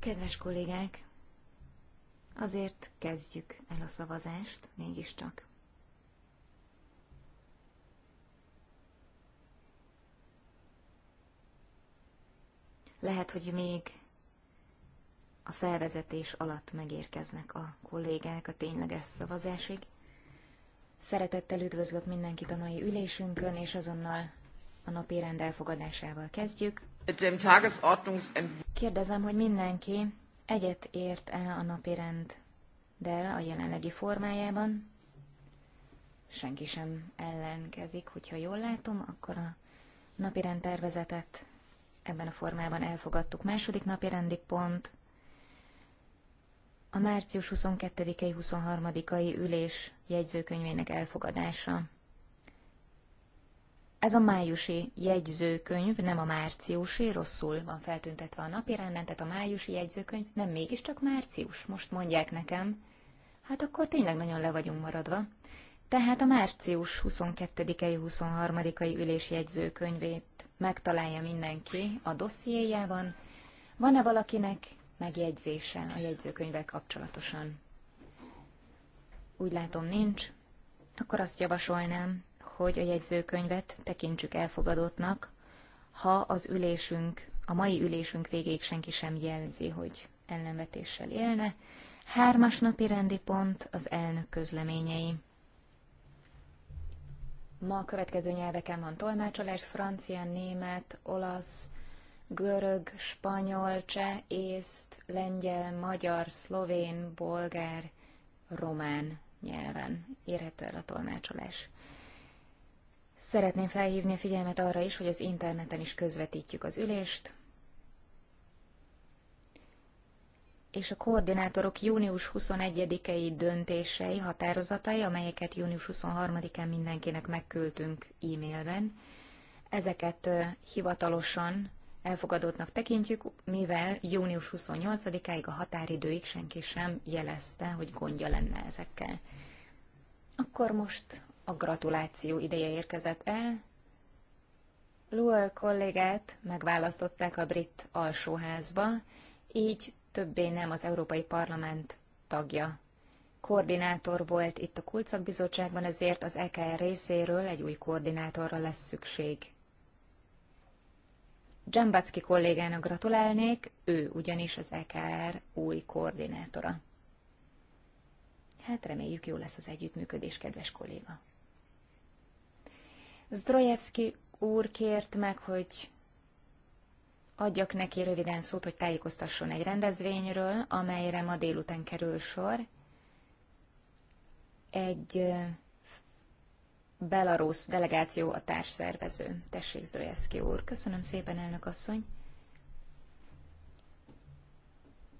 Kedves kollégák, azért kezdjük el a szavazást, mégiscsak. Lehet, hogy még a felvezetés alatt megérkeznek a kollégák a tényleges szavazásig. Szeretettel üdvözlök mindenkit a mai ülésünkön, és azonnal a napi rend elfogadásával kezdjük. Kérdezem, hogy mindenki egyet ért-e a napi renddel a jelenlegi formájában? Senki sem ellenkezik, hogyha jól látom, akkor a napi tervezetet ebben a formában elfogadtuk. Második napi rendi pont a március 22-i 23-ai ülés jegyzőkönyvének elfogadása. Ez a májusi jegyzőkönyv, nem a márciusi, rosszul van feltüntetve a napirenden, tehát a májusi jegyzőkönyv nem mégiscsak március, most mondják nekem. Hát akkor tényleg nagyon le vagyunk maradva. Tehát a március 22-i 23-ai ülés jegyzőkönyvét megtalálja mindenki a dossziéjában. Van-e valakinek megjegyzése a jegyzőkönyvvel kapcsolatosan? Úgy látom nincs. Akkor azt javasolnám, hogy a jegyzőkönyvet tekintsük elfogadottnak, ha az ülésünk, a mai ülésünk végéig senki sem jelzi, hogy ellenvetéssel élne. Hármas napi rendi pont az elnök közleményei. Ma a következő nyelveken van tolmácsolás, francia, német, olasz, görög, spanyol, cseh, észt, lengyel, magyar, szlovén, bolgár, román nyelven érhető el a tolmácsolás. Szeretném felhívni a figyelmet arra is, hogy az interneten is közvetítjük az ülést, és a koordinátorok június 21-i döntései, határozatai, amelyeket június 23-án mindenkinek megküldtünk e-mailben, ezeket hivatalosan elfogadottnak tekintjük, mivel június 28-áig a határidőig senki sem jelezte, hogy gondja lenne ezekkel. Akkor most a gratuláció ideje érkezett el. Luel kollégát megválasztották a brit alsóházba, így többé nem az Európai Parlament tagja. Koordinátor volt itt a bizottságban, ezért az EKR részéről egy új koordinátorra lesz szükség. Dzsambacki kollégának gratulálnék, ő ugyanis az EKR új koordinátora. Hát reméljük jó lesz az együttműködés, kedves kolléga. Zdrojevski úr kért meg, hogy adjak neki röviden szót, hogy tájékoztasson egy rendezvényről, amelyre ma délután kerül sor. Egy belarusz delegáció a társszervező. Tessék, Zdrojevski úr. Köszönöm szépen, elnök asszony.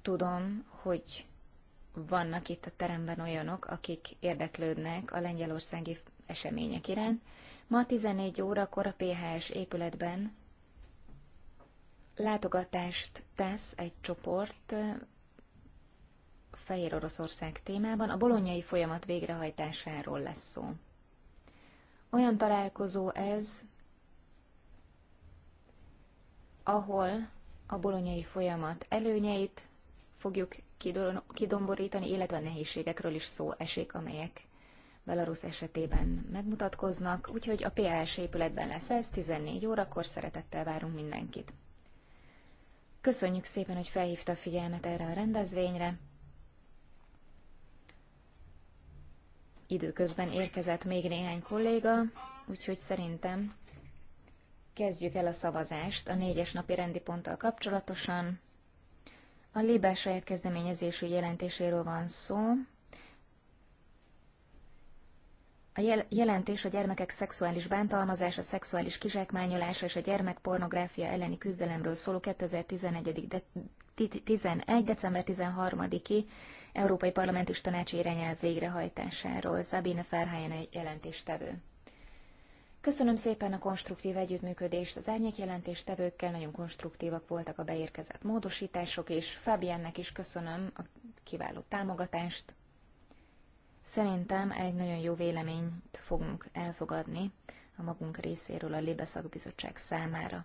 Tudom, hogy vannak itt a teremben olyanok, akik érdeklődnek a lengyelországi események iránt. Ma 14 órakor a PHS épületben látogatást tesz egy csoport Fehér Oroszország témában. A bolonyai folyamat végrehajtásáról lesz szó. Olyan találkozó ez, ahol a bolonyai folyamat előnyeit fogjuk kidomborítani, illetve a nehézségekről is szó esik, amelyek Belarus esetében megmutatkoznak, úgyhogy a PLS épületben lesz ez, 14 órakor szeretettel várunk mindenkit. Köszönjük szépen, hogy felhívta a figyelmet erre a rendezvényre. Időközben érkezett még néhány kolléga, úgyhogy szerintem kezdjük el a szavazást a négyes napi rendi ponttal kapcsolatosan. A Libel saját kezdeményezésű jelentéséről van szó, a jel jelentés a gyermekek szexuális bántalmazása, szexuális kizsákmányolása és a gyermekpornográfia elleni küzdelemről szóló 2011. De 11. december 13-i Európai Parlament és Tanács irányelv végrehajtásáról. Sabine Ferhelyen egy jelentéstevő. Köszönöm szépen a konstruktív együttműködést. Az árnyék jelentéstevőkkel nagyon konstruktívak voltak a beérkezett módosítások, és Fabiennek is köszönöm a kiváló támogatást, Szerintem egy nagyon jó véleményt fogunk elfogadni a magunk részéről a Lébe Szakbizottság számára.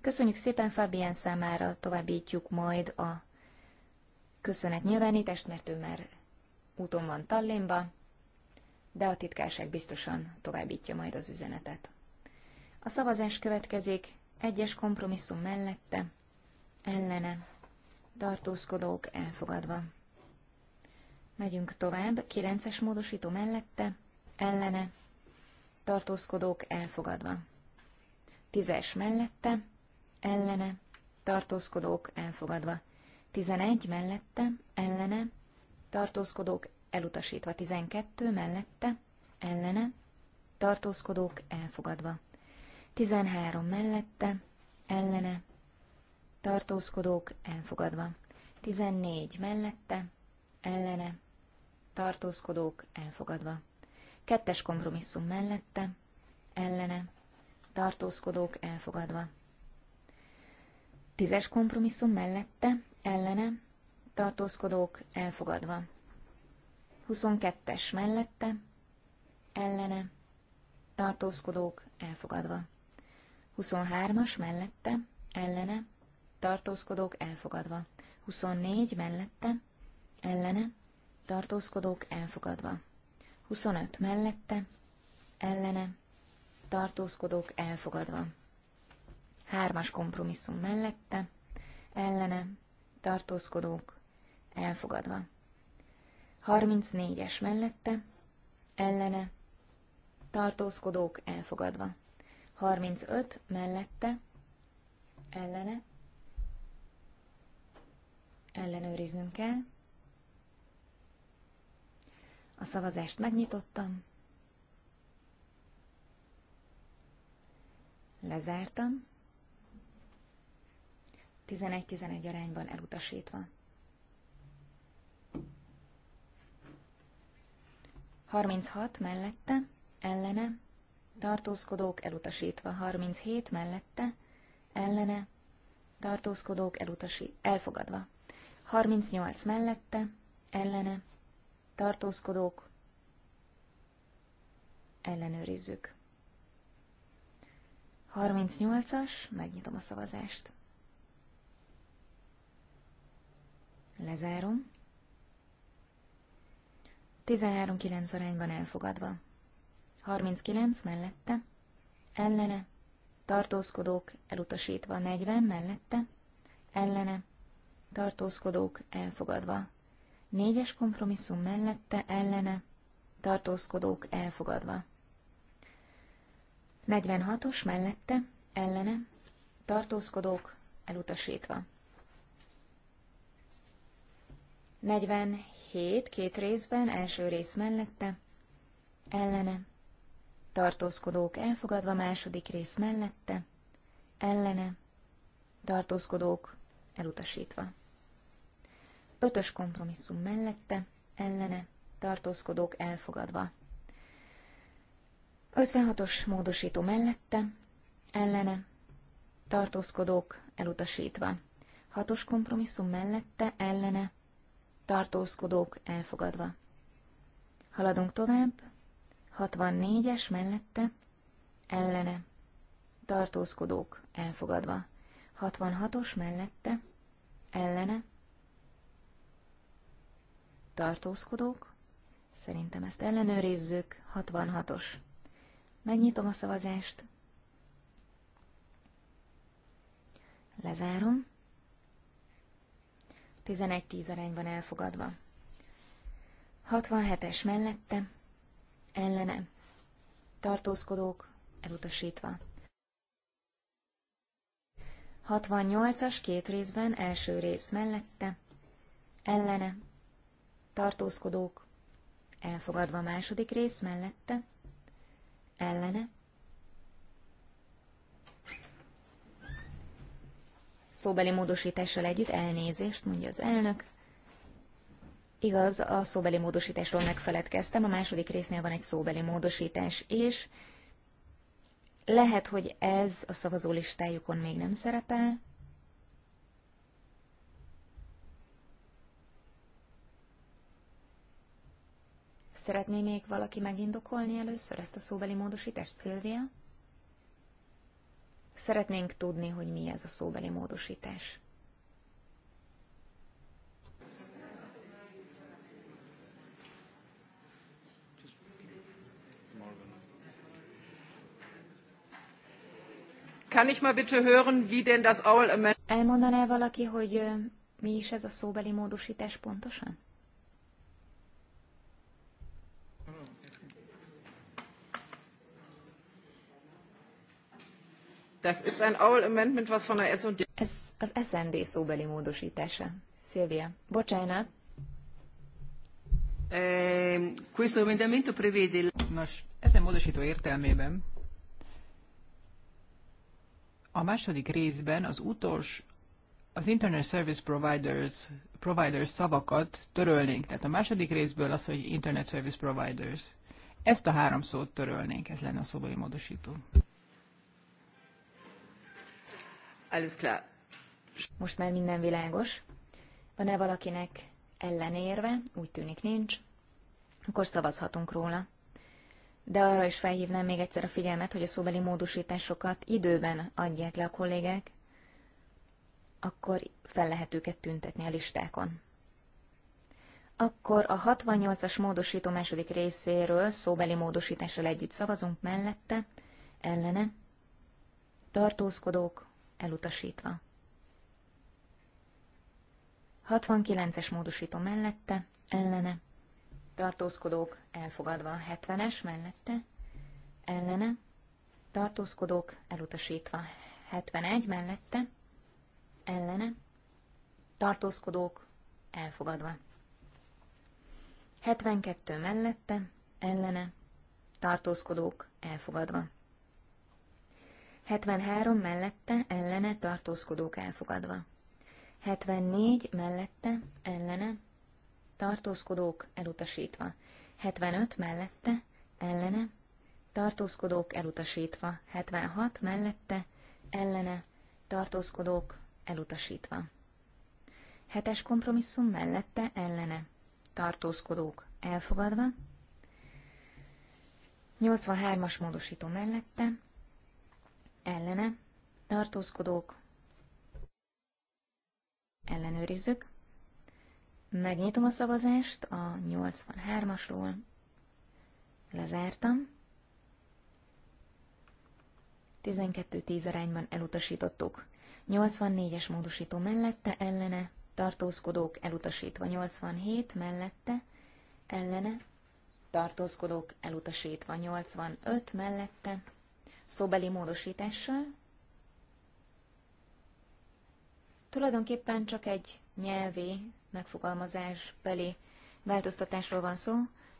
Köszönjük szépen Fabien számára, továbbítjuk majd a köszönet nyilvánítást, mert ő már úton van Tallinba, de a titkárság biztosan továbbítja majd az üzenetet. A szavazás következik, egyes kompromisszum mellette, ellene, tartózkodók elfogadva. Megyünk tovább, kilences módosító mellette, ellene, tartózkodók elfogadva. Tízes mellette, ellene, tartózkodók elfogadva. tizenegy mellette, ellene, tartózkodók elutasítva. tizenkettő mellette, ellene, tartózkodók elfogadva. tizenhárom mellette, ellene, tartózkodók elfogadva. tizennégy mellette, ellene, tartózkodók elfogadva. Kettes kompromisszum mellette, ellene, tartózkodók elfogadva. Tízes kompromisszum mellette, ellene, tartózkodók elfogadva. Huszonkettes mellette, ellene, tartózkodók elfogadva. Huszonhármas mellette, ellene, tartózkodók elfogadva. Huszonnégy mellette, ellene, tartózkodók elfogadva. 25 mellette, ellene, tartózkodók elfogadva. Hármas kompromisszum mellette, ellene, tartózkodók elfogadva. 34-es mellette, ellene, tartózkodók elfogadva. 35 mellette, ellene, ellenőriznünk kell. A szavazást megnyitottam. Lezártam. 11-11 arányban elutasítva. Harminchat mellette, ellene, tartózkodók elutasítva. Harminchét mellette, ellene, tartózkodók elutasít, elfogadva. Harmincnyolc mellette, ellene, tartózkodók, ellenőrizzük. 38-as, megnyitom a szavazást. Lezárom. 13-9 arányban elfogadva. 39 mellette, ellene, tartózkodók elutasítva 40 mellette, ellene, tartózkodók elfogadva Négyes kompromisszum mellette ellene tartózkodók elfogadva. 46-os mellette ellene tartózkodók elutasítva. 47 két részben, első rész mellette, ellene, tartózkodók elfogadva második rész mellette, ellene, tartózkodók elutasítva. Ötös kompromisszum mellette, ellene, tartózkodók elfogadva. 56-os módosító mellette, ellene, tartózkodók elutasítva. Hatos kompromisszum mellette, ellene, tartózkodók elfogadva. Haladunk tovább, 64-es mellette, ellene, tartózkodók elfogadva. 66-os mellette, ellene, tartózkodók, szerintem ezt ellenőrizzük, 66-os. Megnyitom a szavazást. Lezárom. 11-10 arányban elfogadva. 67-es mellette, ellene, tartózkodók, elutasítva. 68-as két részben első rész mellette, ellene, tartózkodók, elfogadva a második rész mellette, ellene. Szóbeli módosítással együtt elnézést, mondja az elnök. Igaz, a szóbeli módosításról megfeledkeztem, a második résznél van egy szóbeli módosítás, és lehet, hogy ez a szavazólistájukon még nem szerepel, Szeretné még valaki megindokolni először ezt a szóbeli módosítást, Szilvia? Szeretnénk tudni, hogy mi ez a szóbeli módosítás. Kann ich mal bitte hören, wie denn das Owl Amendment... Elmondaná valaki, hogy mi is ez a szóbeli módosítás pontosan? Das ist ein Owl Amendment, was von der S&D... Ez az SND szóbeli módosítása. Szilvia, bocsánat. Eh, questo emendamento prevede... Nos, ezen módosító értelmében a második részben az utolsó az Internet Service Providers, providers szavakat törölnénk. Tehát a második részből az, hogy Internet Service Providers. Ezt a három szót törölnénk, ez lenne a szobai módosító. Alles klar. Most már minden világos. Van-e valakinek ellenérve? Úgy tűnik nincs. Akkor szavazhatunk róla. De arra is felhívnám még egyszer a figyelmet, hogy a szóbeli módosításokat időben adják le a kollégák, akkor fel lehet őket tüntetni a listákon. Akkor a 68-as módosító második részéről szóbeli módosítással együtt szavazunk mellette, ellene, tartózkodók, elutasítva. 69-es módosító mellette, ellene, tartózkodók elfogadva, 70-es mellette, ellene, tartózkodók elutasítva, 71 mellette, ellene, tartózkodók elfogadva. 72 mellette, ellene, tartózkodók elfogadva. 73 mellette, ellene, tartózkodók elfogadva. 74 mellette, ellene, tartózkodók elutasítva. 75 mellette, ellene, tartózkodók elutasítva. 76 mellette, ellene, tartózkodók elutasítva. Hetes kompromisszum mellette, ellene, tartózkodók elfogadva. 83-as módosító mellette, ellene, tartózkodók, ellenőrizzük. Megnyitom a szavazást a 83-asról, lezártam. 12-10 arányban elutasítottuk. 84-es módosító mellette, ellene, tartózkodók elutasítva. 87 mellette, ellene, tartózkodók elutasítva. 85 mellette, szóbeli módosítással. Tulajdonképpen csak egy nyelvi beli változtatásról van szó.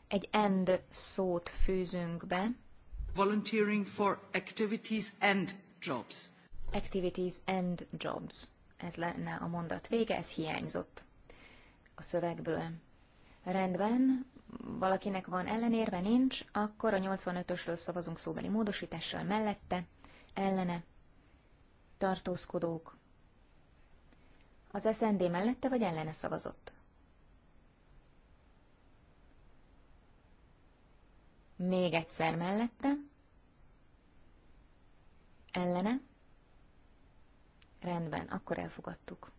Egy end szót fűzünk be. Volunteering for activities and jobs. Activities and jobs. Ez lenne a mondat vége, ez hiányzott a szövegből. Rendben, valakinek van ellenérve, nincs, akkor a 85-ösről szavazunk szóbeli módosítással mellette, ellene, tartózkodók. Az SND mellette vagy ellene szavazott? Még egyszer mellette, ellene, rendben, akkor elfogadtuk.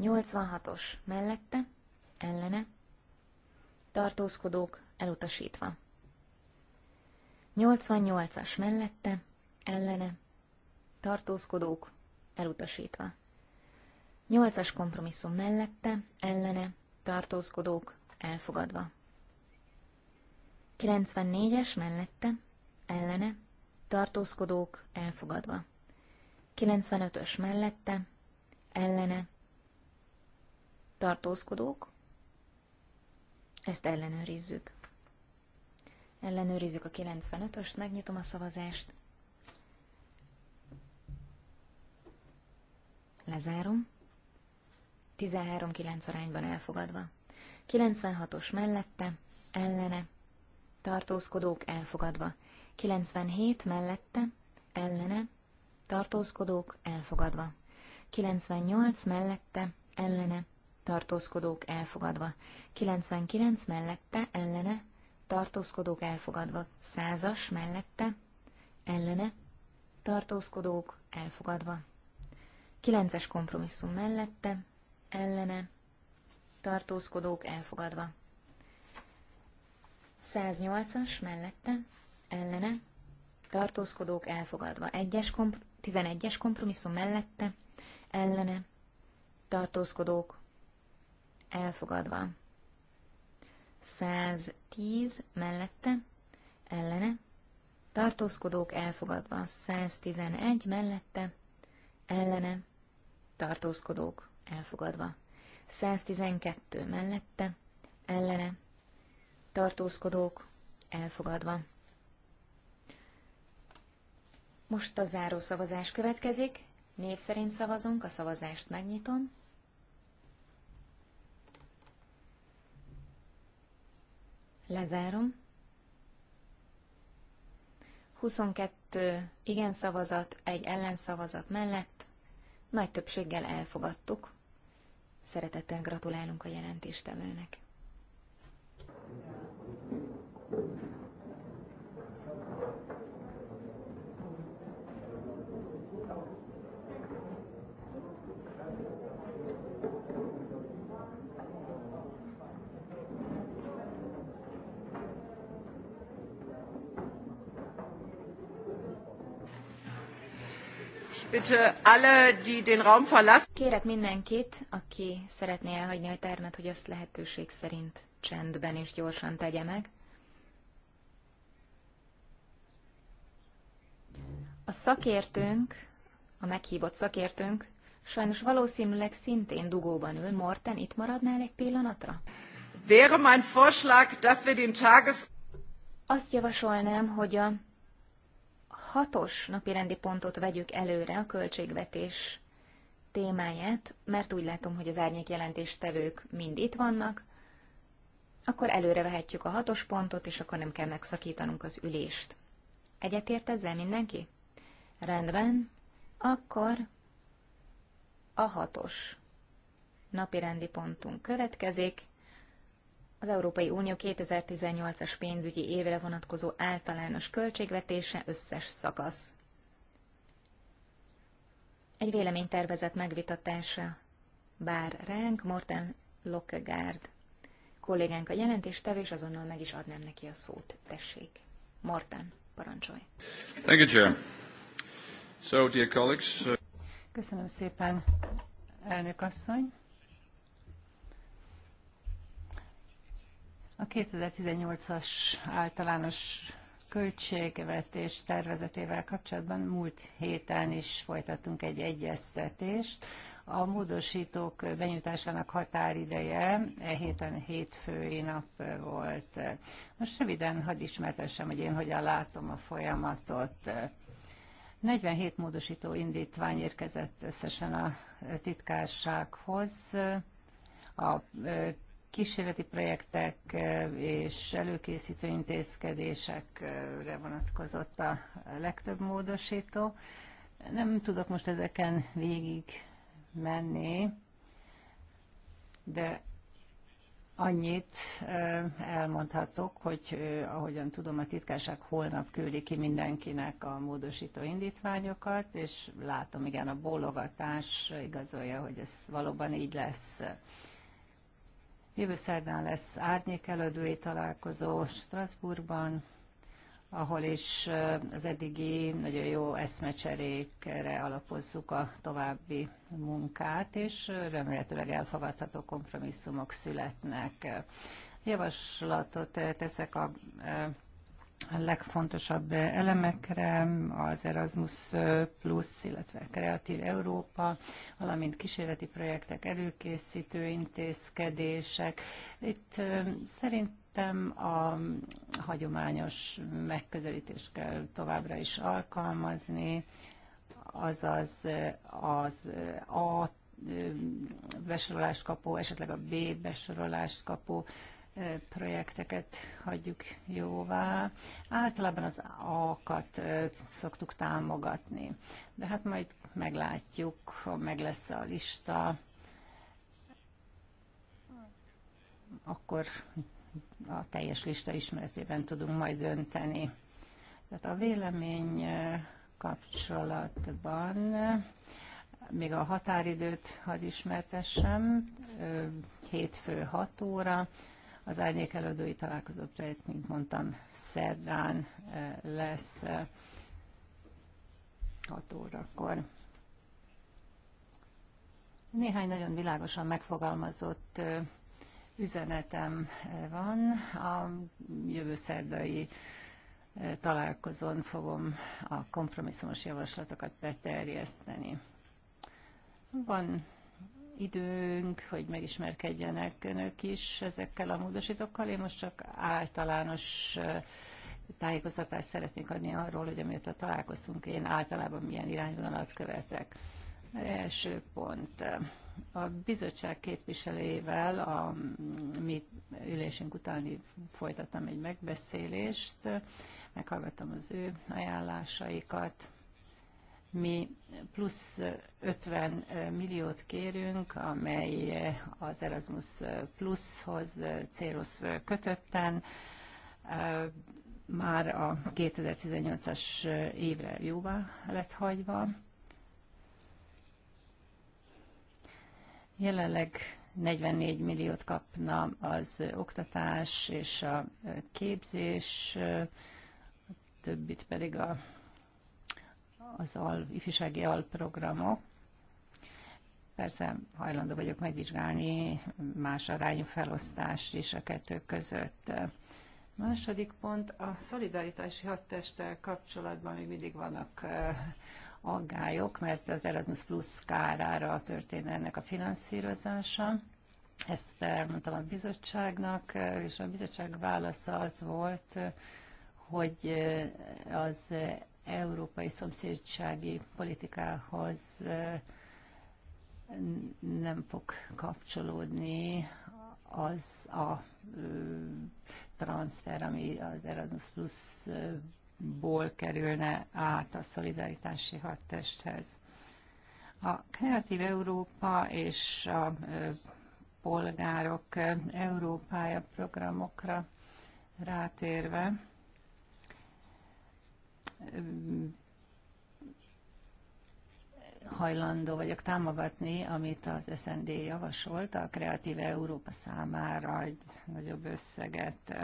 86-os mellette, ellene, tartózkodók elutasítva. 88-as mellette, ellene, tartózkodók elutasítva. 8-as kompromisszum mellette, ellene, tartózkodók elfogadva. 94-es mellette, ellene, tartózkodók elfogadva. 95-ös mellette, ellene, tartózkodók ezt ellenőrizzük. Ellenőrizzük a 95-öst, megnyitom a szavazást. Lezárom. 13-9 arányban elfogadva. 96-os mellette, ellene, tartózkodók elfogadva. 97 mellette, ellene, tartózkodók elfogadva. 98 mellette, ellene, tartózkodók elfogadva. 99 mellette, ellene, tartózkodók elfogadva. 100-as mellette, ellene, tartózkodók elfogadva. 9-es kompromisszum mellette, ellene, tartózkodók elfogadva. 108-as mellette, ellene, tartózkodók elfogadva. 11 es komp- kompromisszum mellette, ellene, tartózkodók elfogadva. 110 mellette, ellene, tartózkodók elfogadva. 111 mellette, ellene, tartózkodók elfogadva. 112 mellette, ellene, tartózkodók elfogadva. Most a záró szavazás következik. Név szerint szavazunk, a szavazást megnyitom. Lezárom. 22 igen szavazat, egy ellenszavazat mellett nagy többséggel elfogadtuk. Szeretettel gratulálunk a jelentéstevőnek. Kérek mindenkit, aki szeretné elhagyni a termet, hogy azt lehetőség szerint csendben és gyorsan tegye meg. A szakértőnk, a meghívott szakértőnk, sajnos valószínűleg szintén dugóban ül. Morten, itt maradnál egy pillanatra? Wäre mein Vorschlag, dass wir den Tages... Azt javasolnám, hogy a hatos napi rendi pontot vegyük előre, a költségvetés témáját, mert úgy látom, hogy az árnyék jelentéstevők mind itt vannak, akkor előre vehetjük a hatos pontot, és akkor nem kell megszakítanunk az ülést. Egyetért ezzel mindenki? Rendben, akkor a hatos napi rendi pontunk következik az Európai Unió 2018-as pénzügyi évre vonatkozó általános költségvetése összes szakasz. Egy véleménytervezet megvitatása bár ránk Morten Lokkegárd kollégánk a jelentés tevés, azonnal meg is adnám neki a szót. Tessék. Morten, parancsolj. Thank you, Chair. So, dear colleagues... Uh, Köszönöm szépen, elnök asszony. A 2018-as általános költségvetés tervezetével kapcsolatban múlt héten is folytattunk egy egyeztetést. A módosítók benyújtásának határideje e héten hétfői nap volt. Most röviden hadd ismertessem, hogy én hogyan látom a folyamatot. 47 módosító indítvány érkezett összesen a titkársághoz. A kísérleti projektek és előkészítő intézkedésekre vonatkozott a legtöbb módosító. Nem tudok most ezeken végig menni, de annyit elmondhatok, hogy ahogyan tudom, a titkárság holnap küldi ki mindenkinek a módosító indítványokat, és látom, igen, a bólogatás igazolja, hogy ez valóban így lesz. Jövő szerdán lesz árnyékelődői találkozó Strasbourgban, ahol is eh, az eddigi nagyon jó eszmecserékre alapozzuk a további munkát, és eh, remélhetőleg elfogadható kompromisszumok születnek. Javaslatot eh, teszek a a legfontosabb elemekre, az Erasmus Plus, illetve Kreatív Európa, valamint kísérleti projektek, előkészítő intézkedések. Itt szerintem a hagyományos megközelítést kell továbbra is alkalmazni, azaz az A besorolást kapó, esetleg a B besorolást kapó projekteket hagyjuk jóvá. Általában az A-kat szoktuk támogatni, de hát majd meglátjuk, ha meg lesz a lista, akkor a teljes lista ismeretében tudunk majd dönteni. Tehát a vélemény kapcsolatban még a határidőt hadd ismertessem, hétfő 6 óra, az árnyék előadói találkozó projekt, mint mondtam, szerdán eh, lesz 6 eh, órakor. Néhány nagyon világosan megfogalmazott eh, üzenetem van. A jövő szerdai találkozón fogom a kompromisszumos javaslatokat beterjeszteni. Van időnk, hogy megismerkedjenek önök is ezekkel a módosítókkal. Én most csak általános tájékoztatást szeretnék adni arról, hogy amióta találkozunk, én általában milyen irányvonalat követek. Első pont. A bizottság képviselével a mi ülésünk utáni folytattam egy megbeszélést, meghallgattam az ő ajánlásaikat, mi plusz 50 milliót kérünk, amely az Erasmus pluszhoz célos kötötten már a 2018-as évre jóvá lett hagyva. Jelenleg 44 milliót kapna az oktatás és a képzés, a többit pedig a az al, ifjúsági alprogramok. Persze hajlandó vagyok megvizsgálni más arányú felosztást is a kettő között. Második pont, a szolidaritási hadtesttel kapcsolatban még mindig vannak aggályok, mert az Erasmus Plus kárára történne ennek a finanszírozása. Ezt mondtam a bizottságnak, és a bizottság válasza az volt, hogy az európai szomszédsági politikához nem fog kapcsolódni az a transfer, ami az Erasmus Plus-ból kerülne át a szolidaritási hadtesthez. A Kreatív Európa és a polgárok Európája programokra rátérve, hajlandó vagyok támogatni, amit az SND javasolt a Kreatív Európa számára egy nagyobb összeget.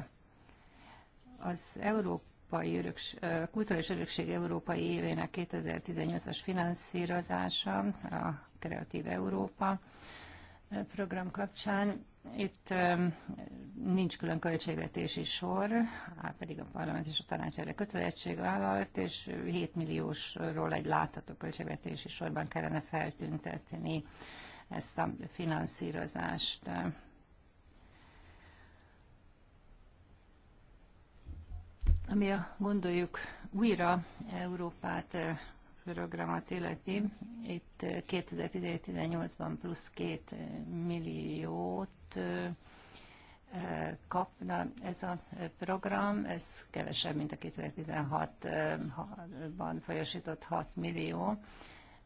Az Európai Öröks, Kulturális Örökség Európai Évének 2018-as finanszírozása, a Kreatív Európa program kapcsán itt nincs külön költségvetési sor, pedig a parlament és a tanács erre kötelezettség vállalt, és 7 milliósról egy látható költségvetési sorban kellene feltüntetni ezt a finanszírozást. Ami a gondoljuk újra Európát programot illeti, itt 2018-ban plusz két milliót kapna ez a program, ez kevesebb, mint a 2016-ban folyosított 6 millió,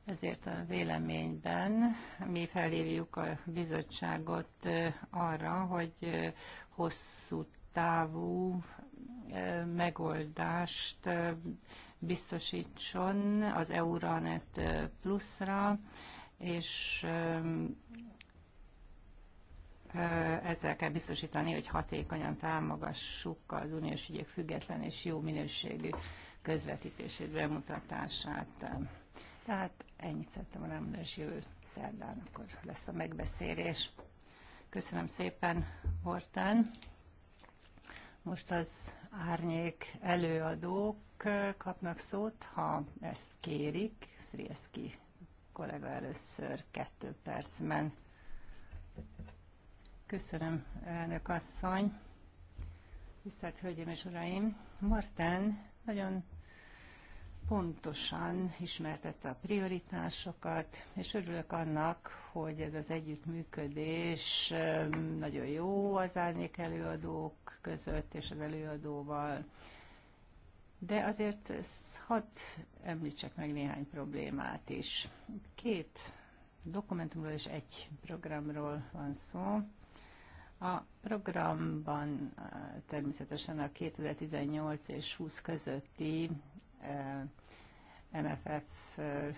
ezért a véleményben mi felhívjuk a bizottságot arra, hogy hosszú távú megoldást biztosítson az Euronet pluszra, és ezzel kell biztosítani, hogy hatékonyan támogassuk az uniós ügyek független és jó minőségű közvetítését, bemutatását. Tehát ennyit szerettem volna mondani, és jövő szerdán akkor lesz a megbeszélés. Köszönöm szépen, Hortán. Most az árnyék előadók kapnak szót, ha ezt kérik. Szrieszki kollega először kettő percben. Köszönöm, elnök asszony. Tisztelt Hölgyeim és Uraim! Martán nagyon pontosan ismertette a prioritásokat, és örülök annak, hogy ez az együttműködés nagyon jó az árnyék előadók között és az előadóval. De azért hadd említsek meg néhány problémát is. Két dokumentumról és egy programról van szó. A programban természetesen a 2018 és 20 közötti Eh, MFF-ről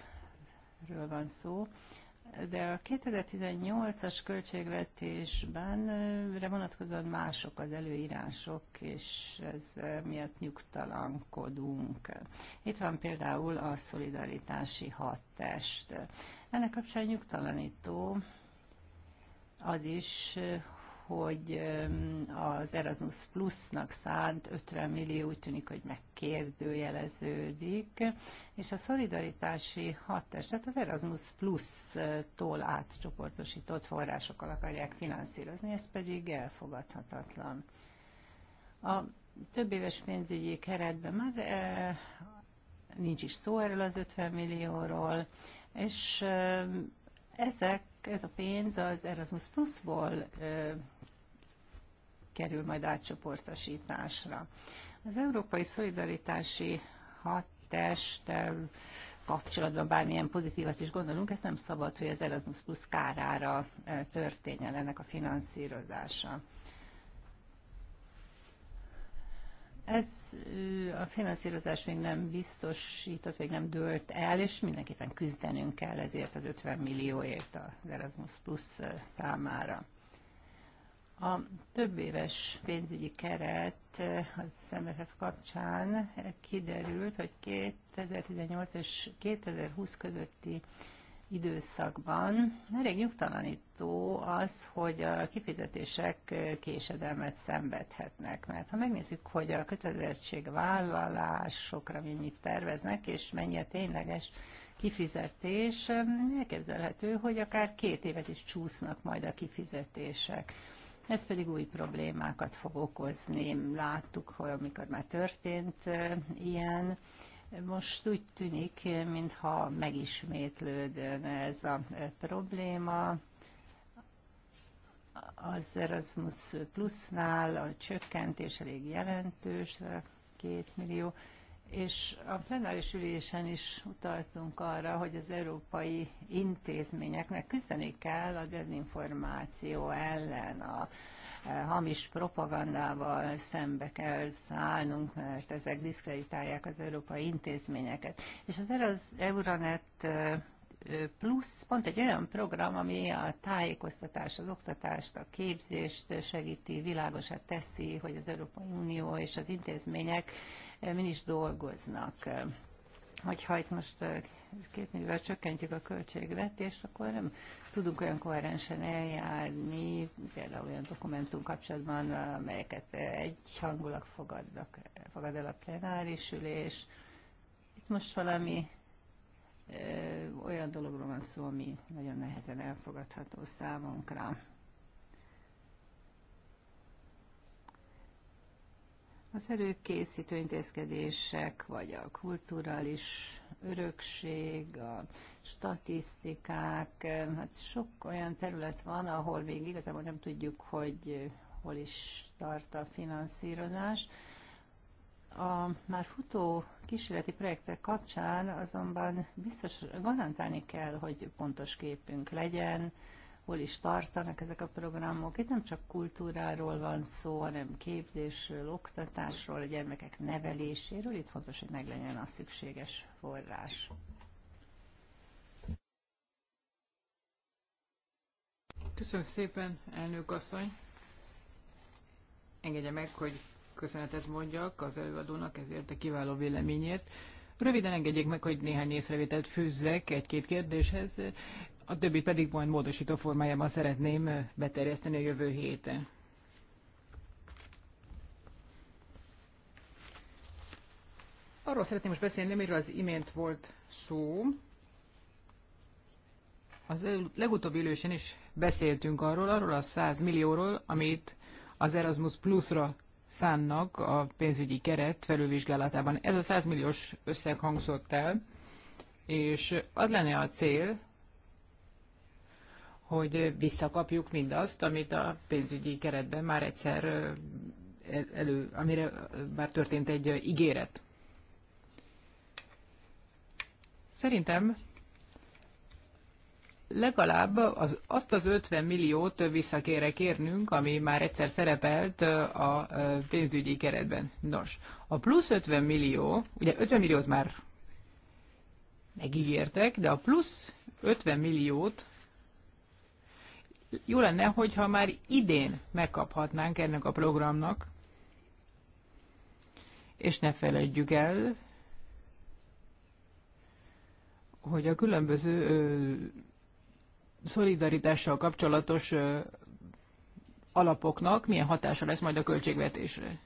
van szó, de a 2018-as költségvetésben eh, vonatkozóan mások az előírások, és ez eh, miatt nyugtalankodunk. Itt van például a szolidaritási hadtest. Ennek kapcsán nyugtalanító az is, hogy az Erasmus Plusnak szánt 50 millió úgy tűnik, hogy megkérdőjeleződik, és a szolidaritási hatását az Erasmus Plus-tól átcsoportosított forrásokkal akarják finanszírozni, ez pedig elfogadhatatlan. A több éves pénzügyi keretben már e, nincs is szó erről az 50 millióról, és e, ezek, ez a pénz az Erasmus Plus-ból kerül majd átcsoportosításra. Az Európai Szolidaritási Hattesttel kapcsolatban bármilyen pozitívat is gondolunk, ezt nem szabad, hogy az Erasmus Plus kárára e, történjen ennek a finanszírozása. Ez a finanszírozás még nem biztosított, még nem dőlt el, és mindenképpen küzdenünk kell ezért az 50 millióért az Erasmus Plus számára. A több éves pénzügyi keret eh, az MFF kapcsán kiderült, hogy 2018 és 2020 közötti időszakban elég nyugtalanító az, hogy a kifizetések eh, késedelmet szenvedhetnek. Mert ha megnézzük, hogy a kötelezettségvállalásokra mennyit terveznek, és mennyi a tényleges kifizetés, eh, elképzelhető, hogy akár két évet is csúsznak majd a kifizetések. Ez pedig új problémákat fog okozni. Láttuk, hogy amikor már történt ilyen, most úgy tűnik, mintha megismétlődne ez a probléma. Az Erasmus Plusnál a csökkentés elég jelentős, két millió és a plenáris ülésen is utaltunk arra, hogy az európai intézményeknek küzdeni kell a dezinformáció ellen, a hamis propagandával szembe kell szállnunk, mert ezek diszkreditálják az európai intézményeket. És az Euronet plusz pont egy olyan program, ami a tájékoztatást, az oktatást, a képzést segíti, világosat teszi, hogy az Európai Unió és az intézmények min is dolgoznak. Hogyha itt most két millióval csökkentjük a költségvetést, akkor nem tudunk olyan koherensen eljárni, például olyan dokumentum kapcsolatban, amelyeket egyhangulag fogadnak, fogad el a plenáris ülés. Itt most valami ö, olyan dologról van szó, ami nagyon nehezen elfogadható számunkra. Az előkészítő intézkedések, vagy a kulturális örökség, a statisztikák, hát sok olyan terület van, ahol még igazából nem tudjuk, hogy hol is tart a finanszírozás. A már futó kísérleti projektek kapcsán azonban biztos garantálni kell, hogy pontos képünk legyen, hol is tartanak ezek a programok. Itt nem csak kultúráról van szó, hanem képzésről, oktatásról, a gyermekek neveléséről. Itt fontos, hogy meglegyen a szükséges forrás. Köszönöm szépen, elnök asszony. Engedje meg, hogy köszönetet mondjak az előadónak ezért a kiváló véleményért. Röviden engedjék meg, hogy néhány észrevételt fűzzek egy-két kérdéshez a többit pedig majd módosító formájában szeretném beterjeszteni a jövő héten. Arról szeretném most beszélni, amiről az imént volt szó. Az legutóbbi ülősen is beszéltünk arról, arról a 100 millióról, amit az Erasmus Plus-ra szánnak a pénzügyi keret felülvizsgálatában. Ez a 100 milliós összeg hangzott el, és az lenne a cél, hogy visszakapjuk mindazt, amit a pénzügyi keretben már egyszer elő, amire már történt egy ígéret. Szerintem legalább az, azt az 50 milliót vissza kéne kérnünk, ami már egyszer szerepelt a pénzügyi keretben. Nos, a plusz 50 millió, ugye 50 milliót már megígértek, de a plusz 50 milliót jó lenne, hogyha már idén megkaphatnánk ennek a programnak, és ne feledjük el, hogy a különböző ö, szolidaritással kapcsolatos ö, alapoknak milyen hatása lesz majd a költségvetésre.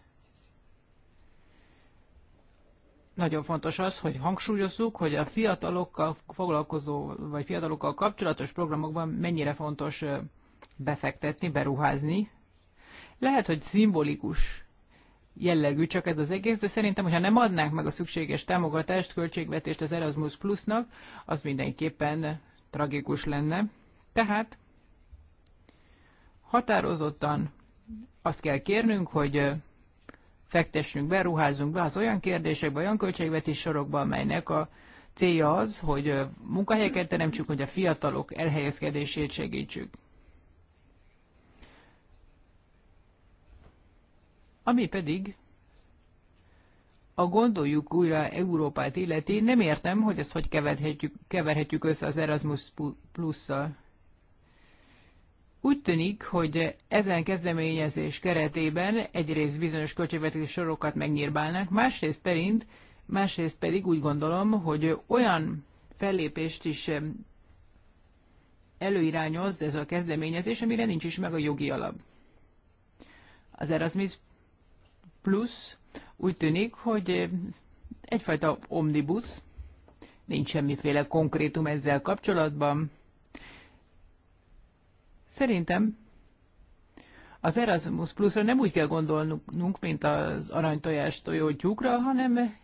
nagyon fontos az, hogy hangsúlyozzuk, hogy a fiatalokkal foglalkozó, vagy fiatalokkal kapcsolatos programokban mennyire fontos befektetni, beruházni. Lehet, hogy szimbolikus jellegű csak ez az egész, de szerintem, hogyha nem adnánk meg a szükséges támogatást, költségvetést az Erasmus Plusnak, az mindenképpen tragikus lenne. Tehát határozottan azt kell kérnünk, hogy fektessünk be, ruházzunk be az olyan kérdésekbe, olyan költségvetés sorokba, amelynek a célja az, hogy munkahelyeket teremtsük, hogy a fiatalok elhelyezkedését segítsük. Ami pedig a gondoljuk újra Európát illeti, nem értem, hogy ezt hogy keverhetjük, keverhetjük össze az Erasmus plusszal. Úgy tűnik, hogy ezen kezdeményezés keretében egyrészt bizonyos költségvetési sorokat megnyírbálnak, másrészt pedig, másrészt pedig úgy gondolom, hogy olyan fellépést is előirányoz ez a kezdeményezés, amire nincs is meg a jogi alap. Az Erasmus Plus úgy tűnik, hogy egyfajta omnibus, nincs semmiféle konkrétum ezzel kapcsolatban, Szerintem az Erasmus Plus-ra nem úgy kell gondolnunk, mint az aranytojás tojótyúkra, hanem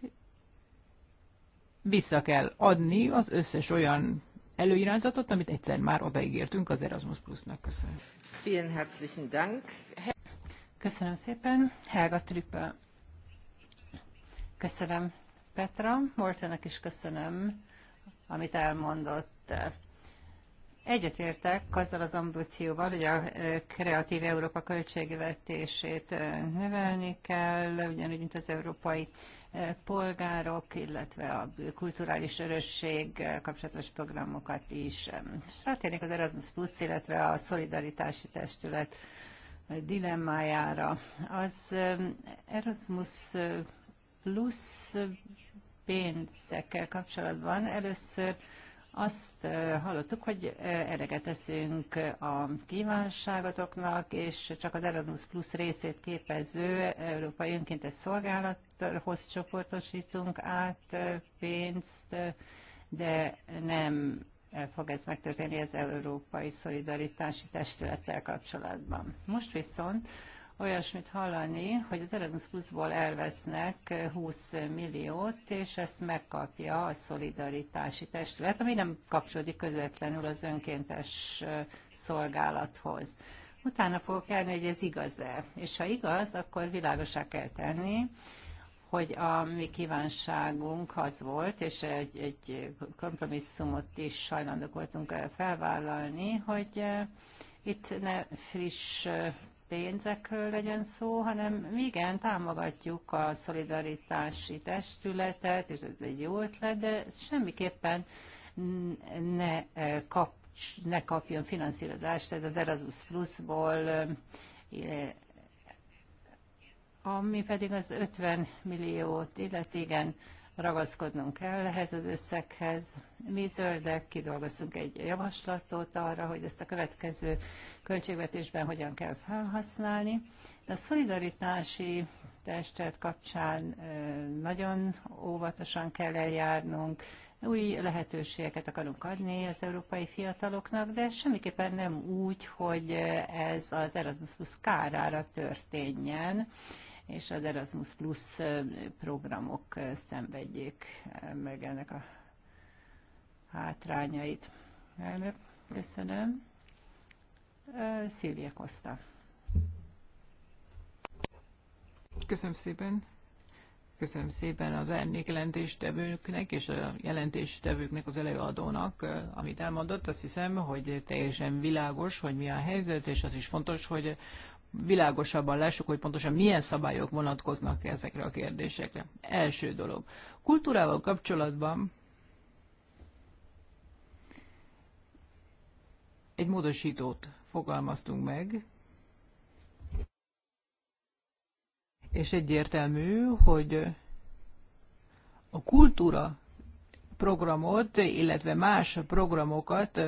vissza kell adni az összes olyan előirányzatot, amit egyszer már odaígértünk az Erasmus Plus-nak. Köszönöm. Vielen herzlichen Dank. Köszönöm szépen. Helga Trüppel. Köszönöm Petra. Mortenek is köszönöm, amit elmondott. Egyetértek azzal az ambícióval, hogy a e, Kreatív Európa költségvetését e, növelni kell, ugyanúgy, mint az európai e, polgárok, illetve a kulturális örösség kapcsolatos programokat is. És rátérnék az Erasmus Plus, illetve a Szolidaritási Testület dilemmájára. Az Erasmus Plus pénzekkel kapcsolatban először azt hallottuk, hogy eleget teszünk a kívánságotoknak, és csak az Erasmus Plus részét képező Európai Önkéntes Szolgálathoz csoportosítunk át pénzt, de nem fog ez megtörténni az Európai Szolidaritási Testülettel kapcsolatban. Most viszont olyasmit hallani, hogy az Erasmus Plusból elvesznek 20 eh, milliót, és ezt megkapja a szolidaritási testület, ami nem kapcsolódik közvetlenül az önkéntes eh, szolgálathoz. Utána fogok elni, hogy ez igaz-e. És ha igaz, akkor világosá kell tenni, hogy a mi kívánságunk az volt, és egy, egy kompromisszumot is hajlandók voltunk eh, felvállalni, hogy itt ne friss pénzekről legyen szó, hanem igen, támogatjuk a szolidaritási testületet, és ez egy jó ötlet, de semmiképpen ne, eh, kap, ne kapjon finanszírozást, ez az Erasmus Plus-ból eh, ami pedig az 50 milliót illeti, igen, ragaszkodnunk kell ehhez az összeghez. Mi zöldek kidolgoztunk egy javaslatot arra, hogy ezt a következő költségvetésben hogyan kell felhasználni. a szolidaritási testet kapcsán nagyon óvatosan kell eljárnunk, új lehetőségeket akarunk adni az európai fiataloknak, de semmiképpen nem úgy, hogy ez az Erasmus kárára történjen és az Erasmus Plus programok szenvedjék meg ennek a hátrányait. Elnök, köszönöm. Szilvia Koszta. Köszönöm szépen. Köszönöm szépen az ennék jelentéstevőknek és a jelentéstevőknek, az előadónak, amit elmondott. Azt hiszem, hogy teljesen világos, hogy mi a helyzet, és az is fontos, hogy világosabban lássuk, hogy pontosan milyen szabályok vonatkoznak ezekre a kérdésekre. Első dolog. Kultúrával kapcsolatban egy módosítót fogalmaztunk meg, és egyértelmű, hogy a kultúra programot, illetve más programokat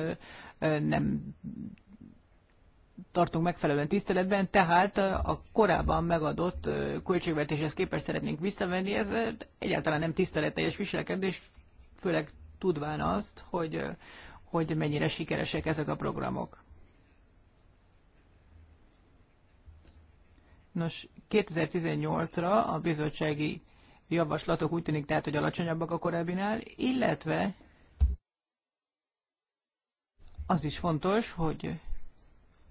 nem tartunk megfelelően tiszteletben, tehát a korábban megadott költségvetéshez képest szeretnénk visszavenni, ez egyáltalán nem tiszteleteljes viselkedés, főleg tudván azt, hogy, hogy mennyire sikeresek ezek a programok. Nos, 2018-ra a bizottsági javaslatok úgy tűnik tehát, hogy alacsonyabbak a korábbinál, illetve az is fontos, hogy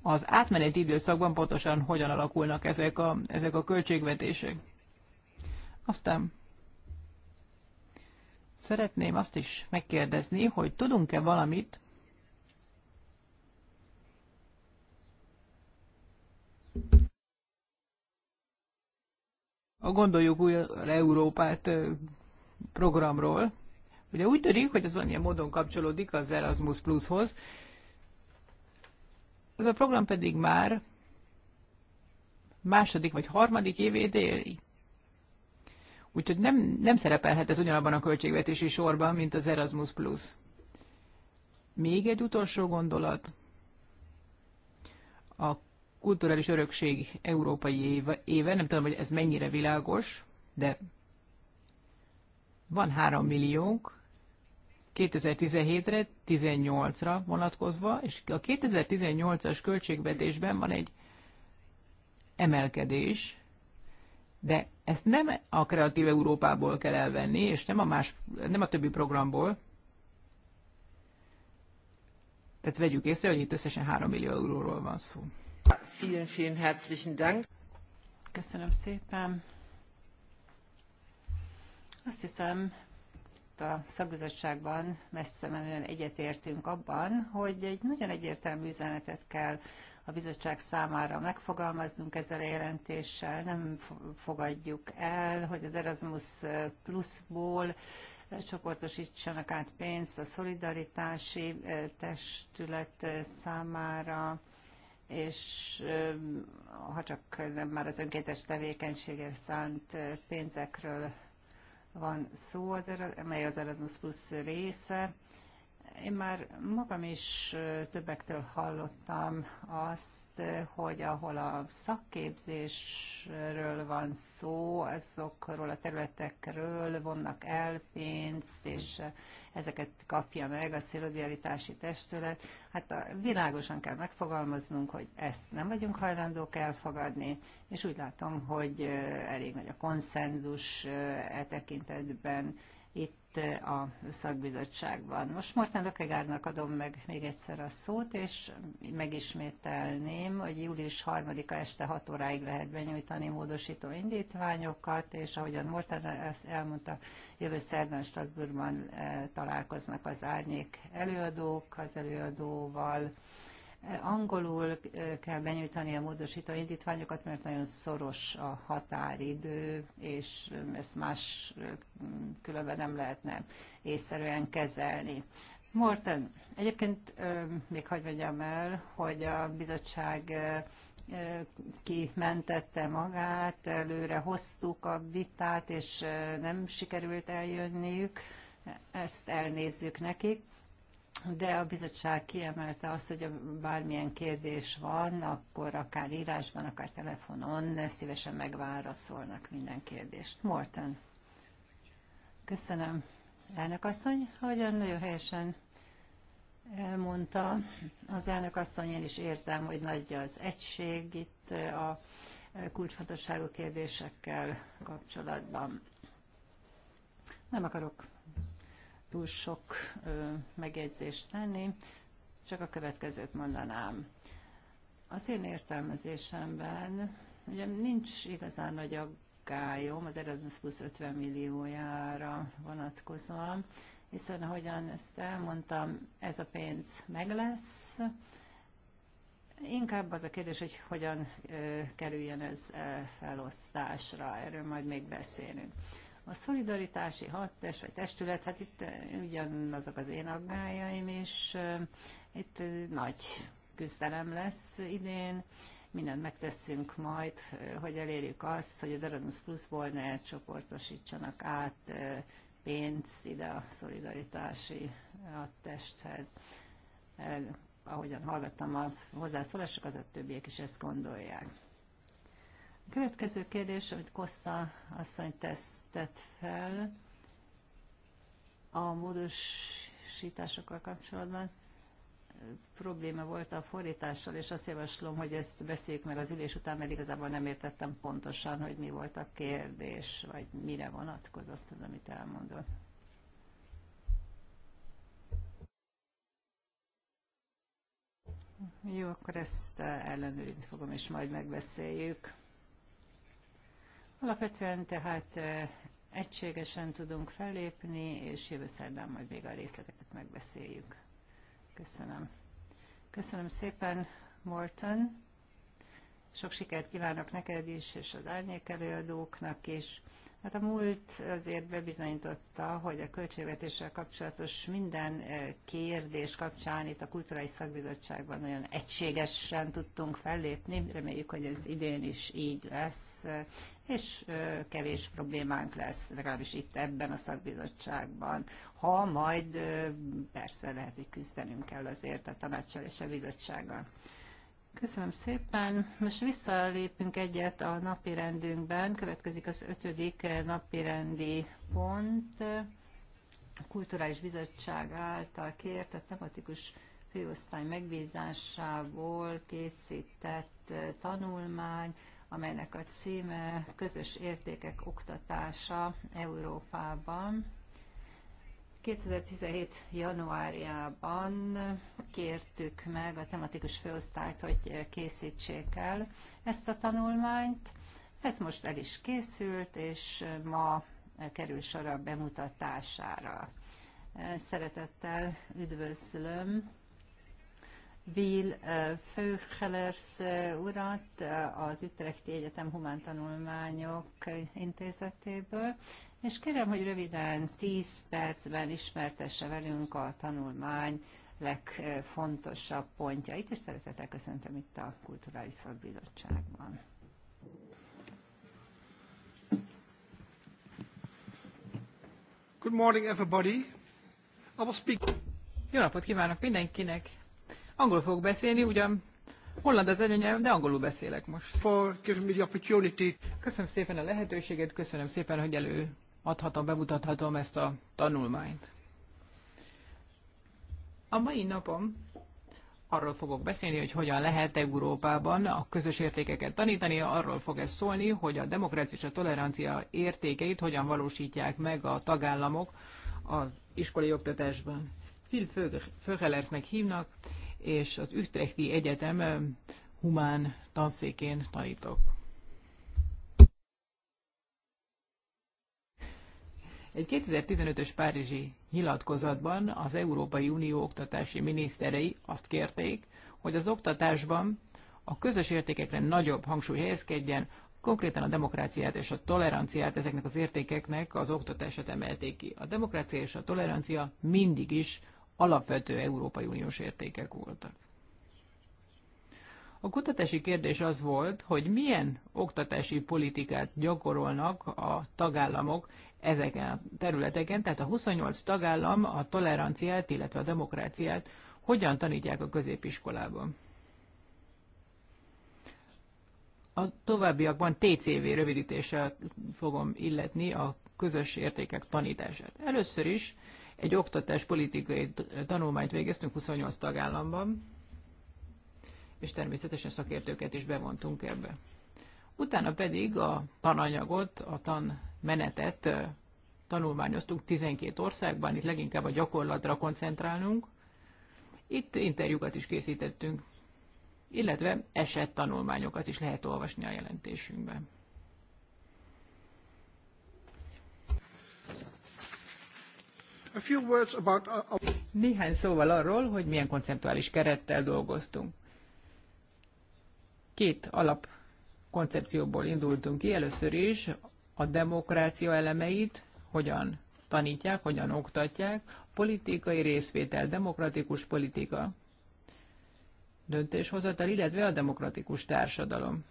az átmeneti időszakban pontosan hogyan alakulnak ezek a, ezek a költségvetések. Aztán szeretném azt is megkérdezni, hogy tudunk-e valamit a Gondoljuk új Európát programról. Ugye úgy tűnik, hogy ez valamilyen módon kapcsolódik az Erasmus Plushoz, ez a program pedig már második vagy harmadik évét éli. Úgyhogy nem, nem szerepelhet ez ugyanabban a költségvetési sorban, mint az Erasmus+. Még egy utolsó gondolat. A kulturális örökség európai éve, éve, nem tudom, hogy ez mennyire világos, de van három milliónk, 2017-re, 18-ra vonatkozva, és a 2018-as költségvetésben van egy emelkedés, de ezt nem a Kreatív Európából kell elvenni, és nem a, más, nem a többi programból. Tehát vegyük észre, hogy itt összesen 3 millió euróról van szó. Vielen, vielen herzlichen Dank. Köszönöm szépen. Azt hiszem, a szakbizottságban messze menően egyetértünk abban, hogy egy nagyon egyértelmű üzenetet kell a bizottság számára megfogalmaznunk ezzel a jelentéssel. Nem fogadjuk el, hogy az Erasmus pluszból csoportosítsanak át pénzt a szolidaritási testület számára, és ha csak nem már az önkéntes tevékenységre szánt pénzekről van szó, az, amely az Erasmus Plus része. Én már magam is többektől hallottam azt, hogy ahol a szakképzésről van szó, azokról a területekről vonnak el pénzt, és ezeket kapja meg a szilodialitási testület. Hát a, világosan kell megfogalmaznunk, hogy ezt nem vagyunk hajlandók elfogadni, és úgy látom, hogy elég nagy a konszenzus e tekintetben itt eh, a szakbizottságban. Most Morten Lökegárnak adom meg még egyszer a szót, és megismételném, hogy július 3-a este 6 óráig lehet benyújtani módosító indítványokat, és ahogyan Morten ezt elmondta, jövő szerdán Strasbourgban eh, találkoznak az árnyék előadók az előadóval, Angolul eh, kell benyújtani a módosító indítványokat, mert nagyon szoros a határidő, és ezt más eh, különben nem lehetne észszerűen kezelni. Morten, egyébként eh, még hagyd vegyem el, hogy a bizottság kimentette magát, előre hoztuk a vitát, és nem sikerült eljönniük, ezt elnézzük nekik de a bizottság kiemelte azt, hogy bármilyen kérdés van, akkor akár írásban, akár telefonon szívesen megválaszolnak minden kérdést. Morton. Köszönöm. Elnök asszony, hogyan nagyon helyesen elmondta az elnök asszony, én is érzem, hogy nagy az egység itt a kulcsfontosságú kérdésekkel kapcsolatban. Nem akarok túl sok megjegyzést tenni, csak a következőt mondanám. Az én értelmezésemben ugye nincs igazán nagy aggályom az Erasmus Plus 50 milliójára vonatkozóan, hiszen ahogyan ezt elmondtam, ez a pénz meg lesz. Inkább az a kérdés, hogy hogyan kerüljen ez felosztásra, erről majd még beszélünk. A szolidaritási hatás vagy testület, hát itt eh, ugyanazok az én aggájaim, és eh, itt eh, nagy küzdelem lesz idén. Mindent megteszünk majd, hogy elérjük azt, hogy az Erasmus plus ne csoportosítsanak át pénzt ide a szolidaritási a testhez. Ahogyan hallgattam a hozzászólásokat, a többiek is ezt gondolják. A következő kérdés, amit Kosta asszony tett fel a módosításokkal kapcsolatban, probléma volt a fordítással, és azt javaslom, hogy ezt beszéljük meg az ülés után, mert igazából nem értettem pontosan, hogy mi volt a kérdés, vagy mire vonatkozott az, amit elmondott. Jó, akkor ezt ellenőrizni fogom, és majd megbeszéljük. Alapvetően tehát egységesen tudunk fellépni, és jövő szerdán majd még a részleteket megbeszéljük. Köszönöm. Köszönöm szépen, Morton. Sok sikert kívánok neked is, és az árnyék előadóknak is. Hát a múlt azért bebizonyította, hogy a költségvetéssel kapcsolatos minden eh, kérdés kapcsán itt a Kulturális Szakbizottságban nagyon egységesen tudtunk fellépni. Reméljük, hogy ez idén is így lesz, eh, és eh, kevés problémánk lesz, legalábbis itt ebben a szakbizottságban. Ha majd persze lehet, hogy küzdenünk kell azért a tanácssal és a bizottsággal. Köszönöm szépen. Most visszalépünk egyet a napi rendünkben. Következik az ötödik napi rendi pont. A Kulturális Bizottság által kért a tematikus főosztály megbízásából készített tanulmány, amelynek a címe Közös értékek oktatása Európában. 2017. januárjában kértük meg a tematikus főosztályt, hogy készítsék el ezt a tanulmányt. Ez most el is készült, és ma kerül sor a bemutatására. Szeretettel üdvözlöm Will Föhlers urat az Ütrechti Egyetem Humántanulmányok Intézetéből, és kérem, hogy röviden 10 percben ismertesse velünk a tanulmány legfontosabb pontjait, és szeretettel köszöntöm itt a Kulturális Szakbizottságban. Good morning, everybody. I will speak... Jó napot kívánok mindenkinek! Angol fogok beszélni, ugyan holland az anyanyelv, de angolul beszélek most. For giving me the opportunity. Köszönöm szépen a lehetőséget, köszönöm szépen, hogy elő adhatom, bemutathatom ezt a tanulmányt. A mai napom arról fogok beszélni, hogy hogyan lehet Európában a közös értékeket tanítani, arról fog ez szólni, hogy a demokrácia és a tolerancia értékeit hogyan valósítják meg a tagállamok az iskolai oktatásban. Phil Fögelersnek hívnak, és az Ütrechti Egyetem eh, humán tanszékén tanítok. Egy 2015-ös párizsi nyilatkozatban az Európai Unió oktatási miniszterei azt kérték, hogy az oktatásban a közös értékekre nagyobb hangsúly helyezkedjen, konkrétan a demokráciát és a toleranciát ezeknek az értékeknek az oktatását emelték ki. A demokrácia és a tolerancia mindig is alapvető Európai Uniós értékek voltak. A kutatási kérdés az volt, hogy milyen oktatási politikát gyakorolnak a tagállamok ezeken a területeken, tehát a 28 tagállam a toleranciát, illetve a demokráciát hogyan tanítják a középiskolában. A továbbiakban TCV rövidítéssel fogom illetni a közös értékek tanítását. Először is egy oktatáspolitikai tanulmányt végeztünk 28 tagállamban, és természetesen szakértőket is bevontunk ebbe. Utána pedig a tananyagot, a tanmenetet tanulmányoztuk 12 országban, itt leginkább a gyakorlatra koncentrálunk. Itt interjúkat is készítettünk, illetve esett tanulmányokat is lehet olvasni a jelentésünkben. A few words about a... Uh, uh, Néhány szóval arról, hogy milyen konceptuális kerettel dolgoztunk. Két alap koncepcióból indultunk ki. Először is a demokrácia elemeit hogyan tanítják, hogyan oktatják, politikai részvétel, demokratikus politika, döntéshozatal, illetve a demokratikus társadalom.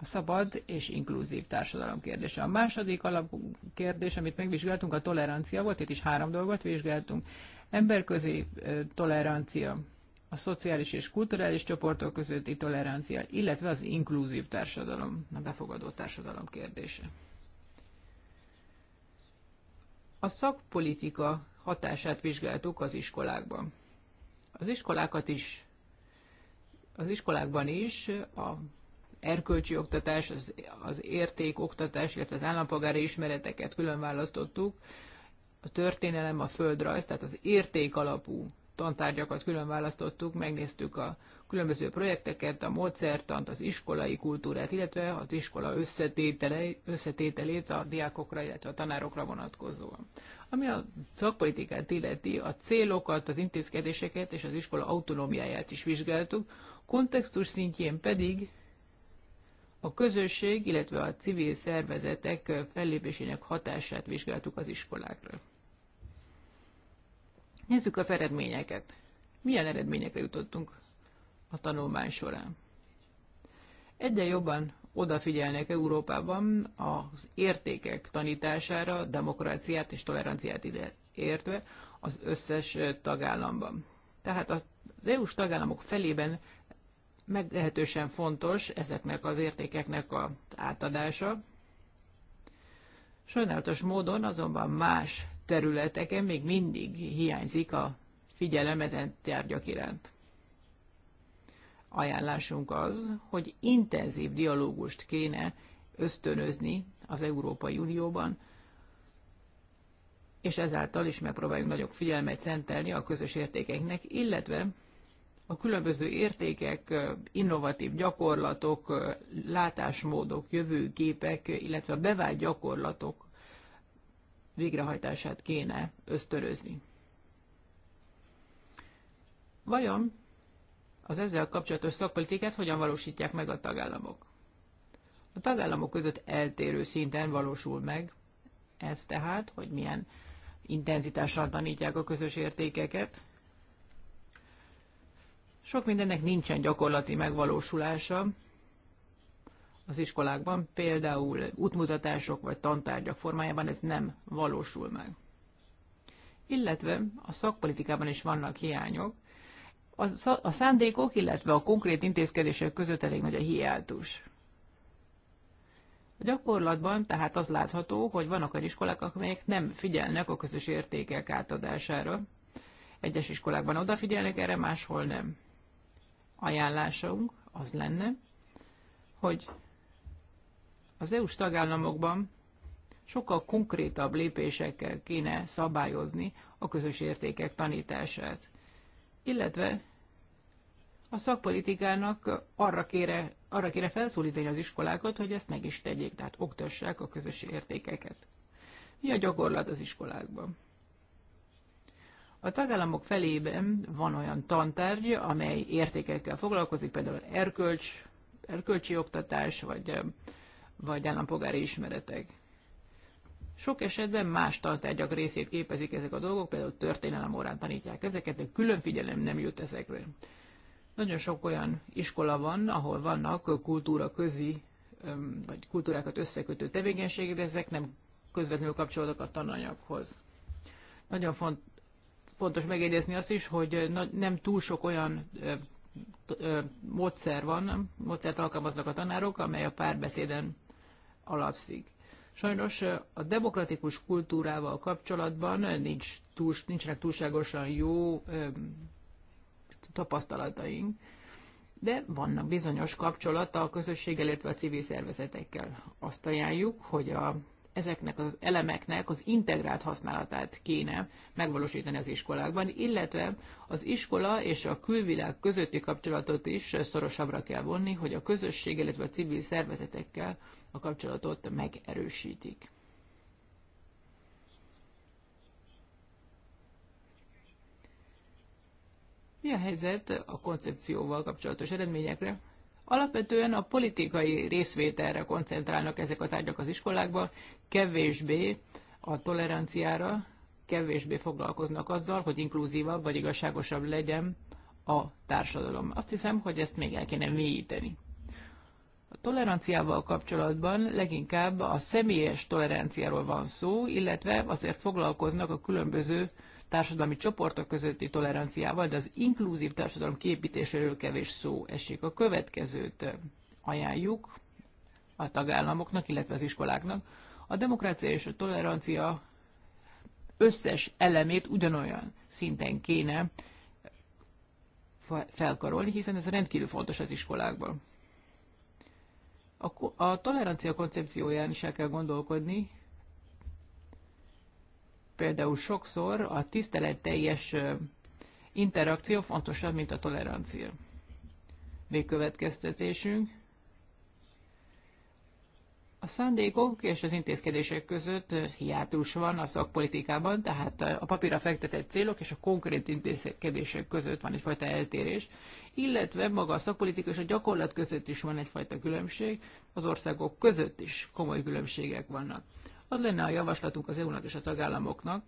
A szabad és inkluzív társadalom kérdése. A második alapkérdés, amit megvizsgáltunk, a tolerancia volt, itt is három dolgot vizsgáltunk. Emberközi tolerancia, a szociális és kulturális csoportok közötti tolerancia, illetve az inkluzív társadalom, a befogadó társadalom kérdése. A szakpolitika hatását vizsgáltuk az iskolákban. Az iskolákat is, az iskolákban is a erkölcsi oktatás, az, az érték oktatás, illetve az állampolgári ismereteket külön választottuk, a történelem, a földrajz, tehát az érték alapú tantárgyakat külön választottuk, megnéztük a különböző projekteket, a módszertant, az iskolai kultúrát, illetve az iskola összetételét a diákokra, illetve a tanárokra vonatkozóan. Ami a szakpolitikát illeti, a célokat, az intézkedéseket és az iskola autonómiáját is vizsgáltuk, kontextus szintjén pedig a közösség, illetve a civil szervezetek fellépésének hatását vizsgáltuk az iskolákra. Nézzük az eredményeket. Milyen eredményekre jutottunk a tanulmány során? Egyre jobban odafigyelnek Európában az értékek tanítására, demokráciát és toleranciát ide értve az összes tagállamban. Tehát az EU-s tagállamok felében meglehetősen fontos ezeknek az értékeknek az átadása. Sajnálatos módon azonban más területeken még mindig hiányzik a figyelem ezen tárgyak iránt. Ajánlásunk az, hogy intenzív dialógust kéne ösztönözni az Európai Unióban, és ezáltal is megpróbáljuk nagyobb figyelmet szentelni a közös értékeknek, illetve a különböző értékek, innovatív gyakorlatok, látásmódok, jövőképek, illetve a bevált gyakorlatok végrehajtását kéne ösztörözni. Vajon az ezzel kapcsolatos szakpolitikát hogyan valósítják meg a tagállamok? A tagállamok között eltérő szinten valósul meg ez tehát, hogy milyen intenzitással tanítják a közös értékeket. Sok mindennek nincsen gyakorlati megvalósulása, az iskolákban, például útmutatások vagy tantárgyak formájában ez nem valósul meg. Illetve a szakpolitikában is vannak hiányok, a szándékok, illetve a konkrét intézkedések között elég nagy a hiáltus. A gyakorlatban tehát az látható, hogy vannak olyan iskolák, amelyek nem figyelnek a közös értékek átadására. Egyes iskolákban odafigyelnek erre, máshol nem. Ajánlásunk az lenne, hogy az EU-s tagállamokban sokkal konkrétabb lépésekkel kéne szabályozni a közös értékek tanítását. Illetve a szakpolitikának arra kére, arra kére felszólítani az iskolákat, hogy ezt meg is tegyék, tehát oktassák a közös értékeket. Mi a gyakorlat az iskolákban? A tagállamok felében van olyan tantárgy, amely értékekkel foglalkozik, például erkölcs, erkölcsi oktatás, vagy vagy állampolgári ismeretek. Sok esetben más tartárgyak részét képezik ezek a dolgok, például történelem órán tanítják ezeket, de külön figyelem nem jut ezekre. Nagyon sok olyan iskola van, ahol vannak kultúra közi, vagy kultúrákat összekötő tevékenységek, de ezek nem közvetlenül kapcsolódnak a tananyaghoz. Nagyon font, fontos megjegyezni azt is, hogy nem túl sok olyan módszer van, módszert alkalmaznak a tanárok, amely a párbeszéden alapszik. Sajnos a demokratikus kultúrával kapcsolatban nincs túl, nincsenek túlságosan jó öm, tapasztalataink, de vannak bizonyos kapcsolata a közösség illetve a civil szervezetekkel. Azt ajánljuk, hogy a ezeknek az elemeknek az integrált használatát kéne megvalósítani az iskolákban, illetve az iskola és a külvilág közötti kapcsolatot is szorosabbra kell vonni, hogy a közösség, illetve a civil szervezetekkel a kapcsolatot megerősítik. Mi a helyzet a koncepcióval kapcsolatos eredményekre? Alapvetően a politikai részvételre koncentrálnak ezek a tárgyak az iskolákban, kevésbé a toleranciára, kevésbé foglalkoznak azzal, hogy inkluzívabb vagy igazságosabb legyen a társadalom. Azt hiszem, hogy ezt még el kéne mélyíteni. A toleranciával kapcsolatban leginkább a személyes toleranciáról van szó, illetve azért foglalkoznak a különböző társadalmi csoportok közötti toleranciával, de az inkluzív társadalom képítéséről kevés szó esik. A következőt ajánljuk a tagállamoknak, illetve az iskoláknak. A demokrácia és a tolerancia összes elemét ugyanolyan szinten kéne felkarolni, hiszen ez rendkívül fontos az iskolákban. A, a tolerancia koncepcióján is el kell gondolkodni, például sokszor a tiszteletteljes interakció fontosabb, mint a tolerancia. Végkövetkeztetésünk. A szándékok és az intézkedések között hiátus van a szakpolitikában, tehát a papírra fektetett célok és a konkrét intézkedések között van egyfajta eltérés, illetve maga a szakpolitika és a gyakorlat között is van egyfajta különbség, az országok között is komoly különbségek vannak. Az lenne a javaslatunk az EU-nak és a tagállamoknak,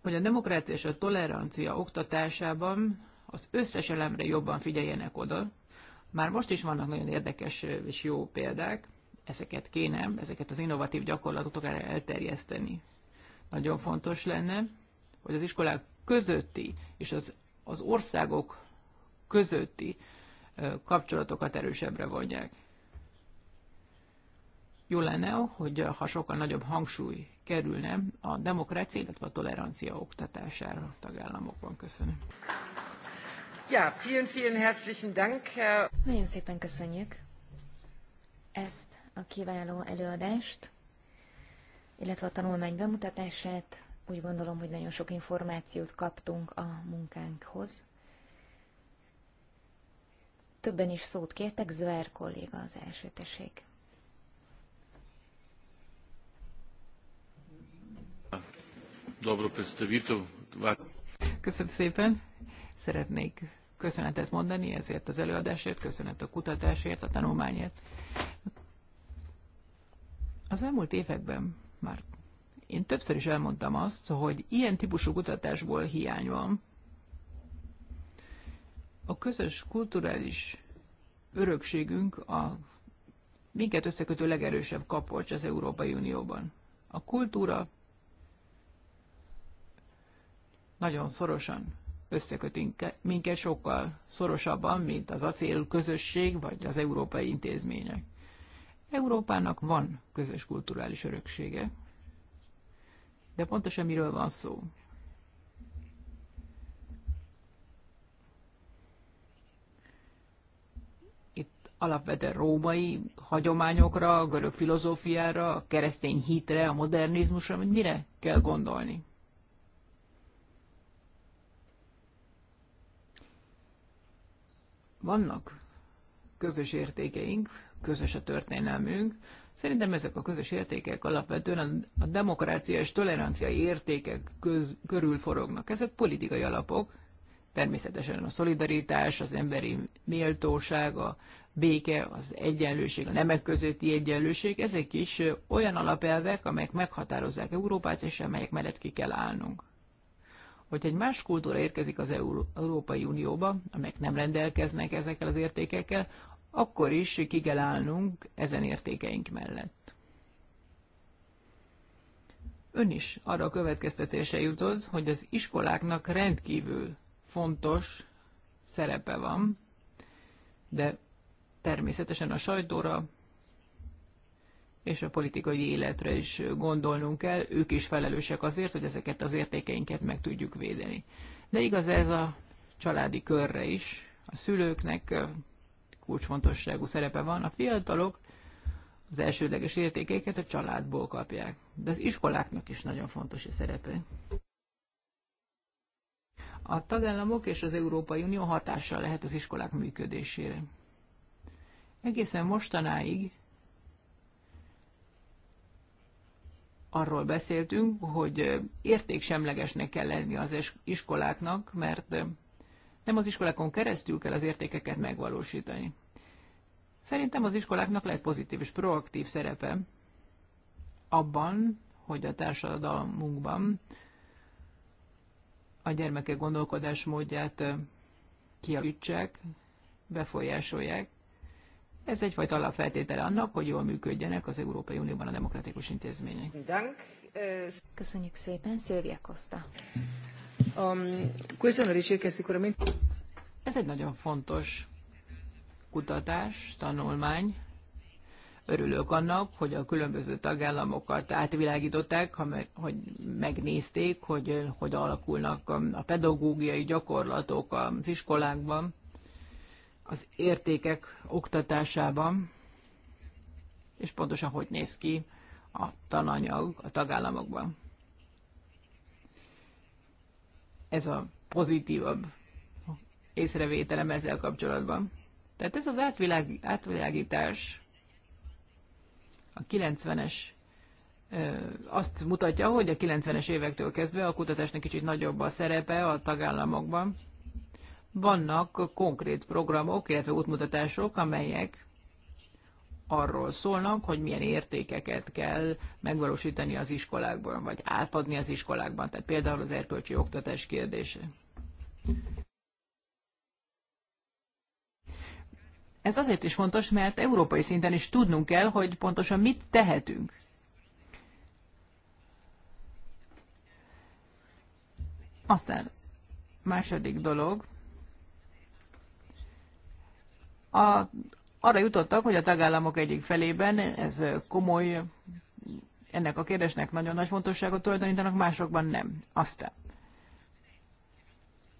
hogy a demokrácia és a tolerancia oktatásában az összes elemre jobban figyeljenek oda. Már most is vannak nagyon érdekes és jó példák, ezeket kéne, ezeket az innovatív gyakorlatokat elterjeszteni. Nagyon fontos lenne, hogy az iskolák közötti és az, az országok közötti kapcsolatokat erősebbre vonják. Jó lenne, hogy ha sokkal nagyobb hangsúly kerülne a demokrácia, illetve a tolerancia oktatására a tagállamokban. Köszönöm. Ja, vielen, vielen herzlichen Dank. Nagyon szépen köszönjük ezt a kiváló előadást, illetve a tanulmány bemutatását. Úgy gondolom, hogy nagyon sok információt kaptunk a munkánkhoz. Többen is szót kértek, Zver kolléga az első tessék. dobro predstavitev. Köszönöm szépen. Szeretnék köszönetet mondani ezért az előadásért, köszönet a kutatásért, a tanulmányért. Az elmúlt években már én többször is elmondtam azt, hogy ilyen típusú kutatásból hiány van. A közös kulturális örökségünk a minket összekötő legerősebb kapocs az Európai Unióban. A kultúra, nagyon szorosan összeköt minket sokkal szorosabban, mint az acél közösség vagy az európai intézmények. Európának van közös kulturális öröksége, de pontosan miről van szó? Itt alapvetően római hagyományokra, a görög filozófiára, a keresztény hitre, a modernizmusra, hogy mire kell gondolni. Vannak közös értékeink, közös a történelmünk. Szerintem ezek a közös értékek alapvetően a demokrácia és tolerancia értékek köz, körül forognak. Ezek politikai alapok, természetesen a szolidaritás, az emberi méltóság, a béke, az egyenlőség, a nemek közötti egyenlőség, ezek is olyan alapelvek, amelyek meghatározzák Európát, és amelyek mellett ki kell állnunk. Hogy egy más kultúra érkezik az Európai Unióba, amelyek nem rendelkeznek ezekkel az értékekkel, akkor is ki kell állnunk ezen értékeink mellett. Ön is arra a következtetése jutott, hogy az iskoláknak rendkívül fontos szerepe van, de természetesen a sajtóra, és a politikai életre is gondolnunk kell, ők is felelősek azért, hogy ezeket az értékeinket meg tudjuk védeni. De igaz ez a családi körre is, a szülőknek kulcsfontosságú szerepe van, a fiatalok az elsődleges értékeiket a családból kapják, de az iskoláknak is nagyon fontos a szerepe. A tagállamok és az Európai Unió hatással lehet az iskolák működésére. Egészen mostanáig arról beszéltünk, hogy értéksemlegesnek kell lenni az iskoláknak, mert nem az iskolákon keresztül kell az értékeket megvalósítani. Szerintem az iskoláknak lehet pozitív és proaktív szerepe abban, hogy a társadalmunkban a gyermekek gondolkodásmódját kialítsák, befolyásolják, ez egyfajta alapfeltétele annak, hogy jól működjenek az Európai Unióban a demokratikus intézmények. Köszönjük szépen, Szilvia Costa. Um, Ez egy nagyon fontos kutatás, tanulmány. Örülök annak, hogy a különböző tagállamokat átvilágították, hogy megnézték, hogy hogy alakulnak a pedagógiai gyakorlatok az iskolákban az értékek oktatásában, és pontosan hogy néz ki a tananyag a tagállamokban. Ez a pozitívabb észrevételem ezzel kapcsolatban. Tehát ez az átvilág, átvilágítás a 90-es azt mutatja, hogy a 90-es évektől kezdve a kutatásnak kicsit nagyobb a szerepe a tagállamokban, vannak konkrét programok, illetve útmutatások, amelyek arról szólnak, hogy milyen értékeket kell megvalósítani az iskolákban, vagy átadni az iskolákban, tehát például az erkölcsi oktatás kérdése. Ez azért is fontos, mert európai szinten is tudnunk kell, hogy pontosan mit tehetünk. Aztán második dolog, a, arra jutottak, hogy a tagállamok egyik felében ez komoly, ennek a kérdésnek nagyon nagy fontosságot tulajdonítanak, másokban nem. Aztán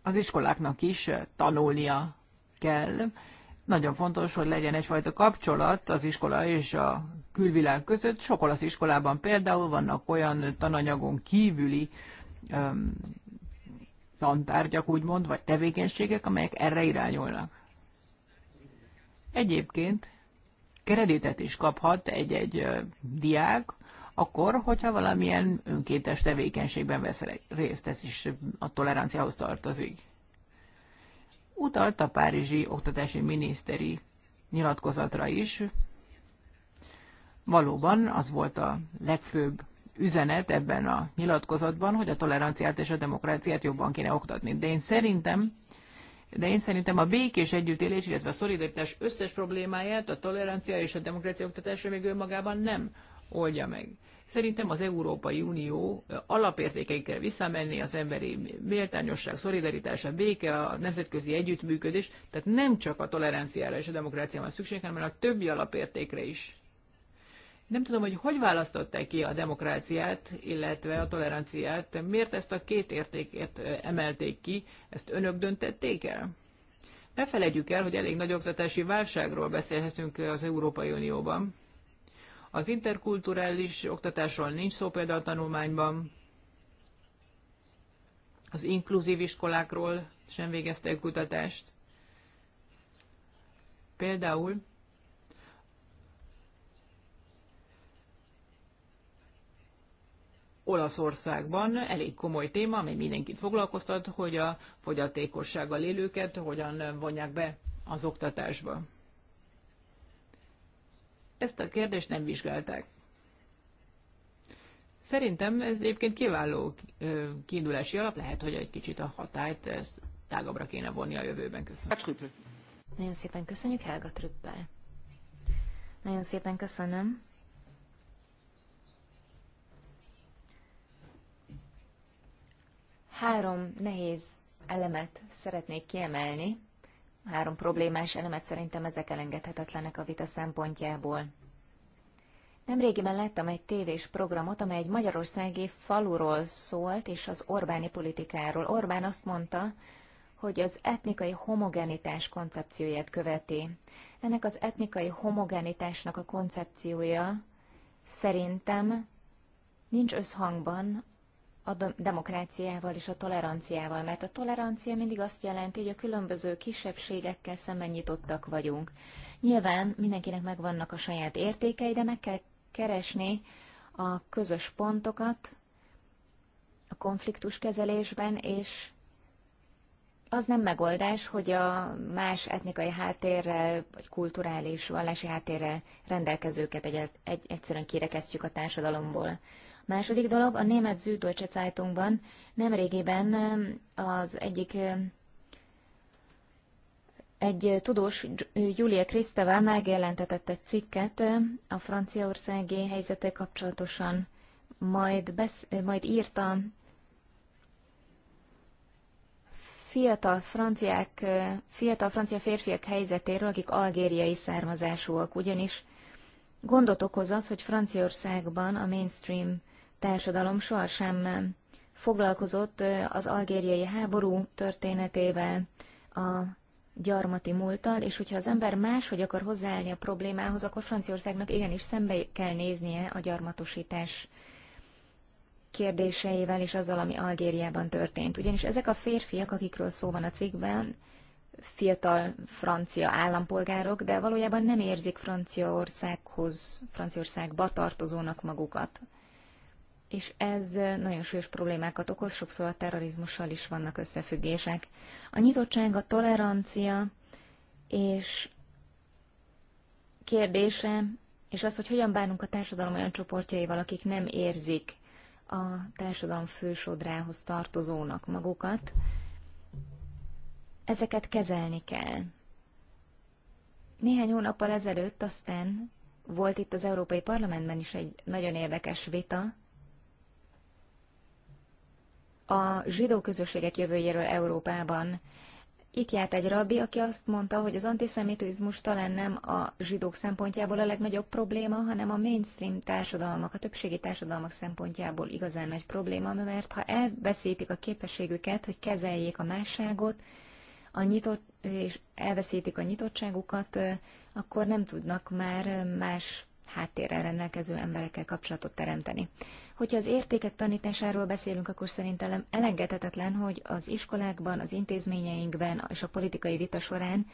az iskoláknak is tanulnia kell. Nagyon fontos, hogy legyen egyfajta kapcsolat az iskola és a külvilág között. Sokol az iskolában például vannak olyan tananyagon kívüli um, tantárgyak, úgymond, vagy tevékenységek, amelyek erre irányulnak. Egyébként kreditet is kaphat egy-egy diák, akkor, hogyha valamilyen önkéntes tevékenységben vesz részt, ez is a toleranciához tartozik. Utalt a Párizsi Oktatási Miniszteri nyilatkozatra is. Valóban az volt a legfőbb üzenet ebben a nyilatkozatban, hogy a toleranciát és a demokráciát jobban kéne oktatni. De én szerintem de én szerintem a békés együttélés, illetve a szolidaritás összes problémáját a tolerancia és a demokrácia oktatása még önmagában nem oldja meg. Szerintem az Európai Unió alapértékeikkel visszamenni az emberi méltányosság, szolidaritás, a béke, a nemzetközi együttműködés, tehát nem csak a toleranciára és a demokráciára van szükség, hanem a többi alapértékre is. Nem tudom, hogy hogy választották ki a demokráciát, illetve a toleranciát. Miért ezt a két értéket emelték ki? Ezt önök döntették el? Ne felejtjük el, hogy elég nagy oktatási válságról beszélhetünk az Európai Unióban. Az interkulturális oktatásról nincs szó például a tanulmányban, az inkluzív iskolákról sem végeztek kutatást. Például Olaszországban elég komoly téma, ami mindenkit foglalkoztat, hogy a fogyatékossággal élőket hogyan vonják be az oktatásba. Ezt a kérdést nem vizsgálták. Szerintem ez egyébként kiváló kiindulási alap, lehet, hogy egy kicsit a hatályt ezt tágabbra kéne vonni a jövőben. Köszönöm. Hát, Nagyon szépen köszönjük Helga Trüppel. Nagyon szépen köszönöm. Három nehéz elemet szeretnék kiemelni. Három problémás elemet szerintem ezek elengedhetetlenek a vita szempontjából. Nemrégiben láttam egy tévés programot, amely egy magyarországi faluról szólt, és az Orbáni politikáról. Orbán azt mondta, hogy az etnikai homogenitás koncepcióját követi. Ennek az etnikai homogenitásnak a koncepciója szerintem nincs összhangban a demokráciával és a toleranciával, mert a tolerancia mindig azt jelenti, hogy a különböző kisebbségekkel szemben nyitottak vagyunk. Nyilván mindenkinek megvannak a saját értékei, de meg kell keresni a közös pontokat a konfliktus kezelésben, és az nem megoldás, hogy a más etnikai háttérrel, vagy kulturális, vallási háttérrel rendelkezőket egy, egy, egyszerűen kirekesztjük a társadalomból. Második dolog, a német Süddeutsche Zeitungban nemrégiben um, az egyik um, egy tudós, Julia Kristeva megjelentetett egy cikket um, a franciaországi helyzete kapcsolatosan, majd, besz, majd írta fiatal franciák, uh, fiatal francia férfiak helyzetéről, akik algériai származásúak, ugyanis gondot okoz az, hogy Franciaországban a mainstream társadalom sohasem foglalkozott az algériai háború történetével, a gyarmati múlttal, és hogyha az ember máshogy akar hozzáállni a problémához, akkor Franciaországnak igenis szembe kell néznie a gyarmatosítás kérdéseivel és azzal, ami Algériában történt. Ugyanis ezek a férfiak, akikről szó van a cikkben, fiatal francia állampolgárok, de valójában nem érzik Franciaországhoz, Franciaországba tartozónak magukat és ez nagyon súlyos problémákat okoz, sokszor a terrorizmussal is vannak összefüggések. A nyitottság, a tolerancia és kérdése, és az, hogy hogyan bánunk a társadalom olyan csoportjaival, akik nem érzik a társadalom fősodrához tartozónak magukat, ezeket kezelni kell. Néhány hónappal ezelőtt aztán volt itt az Európai Parlamentben is egy nagyon érdekes vita, a zsidó közösségek jövőjéről Európában. Itt járt egy rabbi, aki azt mondta, hogy az antiszemitizmus talán nem a zsidók szempontjából a legnagyobb probléma, hanem a mainstream társadalmak, a többségi társadalmak szempontjából igazán nagy probléma, mert ha elveszítik a képességüket, hogy kezeljék a másságot, a nyitott, és elveszítik a nyitottságukat, akkor nem tudnak már más háttérrel rendelkező emberekkel kapcsolatot teremteni. Hogyha az értékek tanításáról beszélünk, akkor szerintem elengedhetetlen, hogy az iskolákban, az intézményeinkben és a politikai vita során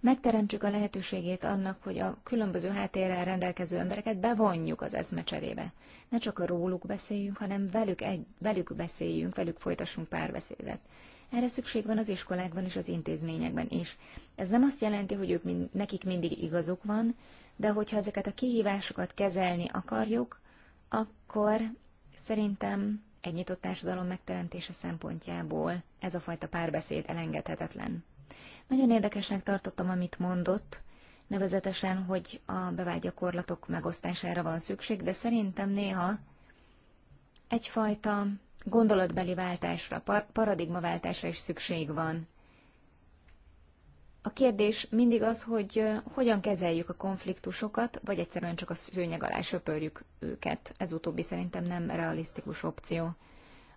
megteremtsük a lehetőségét annak, hogy a különböző háttérrel rendelkező embereket bevonjuk az eszmecserébe. Ne csak róluk beszéljünk, hanem velük, egy, velük beszéljünk, velük folytassunk párbeszédet. Erre szükség van az iskolákban és az intézményekben is. Ez nem azt jelenti, hogy ők mind, nekik mindig igazuk van, de hogyha ezeket a kihívásokat kezelni akarjuk, akkor Szerintem egy nyitott társadalom megteremtése szempontjából ez a fajta párbeszéd elengedhetetlen. Nagyon érdekesnek tartottam, amit mondott, nevezetesen, hogy a bevált gyakorlatok megosztására van szükség, de szerintem néha egyfajta gondolatbeli váltásra, paradigmaváltásra is szükség van. A kérdés mindig az, hogy hogyan kezeljük a konfliktusokat, vagy egyszerűen csak a szőnyeg alá söpörjük őket. Ez utóbbi szerintem nem realisztikus opció.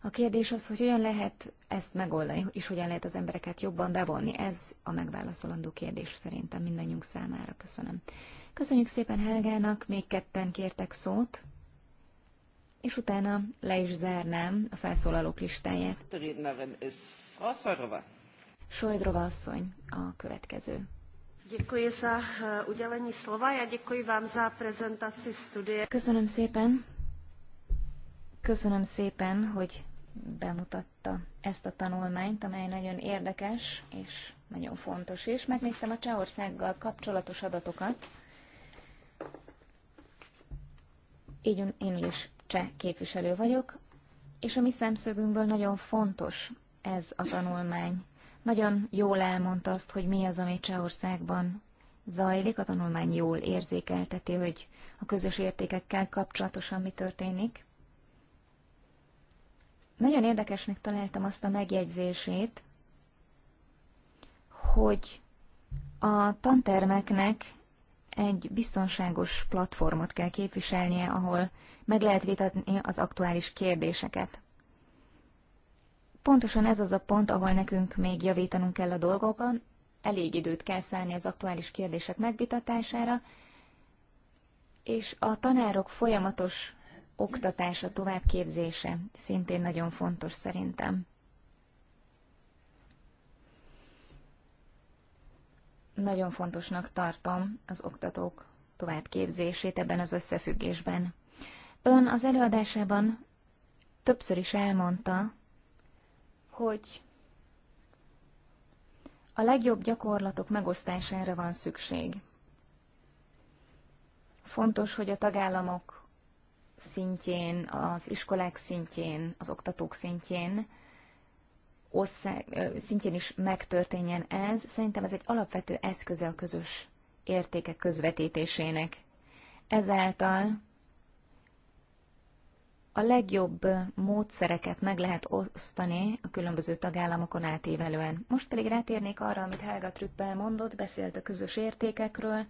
A kérdés az, hogy hogyan lehet ezt megoldani, és hogyan lehet az embereket jobban bevonni. Ez a megválaszolandó kérdés szerintem mindannyiunk számára. Köszönöm. Köszönjük szépen Helgának, még ketten kértek szót, és utána le is zárnám a felszólalók listáját. Sojdrova asszony a következő. Děkuji za eh, udělení slova. Já děkuji vám za prezentaci studie. Köszönöm szépen. Köszönöm szépen, hogy bemutatta ezt a tanulmányt, amely nagyon érdekes és nagyon fontos is. Megnéztem a Csehországgal kapcsolatos adatokat. Így én is cseh képviselő vagyok, és a mi szemszögünkből nagyon fontos ez a tanulmány. Nagyon jól elmondta azt, hogy mi az, ami Csehországban zajlik. A tanulmány jól érzékelteti, hogy a közös értékekkel kapcsolatosan mi történik. Nagyon érdekesnek találtam azt a megjegyzését, hogy a tantermeknek egy biztonságos platformot kell képviselnie, ahol meg lehet vitatni az aktuális kérdéseket. Pontosan ez az a pont, ahol nekünk még javítanunk kell a dolgokon, elég időt kell szállni az aktuális kérdések megvitatására, és a tanárok folyamatos oktatása, továbbképzése szintén nagyon fontos szerintem. Nagyon fontosnak tartom az oktatók továbbképzését ebben az összefüggésben. Ön az előadásában többször is elmondta, hogy a legjobb gyakorlatok megosztására van szükség. Fontos, hogy a tagállamok szintjén, az iskolák szintjén, az oktatók szintjén, osszák, szintjén is megtörténjen ez. Szerintem ez egy alapvető eszköze a közös értékek közvetítésének. Ezáltal a legjobb módszereket meg lehet osztani a különböző tagállamokon átívelően. Most pedig rátérnék arra, amit Helga Trüppel mondott, beszélt a közös értékekről,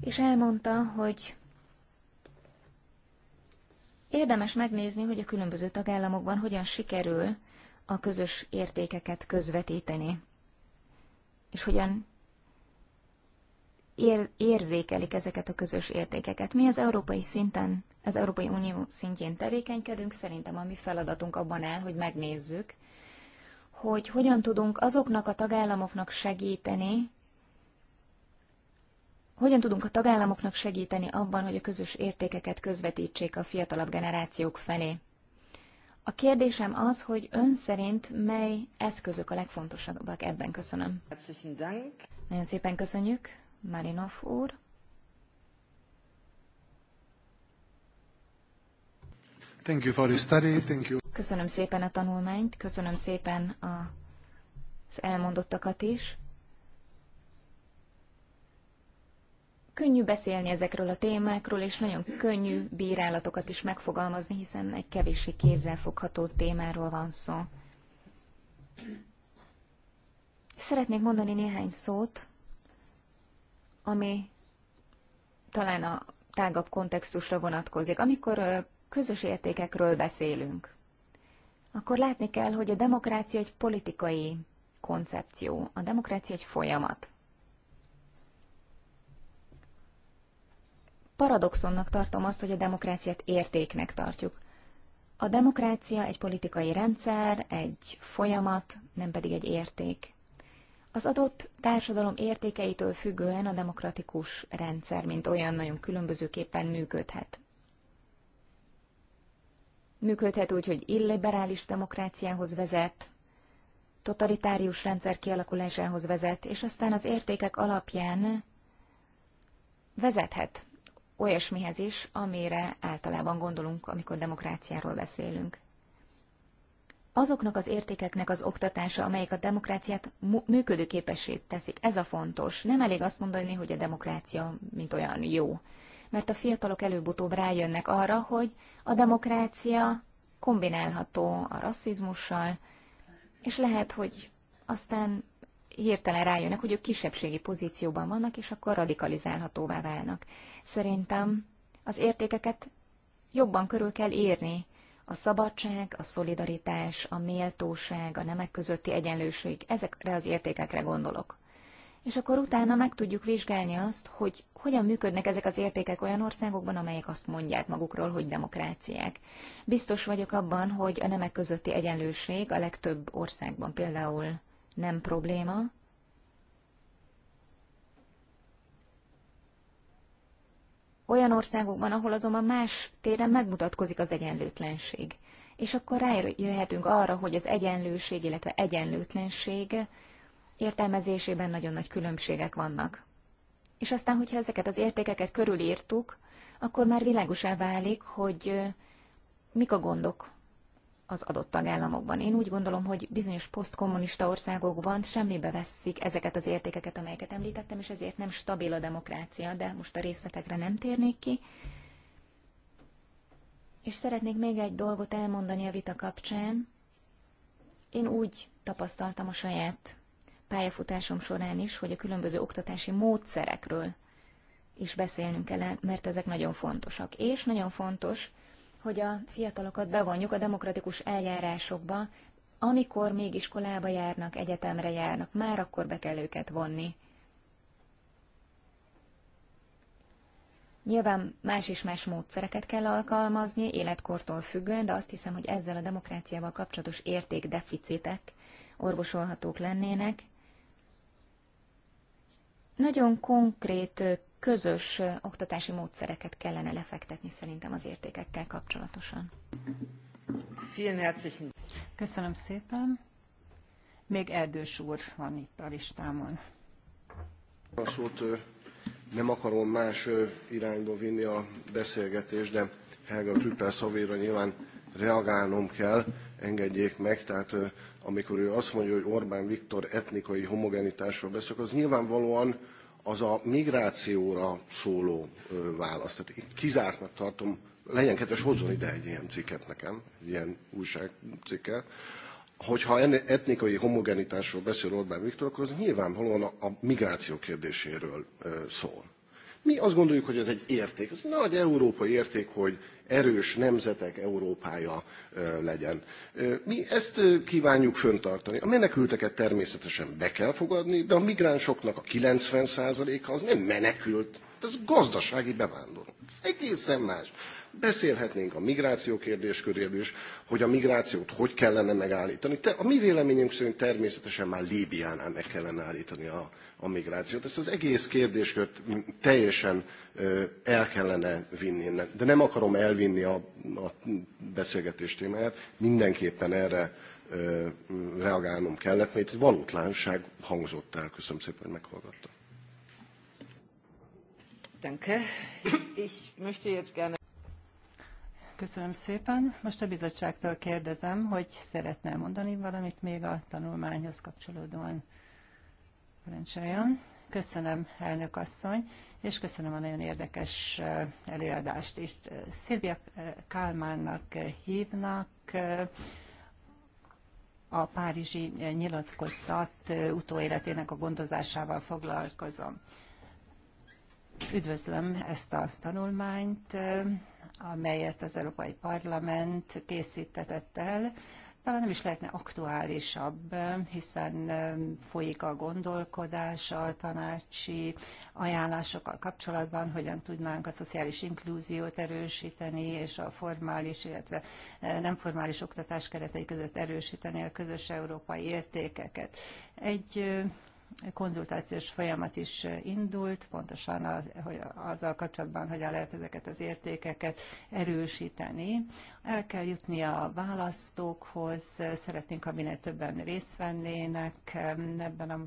és elmondta, hogy érdemes megnézni, hogy a különböző tagállamokban hogyan sikerül a közös értékeket közvetíteni, és hogyan érzékelik ezeket a közös értékeket. Mi az európai szinten az Európai Unió szintjén tevékenykedünk, szerintem a mi feladatunk abban áll, hogy megnézzük, hogy hogyan tudunk azoknak a tagállamoknak segíteni, hogyan tudunk a tagállamoknak segíteni abban, hogy a közös értékeket közvetítsék a fiatalabb generációk felé. A kérdésem az, hogy ön szerint mely eszközök a legfontosabbak ebben? Köszönöm. Nagyon szépen köszönjük, Marinov úr. Thank you for study, thank you. Köszönöm szépen a tanulmányt, köszönöm szépen a, az elmondottakat is. Könnyű beszélni ezekről a témákról, és nagyon könnyű bírálatokat is megfogalmazni, hiszen egy kevéssé kézzelfogható témáról van szó. Szeretnék mondani néhány szót, ami talán a tágabb kontextusra vonatkozik. Amikor közös értékekről beszélünk, akkor látni kell, hogy a demokrácia egy politikai koncepció, a demokrácia egy folyamat. Paradoxonnak tartom azt, hogy a demokráciát értéknek tartjuk. A demokrácia egy politikai rendszer, egy folyamat, nem pedig egy érték. Az adott társadalom értékeitől függően a demokratikus rendszer, mint olyan, nagyon különbözőképpen működhet működhet úgy, hogy illiberális demokráciához vezet, totalitárius rendszer kialakulásához vezet, és aztán az értékek alapján vezethet olyasmihez is, amire általában gondolunk, amikor demokráciáról beszélünk. Azoknak az értékeknek az oktatása, amelyek a demokráciát működőképessé teszik, ez a fontos. Nem elég azt mondani, hogy a demokrácia mint olyan jó mert a fiatalok előbb-utóbb rájönnek arra, hogy a demokrácia kombinálható a rasszizmussal, és lehet, hogy aztán hirtelen rájönnek, hogy ők kisebbségi pozícióban vannak, és akkor radikalizálhatóvá válnak. Szerintem az értékeket jobban körül kell írni. A szabadság, a szolidaritás, a méltóság, a nemek közötti egyenlőség, ezekre az értékekre gondolok és akkor utána meg tudjuk vizsgálni azt, hogy hogyan működnek ezek az értékek olyan országokban, amelyek azt mondják magukról, hogy demokráciák. Biztos vagyok abban, hogy a nemek közötti egyenlőség a legtöbb országban például nem probléma, olyan országokban, ahol azonban más téren megmutatkozik az egyenlőtlenség. És akkor rájöhetünk arra, hogy az egyenlőség, illetve egyenlőtlenség értelmezésében nagyon nagy különbségek vannak. És aztán, hogyha ezeket az értékeket körülírtuk, akkor már világosá válik, hogy mik a gondok az adott tagállamokban. Én úgy gondolom, hogy bizonyos posztkommunista országokban semmibe veszik ezeket az értékeket, amelyeket említettem, és ezért nem stabil a demokrácia, de most a részletekre nem térnék ki. És szeretnék még egy dolgot elmondani a vita kapcsán. Én úgy tapasztaltam a saját pályafutásom során is, hogy a különböző oktatási módszerekről is beszélnünk kell, mert ezek nagyon fontosak. És nagyon fontos, hogy a fiatalokat bevonjuk a demokratikus eljárásokba, amikor még iskolába járnak, egyetemre járnak, már akkor be kell őket vonni. Nyilván más és más módszereket kell alkalmazni, életkortól függően, de azt hiszem, hogy ezzel a demokráciával kapcsolatos értékdeficitek orvosolhatók lennének, nagyon konkrét közös oktatási módszereket kellene lefektetni szerintem az értékekkel kapcsolatosan. Köszönöm szépen. Még Erdős úr van itt a listámon. A szót nem akarom más irányba vinni a beszélgetést, de Helga Trüppel szavéra nyilván reagálnom kell, engedjék meg. Tehát amikor ő azt mondja, hogy Orbán Viktor etnikai homogenitásról beszél, az nyilvánvalóan az a migrációra szóló válasz. Tehát itt kizártnak tartom, legyen kedves, hozzon ide egy ilyen cikket nekem, egy ilyen újságcikket. Hogyha etnikai homogenitásról beszél Orbán Viktor, akkor az nyilvánvalóan a migráció kérdéséről szól. Mi azt gondoljuk, hogy ez egy érték, ez egy nagy európai érték, hogy erős nemzetek Európája legyen. Mi ezt kívánjuk föntartani. A menekülteket természetesen be kell fogadni, de a migránsoknak a 90%-a az nem menekült, ez gazdasági bevándorló. Ez egészen más. Beszélhetnénk a migráció kérdésköréről is, hogy a migrációt hogy kellene megállítani. Te, a mi véleményünk szerint természetesen már Líbiánál meg kellene állítani a a migrációt. Ezt az egész kérdéskört teljesen el kellene vinni innen. De nem akarom elvinni a, a beszélgetés témáját, mindenképpen erre reagálnom kellett, mert egy valótlánság hangzott el. Köszönöm szépen, hogy meghallgattam. Köszönöm szépen. Most a bizottságtól kérdezem, hogy szeretne mondani valamit még a tanulmányhoz kapcsolódóan. Parancsoljon. Köszönöm, elnök asszony, és köszönöm a nagyon érdekes eh, előadást is. Szilvia eh, Kálmánnak eh, hívnak a Párizsi nyilatkozat utóéletének a gondozásával foglalkozom. Üdvözlöm ezt a tanulmányt, amelyet az Európai Parlament készítetett el talán nem is lehetne aktuálisabb, hiszen um, folyik a gondolkodás a tanácsi ajánlásokkal kapcsolatban, hogyan tudnánk a szociális inklúziót erősíteni, és a formális, illetve uh, nem formális oktatás keretei között erősíteni a közös európai értékeket. Egy uh, konzultációs folyamat is indult, pontosan az, hogy azzal kapcsolatban, hogyan lehet ezeket az értékeket erősíteni. El kell jutni a választókhoz, szeretnénk, ha minél többen részt vennének ebben a,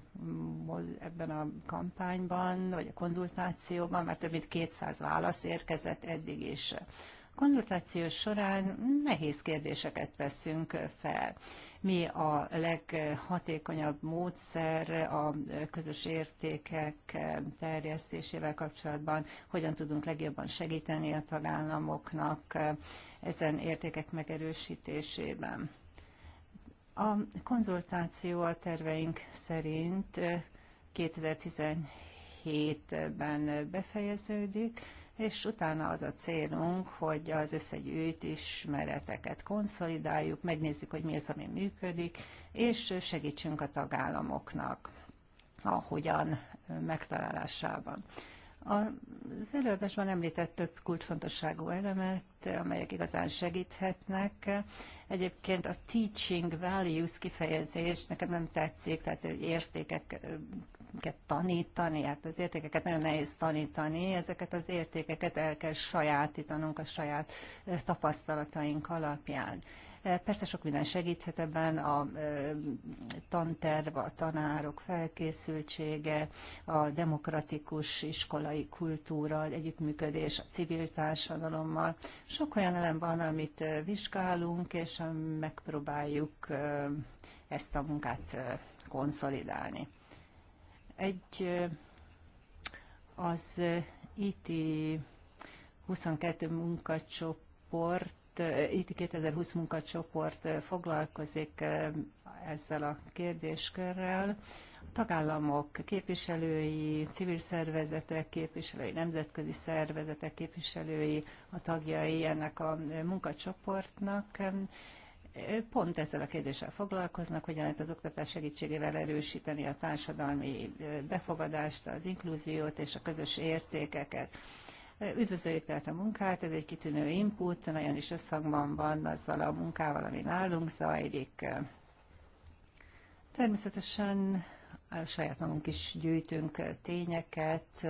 ebben a kampányban, vagy a konzultációban, mert több mint 200 válasz érkezett eddig is konzultáció során nehéz kérdéseket veszünk fel mi a leghatékonyabb módszer a közös értékek terjesztésével kapcsolatban, hogyan tudunk legjobban segíteni a tagállamoknak ezen értékek megerősítésében. A konzultáció a terveink szerint 2017-ben befejeződik, és utána az a célunk, hogy az összegyűjt ismereteket konszolidáljuk, megnézzük, hogy mi az, ami működik, és segítsünk a tagállamoknak ahogyan megtalálásában. Az előadásban említett több kulcsfontosságú elemet, amelyek igazán segíthetnek. Egyébként a teaching values kifejezés nekem nem tetszik, tehát értékek kell tanítani, hát az értékeket nagyon nehéz tanítani, ezeket az értékeket el kell sajátítanunk a saját eh, tapasztalataink alapján. Eh, persze sok minden segíthet ebben, a eh, tanterv, a tanárok felkészültsége, a demokratikus iskolai kultúra, együttműködés a civil társadalommal. Sok olyan elem van, amit vizsgálunk, és megpróbáljuk ezt a munkát konszolidálni. Egy az IT 22 munkacsoport, IT 2020 munkacsoport foglalkozik ezzel a kérdéskörrel. A tagállamok képviselői, civil szervezetek képviselői, nemzetközi szervezetek képviselői, a tagjai ennek a munkacsoportnak pont ezzel a kérdéssel foglalkoznak, hogyan lehet az oktatás segítségével erősíteni a társadalmi befogadást, az inkluziót és a közös értékeket. Üdvözöljük tehát a munkát, ez egy kitűnő input, nagyon is összhangban van azzal a munkával, ami nálunk zajlik. Természetesen saját magunk is gyűjtünk tényeket,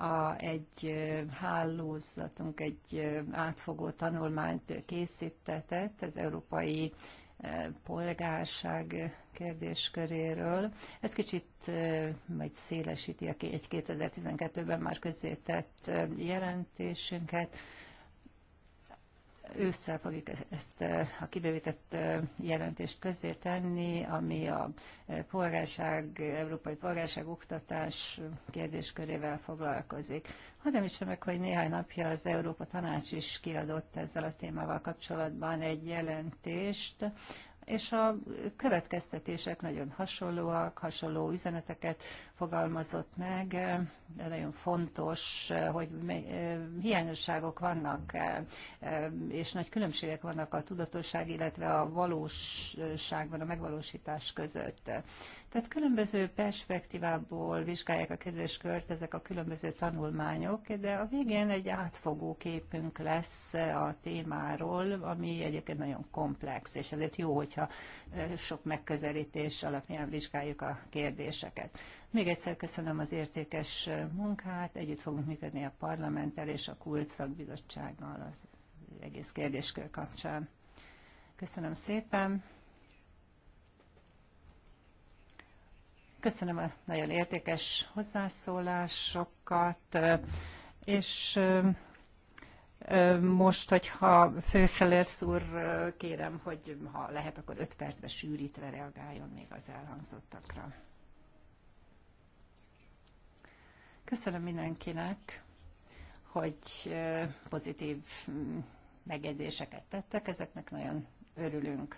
a, egy hálózatunk egy átfogó tanulmányt készítetett az európai polgárság kérdésköréről. Ez kicsit majd szélesíti a egy 2012-ben már közzétett jelentésünket. Ősszel fogjuk e-, ezt e, a kibővített e, jelentést közé tenni, ami a polgárság, európai polgárság oktatás kérdéskörével foglalkozik. Hadd említsem meg, hogy néhány napja az Európa Tanács is kiadott ezzel a témával kapcsolatban egy jelentést, és a következtetések nagyon hasonlóak, hasonló üzeneteket fogalmazott meg. Eh, nagyon fontos, eh, hogy eh, hiányosságok vannak, és nagy különbségek vannak a tudatosság, illetve a valóságban, a megvalósítás között. Tehát különböző perspektívából vizsgálják a kört ezek a különböző tanulmányok, de a végén egy átfogó képünk lesz a témáról, ami egyébként nagyon komplex, és ezért jó, hogyha sok megközelítés alapján vizsgáljuk a kérdéseket. Még egyszer köszönöm az értékes munkát, együtt fogunk működni a parlamenttel és a Kult szakbizottsággal az egész kérdéskör kapcsán. Köszönöm szépen! Köszönöm a nagyon értékes hozzászólásokat, és most, hogyha Főkelers úr, kérem, hogy ha lehet, akkor öt percbe sűrítve reagáljon még az elhangzottakra. Köszönöm mindenkinek, hogy pozitív megjegyzéseket tettek, ezeknek nagyon örülünk.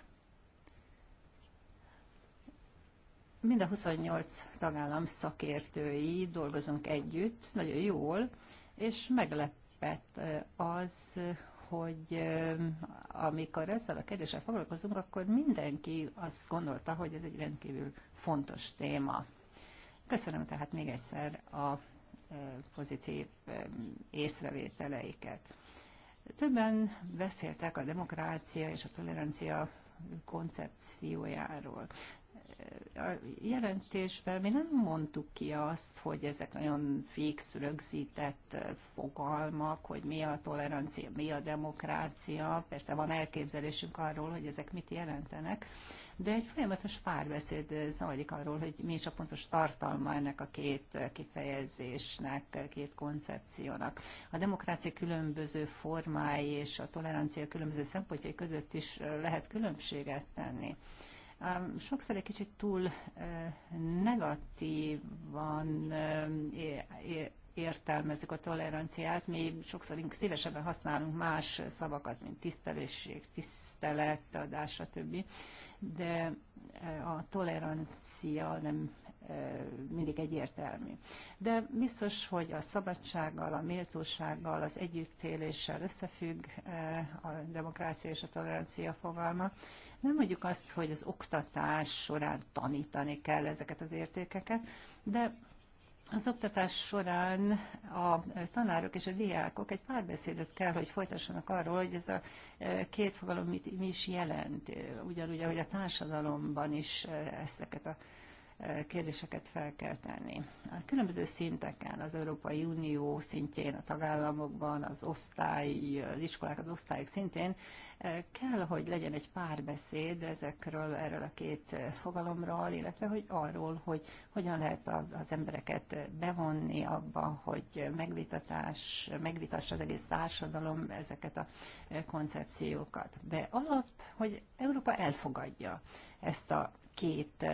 mind a 28 tagállam szakértői dolgozunk együtt, nagyon jól, és meglepett az, hogy amikor ezzel a kérdéssel foglalkozunk, akkor mindenki azt gondolta, hogy ez egy rendkívül fontos téma. Köszönöm tehát még egyszer a pozitív észrevételeiket. Többen beszéltek a demokrácia és a tolerancia koncepciójáról a jelentésben mi nem mondtuk ki azt, hogy ezek nagyon fix, rögzített fogalmak, hogy mi a tolerancia, mi a demokrácia. Persze van elképzelésünk arról, hogy ezek mit jelentenek, de egy folyamatos párbeszéd zajlik arról, hogy mi is a pontos tartalma ennek a két kifejezésnek, két koncepciónak. A demokrácia különböző formái és a tolerancia különböző szempontjai között is lehet különbséget tenni sokszor egy kicsit túl negatívan értelmezzük a toleranciát, mi sokszor szívesebben használunk más szavakat, mint tisztelet, adás stb. De a tolerancia nem mindig egyértelmű. De biztos, hogy a szabadsággal, a méltósággal, az együttéléssel összefügg a demokrácia és a tolerancia fogalma, nem mondjuk azt, hogy az oktatás során tanítani kell ezeket az értékeket, de az oktatás során a tanárok és a diákok egy párbeszédet kell, hogy folytassanak arról, hogy ez a e, két fogalom mit, mi is jelent, ugyanúgy, ahogy a társadalomban is e, ezeket a kérdéseket fel kell tenni. A különböző szinteken, az Európai Unió szintjén, a tagállamokban, az osztály, az iskolák, az osztályok szintén eh, kell, hogy legyen egy párbeszéd ezekről, erről a két eh, fogalomról, illetve hogy arról, hogy hogyan lehet az embereket bevonni abba, hogy megvitatás, megvitassa az egész társadalom ezeket a eh, koncepciókat. De alap, hogy Európa elfogadja ezt a két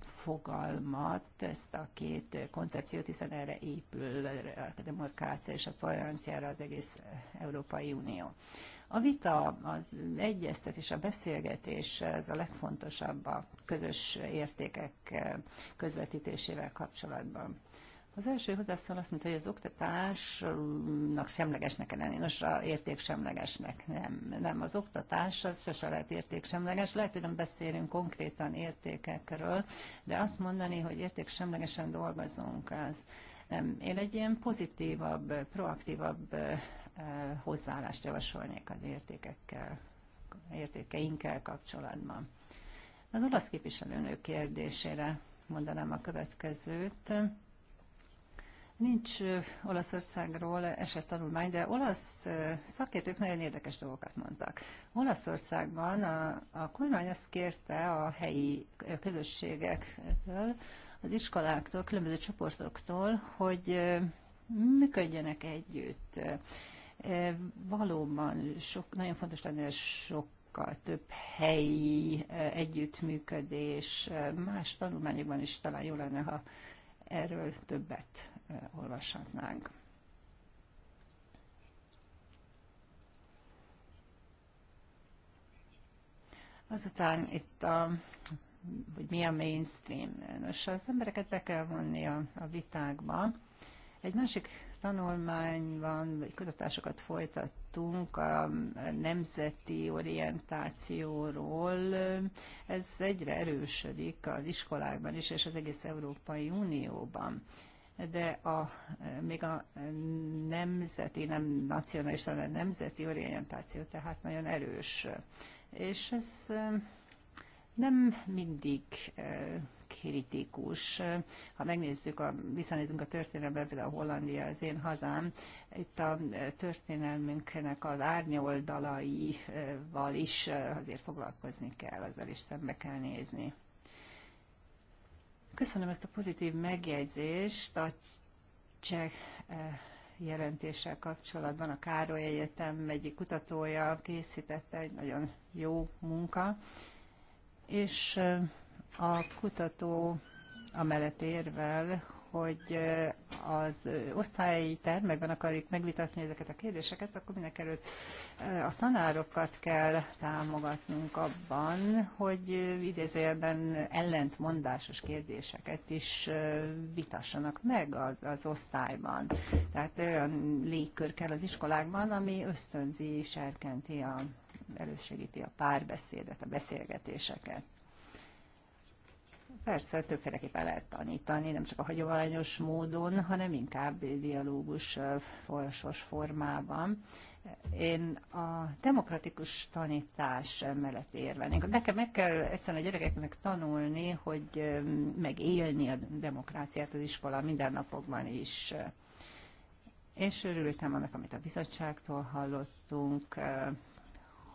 fogalmat, ezt a két koncepciót, hiszen erre épül a demokrácia és a toleranciára az egész Európai Unió. A vita, az egyeztetés, a beszélgetés, ez a legfontosabb a közös értékek közvetítésével kapcsolatban. Az első hozzászól azt mondta, hogy az oktatásnak semlegesnek kell lenni. Nos, a semlegesnek. nem. Nem, az oktatás az sose lehet semleges. Lehet, hogy nem beszélünk konkrétan értékekről, de azt mondani, hogy semlegesen dolgozunk, az nem. Én egy ilyen pozitívabb, proaktívabb hozzáállást javasolnék az értékekkel, értékeinkkel kapcsolatban. Az olasz képviselőnő kérdésére mondanám a következőt Nincs Olaszországról tanulmány, de olasz szakértők nagyon érdekes dolgokat mondtak. Olaszországban a, a kormány azt kérte a helyi közösségektől, az iskoláktól, különböző csoportoktól, hogy működjenek együtt. Valóban sok, nagyon fontos lenne sok sokkal több helyi együttműködés, más tanulmányokban is talán jó lenne, ha erről többet olvashatnánk. Azután itt a hogy mi a mainstream. Nos, az embereket be kell vonni a, a vitákba. Egy másik tanulmányban, vagy kutatásokat folytat hallottunk a nemzeti orientációról, ez egyre erősödik az iskolákban is, és az egész Európai Unióban de a, még a nemzeti, nem nacionalista, hanem nemzeti orientáció tehát nagyon erős. És ez nem mindig kritikus. Ha megnézzük, a, visszanézünk a történelembe, például a Hollandia, az én hazám, itt a történelmünknek az árnyoldalaival is azért foglalkozni kell, azzal is szembe kell nézni. Köszönöm ezt a pozitív megjegyzést a cseh jelentéssel kapcsolatban. A Károly Egyetem egyik kutatója készítette egy nagyon jó munka, és a kutató amellett érvel, hogy az osztályi termekben akarjuk megvitatni ezeket a kérdéseket, akkor minek előtt a tanárokat kell támogatnunk abban, hogy idézőjelben ellentmondásos kérdéseket is vitassanak meg az, az osztályban. Tehát olyan légkör kell az iskolákban, ami ösztönzi, serkenti, a, elősegíti a párbeszédet, a beszélgetéseket. Persze, többféleképpen lehet tanítani, nem csak a hagyományos módon, hanem inkább dialógus folyosos formában. Én a demokratikus tanítás mellett érvelnék. Nekem meg kell egyszerűen a gyerekeknek tanulni, hogy megélni a demokráciát az iskola mindennapokban is. És örültem annak, amit a bizottságtól hallottunk,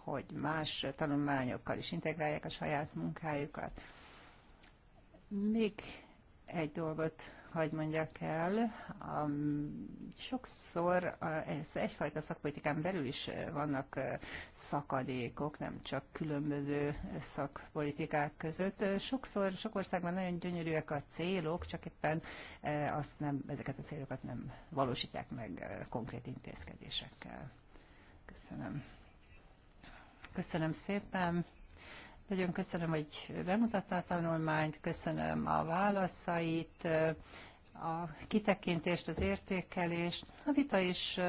hogy más tanulmányokkal is integrálják a saját munkájukat. Még egy dolgot hagy mondjak el, sokszor ez egyfajta szakpolitikán belül is vannak szakadékok, nem csak különböző szakpolitikák között. Sokszor, sok országban nagyon gyönyörűek a célok, csak éppen azt nem, ezeket a célokat nem valósítják meg konkrét intézkedésekkel. Köszönöm. Köszönöm szépen. Nagyon köszönöm, hogy bemutatta a tanulmányt, köszönöm a válaszait, a kitekintést, az értékelést. A vita is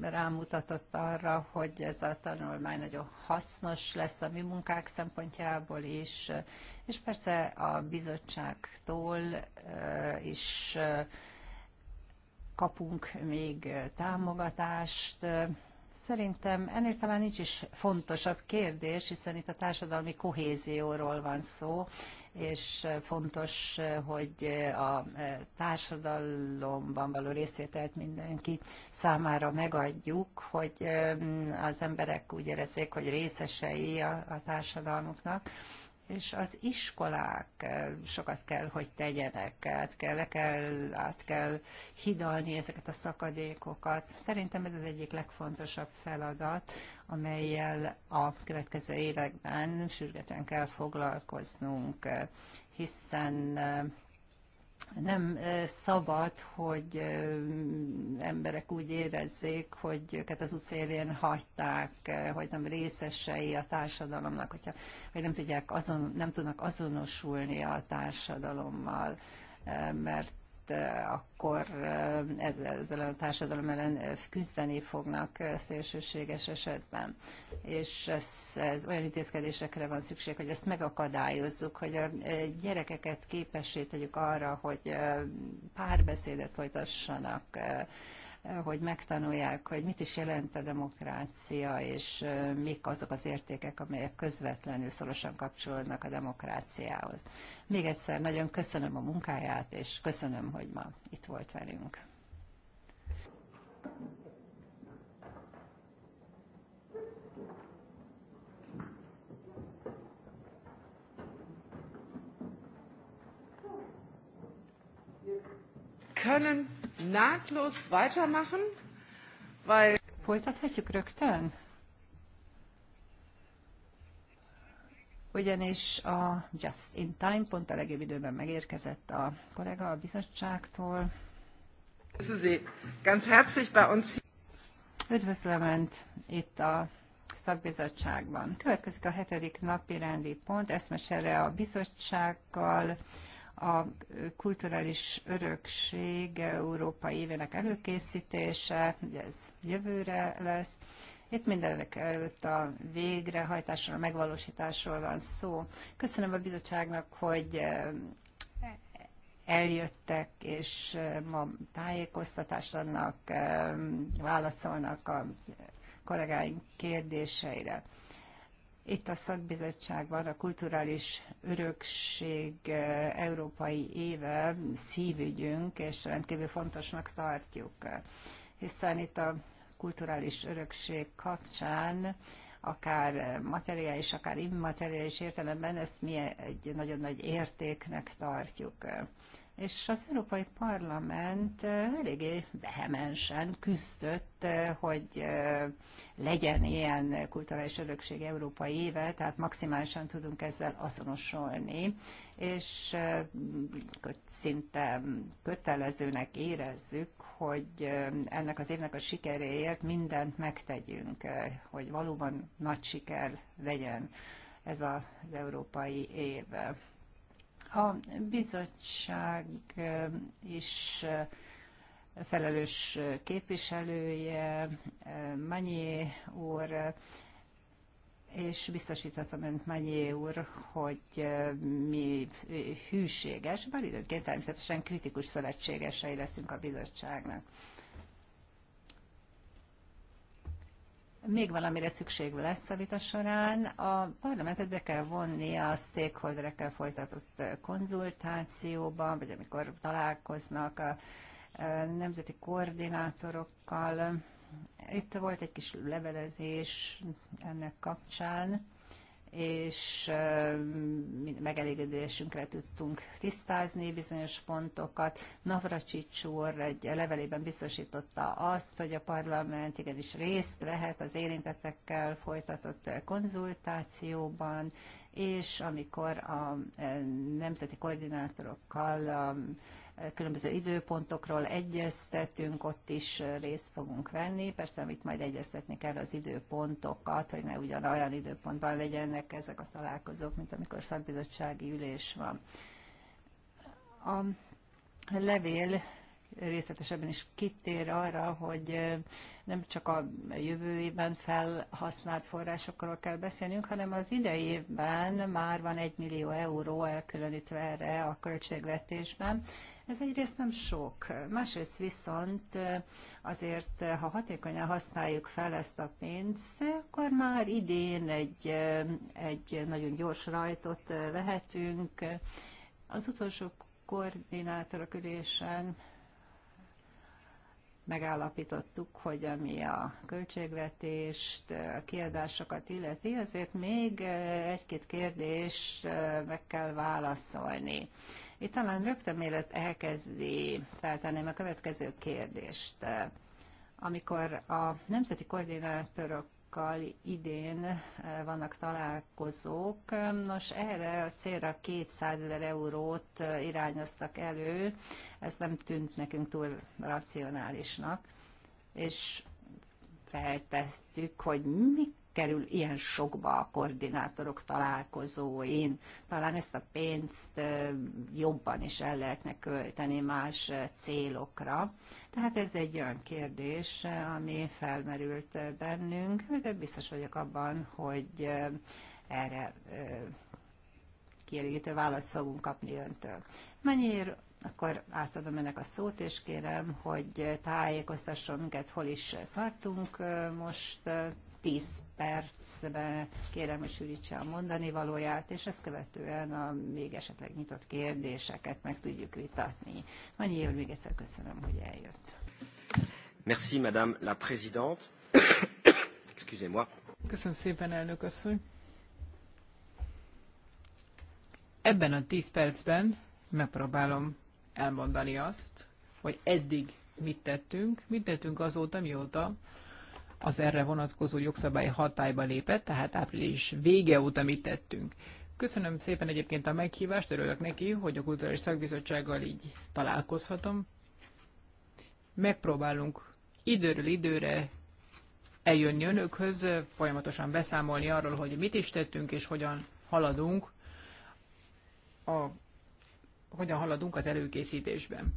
rámutatott arra, hogy ez a tanulmány nagyon hasznos lesz a mi munkák szempontjából is, és persze a bizottságtól is kapunk még támogatást Szerintem ennél talán nincs is fontosabb kérdés, hiszen itt a társadalmi kohézióról van szó, és fontos, hogy a társadalomban való részvételt mindenki számára megadjuk, hogy mm, az emberek úgy érezzék, hogy részesei a, a társadalmuknak és az iskolák eh, sokat kell, hogy tegyenek, át kell, kell, át kell hidalni ezeket a szakadékokat. Szerintem ez az egyik legfontosabb feladat, amelyel a következő években sürgeten kell foglalkoznunk, eh, hiszen eh, nem szabad, hogy emberek úgy érezzék, hogy őket az utcérén hagyták, hogy nem részesei a társadalomnak, hogyha, hogy nem, tudják azon, nem tudnak azonosulni a társadalommal, mert akkor ezzel a társadalom ellen küzdeni fognak szélsőséges esetben. És ez, ez olyan intézkedésekre van szükség, hogy ezt megakadályozzuk, hogy a gyerekeket képessé tegyük arra, hogy párbeszédet folytassanak, hogy megtanulják, hogy mit is jelent a demokrácia, és mik azok az értékek, amelyek közvetlenül szorosan kapcsolódnak a demokráciához. Még egyszer nagyon köszönöm a munkáját, és köszönöm, hogy ma itt volt velünk. Können nahtlos weitermachen, weil... Folytathatjuk rögtön? Ugyanis a Just in Time pont a legjobb időben megérkezett a kollega a bizottságtól. Üdvözlöm Önt itt a szakbizottságban. Következik a hetedik napi rendi pont, eszmesere a bizottsággal, a kulturális örökség európai évének előkészítése, ugye ez jövőre lesz. Itt mindenek előtt a végrehajtásról, a megvalósításról van szó. Köszönöm a bizottságnak, hogy eh, eljöttek, és eh, ma tájékoztatást adnak, eh, válaszolnak a kollégáink kérdéseire. Itt a szakbizottságban a kulturális örökség eh, európai éve szívügyünk, és rendkívül fontosnak tartjuk, hiszen itt a kulturális örökség kapcsán akár materiális, akár immateriális értelemben ezt mi egy nagyon nagy értéknek tartjuk és az Európai Parlament eléggé vehemensen küzdött, hogy legyen ilyen kulturális örökség európai éve, tehát maximálisan tudunk ezzel azonosolni, és szinte kötelezőnek érezzük, hogy ennek az évnek a sikeréért mindent megtegyünk, hogy valóban nagy siker legyen ez az európai év. A bizottság eh, is eh, felelős képviselője, eh, Manyé úr, és biztosíthatom önt, Manyé úr, hogy mi hűséges, bár időnként természetesen kritikus szövetségesei leszünk a bizottságnak. még valamire szükség lesz a vita során. A parlamentet be kell vonni a stakeholderekkel folytatott konzultációban, vagy amikor találkoznak a nemzeti koordinátorokkal. Itt volt egy kis levelezés ennek kapcsán és megelégedésünkre tudtunk tisztázni bizonyos pontokat. Navracsics úr egy levelében biztosította azt, hogy a parlament igenis részt vehet az érintettekkel folytatott konzultációban, és amikor a nemzeti koordinátorokkal a különböző időpontokról egyeztetünk, ott is részt fogunk venni. Persze, amit majd egyeztetni kell az időpontokat, hogy ne ugyanolyan időpontban legyenek ezek a találkozók, mint amikor szakbizottsági ülés van. A levél részletesebben is kitér arra, hogy nem csak a jövő évben felhasznált forrásokról kell beszélnünk, hanem az idei évben már van egy millió euró elkülönítve erre a költségvetésben. Ez egyrészt nem sok, másrészt viszont azért, ha hatékonyan használjuk fel ezt a pénzt, akkor már idén egy, egy nagyon gyors rajtot vehetünk. Az utolsó koordinátorok ülésen megállapítottuk, hogy ami a költségvetést, a kiadásokat illeti, azért még egy-két kérdést meg kell válaszolni. Itt talán rögtön mielőtt elkezdi, feltenném a következő kérdést. Amikor a nemzeti koordinátorok országokkal idén eh, vannak találkozók. Nos, erre a célra 200 ezer eurót eh, irányoztak elő, ez nem tűnt nekünk túl racionálisnak, és feltesztjük, hogy mik kerül ilyen sokba a koordinátorok találkozóin. Talán ezt a pénzt jobban is el lehetne költeni más célokra. Tehát ez egy olyan kérdés, ami felmerült bennünk, de biztos vagyok abban, hogy erre kielégítő választ fogunk kapni öntől. Mennyire akkor átadom ennek a szót, és kérem, hogy tájékoztasson minket, hol is tartunk most 10 percben kérem, hogy sűrítse a mondani valóját, és ezt követően a még esetleg nyitott kérdéseket meg tudjuk vitatni. Annyi jól még egyszer köszönöm, hogy eljött. Merci, Madame la Présidente. Excusez-moi. Köszönöm szépen, elnök asszony. Ebben a 10 percben megpróbálom elmondani azt, hogy eddig mit tettünk, mit tettünk azóta, mióta az erre vonatkozó jogszabály hatályba lépett, tehát április vége óta mit tettünk. Köszönöm szépen egyébként a meghívást, örülök neki, hogy a Kulturális Szakbizottsággal így találkozhatom. Megpróbálunk időről időre eljönni önökhöz, folyamatosan beszámolni arról, hogy mit is tettünk és hogyan haladunk a, hogyan haladunk az előkészítésben.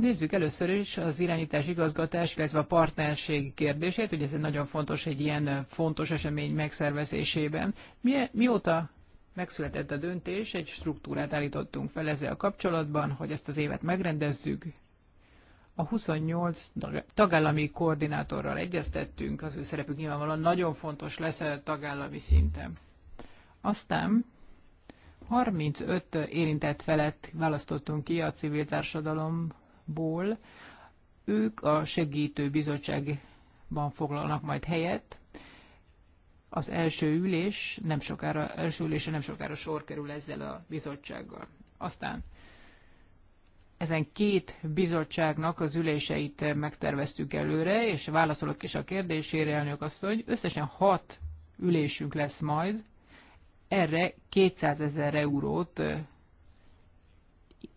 Nézzük először is az irányítás, igazgatás, illetve a partnerség kérdését, ugye ez egy nagyon fontos egy ilyen fontos esemény megszervezésében. Mi, mióta megszületett a döntés, egy struktúrát állítottunk fel ezzel a kapcsolatban, hogy ezt az évet megrendezzük. A 28 tagállami koordinátorral egyeztettünk, az ő szerepük nyilvánvalóan nagyon fontos lesz a tagállami szinten. Aztán 35 érintett felett választottunk ki a civil társadalom ból. Ők a segítő bizottságban foglalnak majd helyet. Az első ülés nem sokára, első ülése nem sokára sor kerül ezzel a bizottsággal. Aztán ezen két bizottságnak az üléseit megterveztük előre, és válaszolok is a kérdésére, elnök asszony. Összesen hat ülésünk lesz majd, erre 200 ezer eurót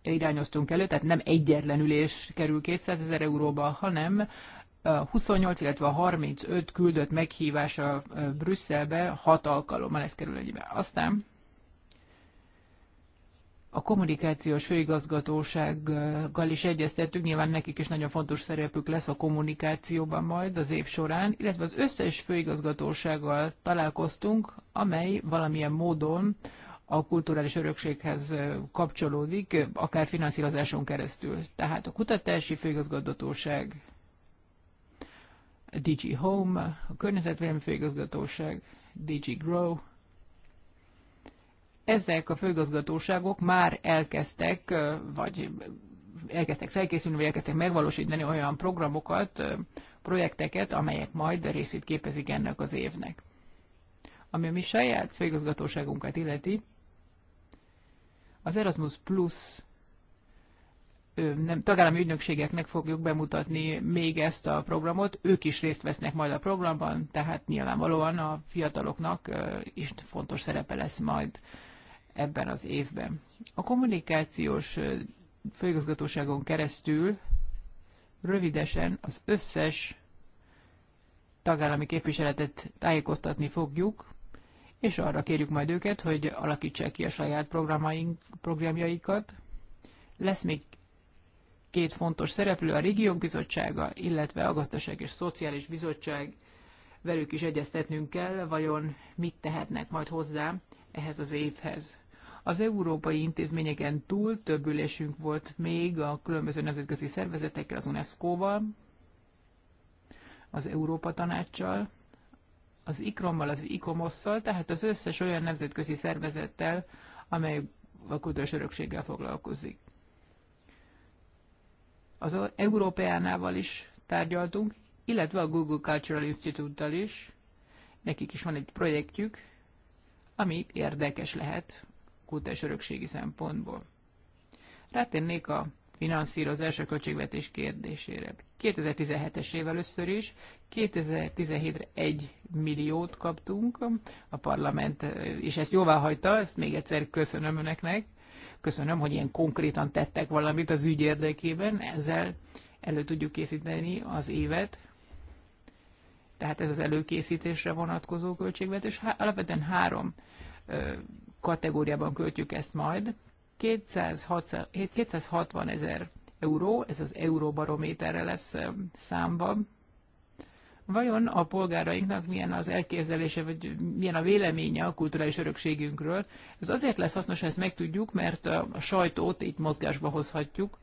irányoztunk elő, tehát nem egyetlen ülés kerül 200 ezer euróba, hanem 28, illetve 35 küldött meghívása Brüsszelbe 6 alkalommal ez kerül egybe. Aztán a kommunikációs főigazgatósággal is egyeztettük, nyilván nekik is nagyon fontos szerepük lesz a kommunikációban majd az év során, illetve az összes főigazgatósággal találkoztunk, amely valamilyen módon a kulturális örökséghez kapcsolódik, akár finanszírozáson keresztül. Tehát a kutatási főigazgatóság, DG Home, a környezetvédelmi főigazgatóság, DG Grow, ezek a főigazgatóságok már elkezdtek, vagy elkezdtek felkészülni, vagy elkezdtek megvalósítani olyan programokat, projekteket, amelyek majd részét képezik ennek az évnek. Ami a mi saját főigazgatóságunkat illeti, az Erasmus Plus nem, tagállami ügynökségeknek fogjuk bemutatni még ezt a programot. Ők is részt vesznek majd a programban, tehát nyilvánvalóan a fiataloknak is fontos szerepe lesz majd ebben az évben. A kommunikációs főigazgatóságon keresztül rövidesen az összes tagállami képviseletet tájékoztatni fogjuk és arra kérjük majd őket, hogy alakítsák ki a saját programjaikat. Lesz még két fontos szereplő, a Régiók Bizottsága, illetve a Gazdaság és Szociális Bizottság. Velük is egyeztetnünk kell, vajon mit tehetnek majd hozzá ehhez az évhez. Az európai intézményeken túl több ülésünk volt még a különböző nemzetközi szervezetekkel, az UNESCO-val, az Európa Tanácssal, az ICROM-mal, az ICOMOS-szal, tehát az összes olyan nemzetközi szervezettel, amely a kultúrás örökséggel foglalkozik. Az Európeánával is tárgyaltunk, illetve a Google Cultural Institute-tal is. Nekik is van egy projektjük, ami érdekes lehet kultúrás örökségi szempontból. Rátérnék a finanszírozás a költségvetés kérdésére. 2017-es év először is, 2017-re 1 milliót kaptunk, a parlament, és ezt jóvá hagyta, ezt még egyszer köszönöm önöknek, köszönöm, hogy ilyen konkrétan tettek valamit az ügy érdekében, ezzel elő tudjuk készíteni az évet, tehát ez az előkészítésre vonatkozó költségvetés. Há, alapvetően három ö, kategóriában költjük ezt majd. 260, ezer euró, ez az euróbarométerre lesz számba. Vajon a polgárainknak milyen az elképzelése, vagy milyen a véleménye a kulturális örökségünkről? Ez azért lesz hasznos, ha ezt megtudjuk, mert a sajtót itt mozgásba hozhatjuk.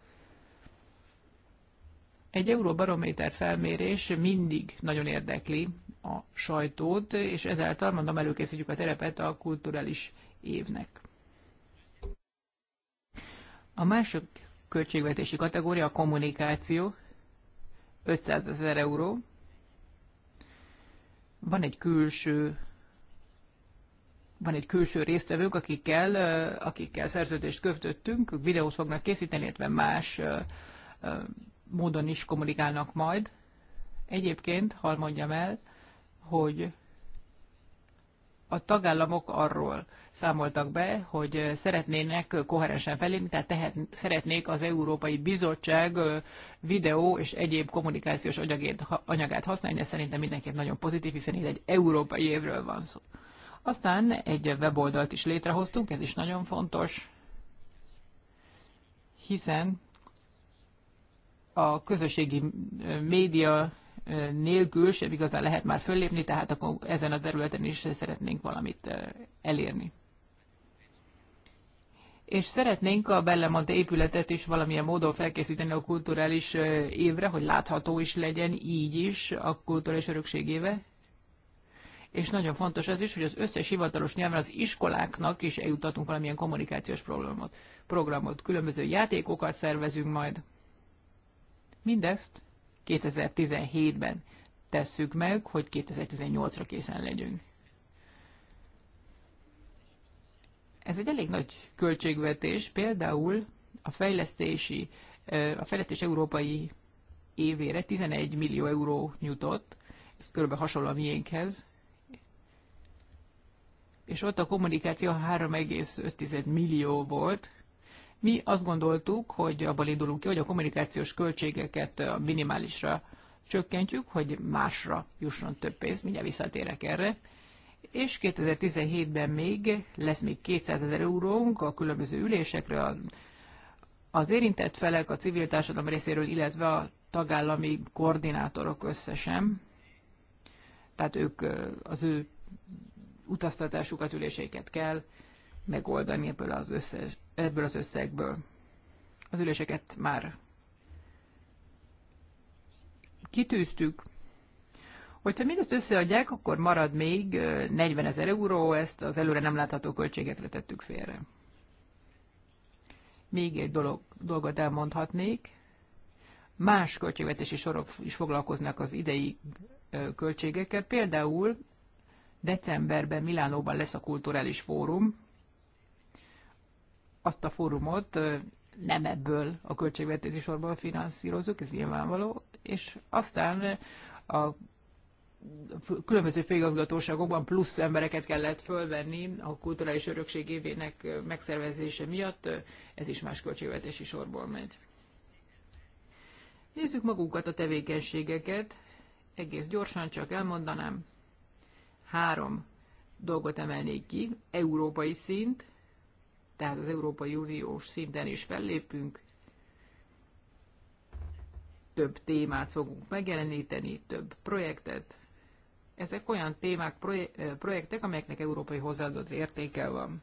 Egy euróbarométer felmérés mindig nagyon érdekli a sajtót, és ezáltal, mondom, előkészítjük a terepet a kulturális évnek. A másik költségvetési kategória a kommunikáció, 500 ezer euró. Van egy külső van egy külső résztvevők, akikkel, akikkel szerződést kötöttünk, ők videót fognak készíteni, illetve más módon is kommunikálnak majd. Egyébként, hal mondjam el, hogy a tagállamok arról számoltak be, hogy szeretnének koherensen felépni, tehát tehet, szeretnék az Európai Bizottság videó és egyéb kommunikációs anyagét, anyagát használni, ez szerintem mindenképp nagyon pozitív, hiszen itt egy európai évről van szó. Aztán egy weboldalt is létrehoztunk, ez is nagyon fontos, hiszen a közösségi média nélkül sem igazán lehet már föllépni, tehát akkor ezen a területen is szeretnénk valamit elérni. És szeretnénk a Bellemonte épületet is valamilyen módon felkészíteni a kulturális évre, hogy látható is legyen így is a kulturális örökségéve. És nagyon fontos az is, hogy az összes hivatalos nyelven az iskoláknak is eljutatunk valamilyen kommunikációs programot. programot. Különböző játékokat szervezünk majd. Mindezt 2017-ben tesszük meg, hogy 2018-ra készen legyünk. Ez egy elég nagy költségvetés, például a fejlesztési, a fejlesztés európai évére 11 millió euró nyújtott, ez körülbelül hasonló a miénkhez, és ott a kommunikáció 3,5 millió volt, mi azt gondoltuk, hogy abból indulunk ki, hogy a kommunikációs költségeket a minimálisra csökkentjük, hogy másra jusson több pénz, mindjárt visszatérek erre. És 2017-ben még lesz még 200 ezer eurónk a különböző ülésekre, az érintett felek a civil társadalom részéről, illetve a tagállami koordinátorok összesen, tehát ők az ő utaztatásukat, üléseiket kell megoldani ebből az, összes, ebből az összegből. Az üléseket már kitűztük. Hogyha mindezt összeadják, akkor marad még 40 ezer euró, ezt az előre nem látható költségekre tettük félre. Még egy dolog, dolgot elmondhatnék. Más költségvetési sorok is foglalkoznak az idei költségekkel. Például decemberben Milánóban lesz a kulturális fórum, azt a fórumot nem ebből a költségvetési sorból finanszírozunk, ez nyilvánvaló, és aztán a különböző főigazgatóságokban plusz embereket kellett fölvenni a kulturális örökség évének megszervezése miatt, ez is más költségvetési sorból megy. Nézzük magunkat a tevékenységeket, egész gyorsan csak elmondanám. Három dolgot emelnék ki, európai szint, tehát az Európai Uniós szinten is fellépünk, több témát fogunk megjeleníteni, több projektet. Ezek olyan témák, projektek, amelyeknek európai hozzáadott értéke van.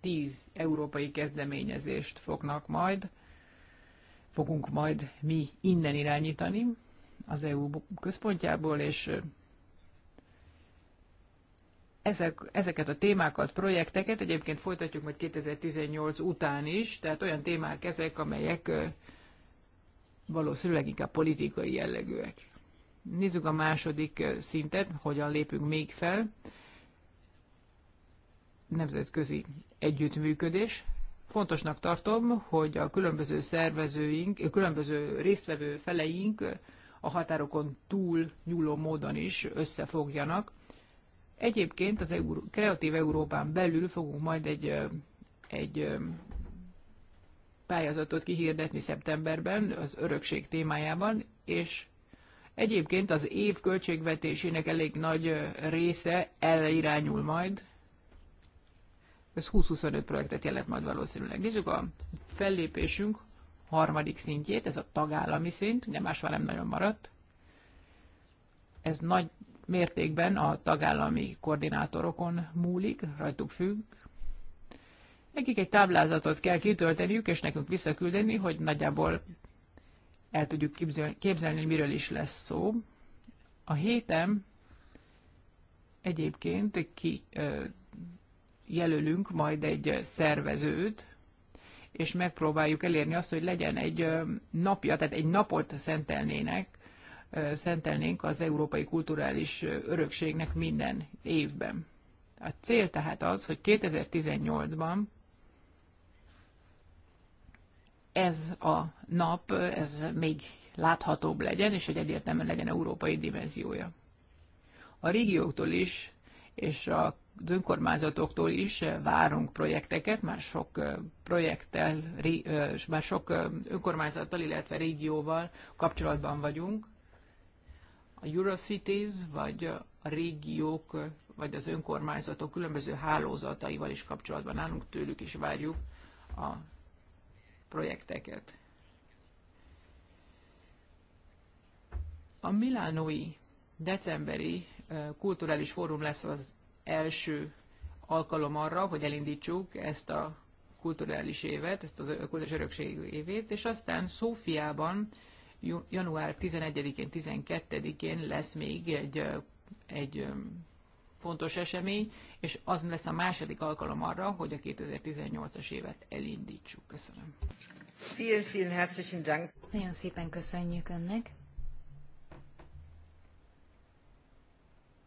Tíz európai kezdeményezést fognak majd, fogunk majd mi innen irányítani az EU központjából, és ezek, ezeket a témákat, projekteket egyébként folytatjuk majd 2018 után is, tehát olyan témák ezek, amelyek valószínűleg inkább politikai jellegűek. Nézzük a második szintet, hogyan lépünk még fel. Nemzetközi együttműködés. Fontosnak tartom, hogy a különböző szervezőink, a különböző résztvevő feleink a határokon túl nyúló módon is összefogjanak, Egyébként az Euró- Kreatív Európán belül fogunk majd egy, egy pályázatot kihirdetni szeptemberben az örökség témájában, és egyébként az év költségvetésének elég nagy része erre irányul majd. Ez 20-25 projektet jelent majd valószínűleg. Nézzük a fellépésünk harmadik szintjét, ez a tagállami szint, ugye más már nem nagyon maradt. Ez nagy, mértékben a tagállami koordinátorokon múlik, rajtuk függ. Nekik egy táblázatot kell kitölteniük, és nekünk visszaküldeni, hogy nagyjából el tudjuk képzelni, hogy miről is lesz szó. A hétem. egyébként ki ö, jelölünk majd egy szervezőt, és megpróbáljuk elérni azt, hogy legyen egy napja, tehát egy napot szentelnének szentelnénk az európai kulturális örökségnek minden évben. A cél tehát az, hogy 2018-ban ez a nap, ez még láthatóbb legyen, és hogy egyértelműen legyen európai dimenziója. A régióktól is, és a az önkormányzatoktól is várunk projekteket, már sok projekttel, már sok önkormányzattal, illetve régióval kapcsolatban vagyunk a Eurocities, vagy a régiók, vagy az önkormányzatok különböző hálózataival is kapcsolatban állunk, tőlük is várjuk a projekteket. A Milánói decemberi kulturális fórum lesz az első alkalom arra, hogy elindítsuk ezt a kulturális évet, ezt az kulturális örökség évét, és aztán Szófiában január 11-én, 12-én lesz még egy, egy fontos esemény, és az lesz a második alkalom arra, hogy a 2018-as évet elindítsuk. Köszönöm. Vielen, vielen herzlichen Dank. Nagyon szépen köszönjük Önnek.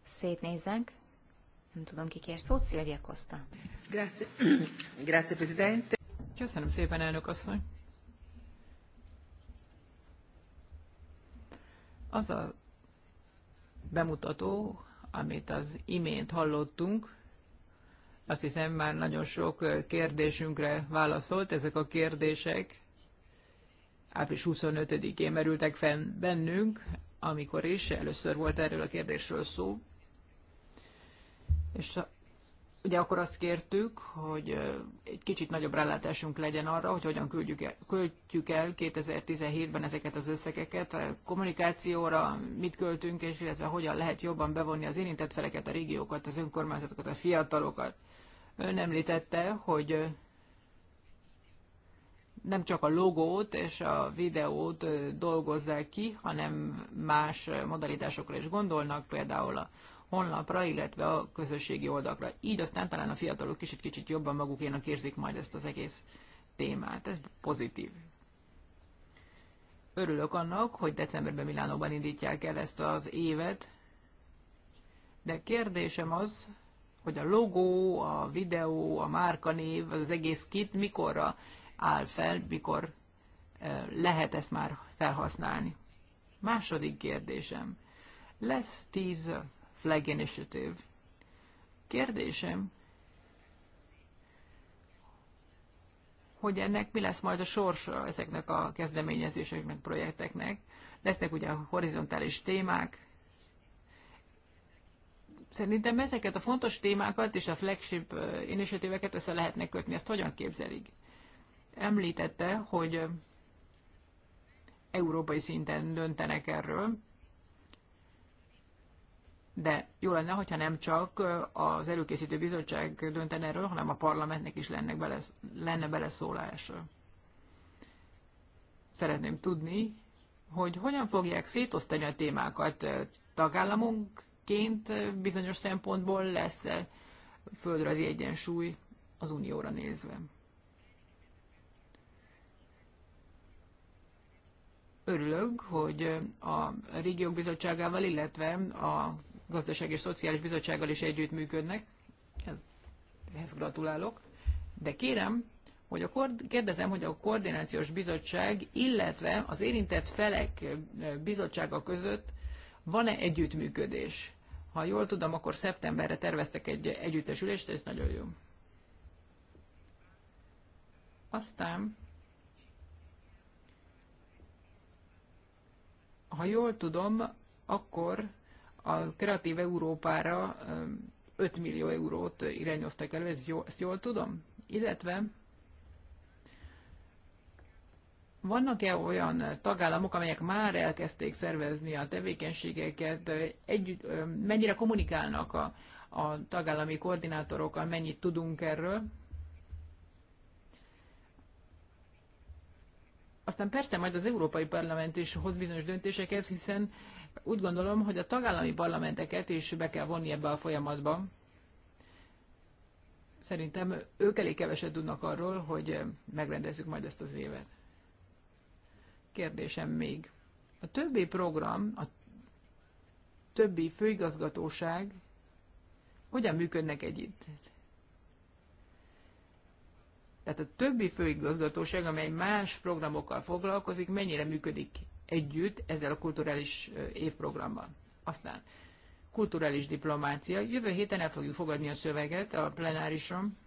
Szétnézek. Nem tudom, ki kér szót. Szilvia Costa. Grazie. Grazie, Presidente. Köszönöm szépen, elnök asszony. Az a bemutató, amit az imént hallottunk, azt hiszem már nagyon sok kérdésünkre válaszolt. Ezek a kérdések április 25-én merültek fenn bennünk, amikor is először volt erről a kérdésről szó. És Ugye akkor azt kértük, hogy egy kicsit nagyobb rálátásunk legyen arra, hogy hogyan küldjük el, költjük el 2017-ben ezeket az összegeket, a kommunikációra mit költünk, és illetve hogyan lehet jobban bevonni az érintett feleket, a régiókat, az önkormányzatokat, a fiatalokat. Ön említette, hogy nem csak a logót és a videót dolgozzák ki, hanem más modalitásokra is gondolnak, például a honlapra, illetve a közösségi oldalakra. Így aztán talán a fiatalok is egy kicsit jobban magukénak érzik majd ezt az egész témát. Ez pozitív. Örülök annak, hogy decemberben Milánóban indítják el ezt az évet, de kérdésem az, hogy a logó, a videó, a márkanév, az egész kit mikorra áll fel, mikor eh, lehet ezt már felhasználni. Második kérdésem. Lesz tíz Flag Initiative. Kérdésem, hogy ennek mi lesz majd a sorsa ezeknek a kezdeményezéseknek, projekteknek. Lesznek ugye horizontális témák. Szerintem ezeket a fontos témákat és a flagship initiatíveket össze lehetnek kötni. Ezt hogyan képzelik? Említette, hogy európai szinten döntenek erről de jó lenne, hogyha nem csak az előkészítő bizottság döntene erről, hanem a parlamentnek is lenne, belesz, lenne beleszólása. Szeretném tudni, hogy hogyan fogják szétosztani a témákat tagállamunkként bizonyos szempontból lesz -e földrajzi egyensúly az unióra nézve. örülök, hogy a régiók bizottságával, illetve a Gazdaság és Szociális Bizottsággal is együttműködnek. Ez, ehhez gratulálok. De kérem, hogy a kord, kérdezem, hogy a koordinációs bizottság, illetve az érintett felek eh, bizottsága között van-e együttműködés? Ha jól tudom, akkor szeptemberre terveztek egy együttesülést, ez nagyon jó. Aztán, ha jól tudom, akkor a Kreatív Európára 5 millió eurót irányoztak elő, ezt, jó, ezt jól tudom? Illetve vannak-e olyan tagállamok, amelyek már elkezdték szervezni a tevékenységeket, együtt, mennyire kommunikálnak a, a tagállami koordinátorokkal, mennyit tudunk erről? Aztán persze majd az Európai Parlament is hoz bizonyos döntéseket, hiszen úgy gondolom, hogy a tagállami parlamenteket is be kell vonni ebbe a folyamatba. Szerintem ők elég keveset tudnak arról, hogy megrendezzük majd ezt az évet. Kérdésem még. A többi program, a többi főigazgatóság hogyan működnek együtt? Tehát a többi főigazgatóság, amely más programokkal foglalkozik, mennyire működik együtt ezzel a kulturális évprogramban. Aztán kulturális diplomácia. Jövő héten el fogjuk fogadni a szöveget a plenárison.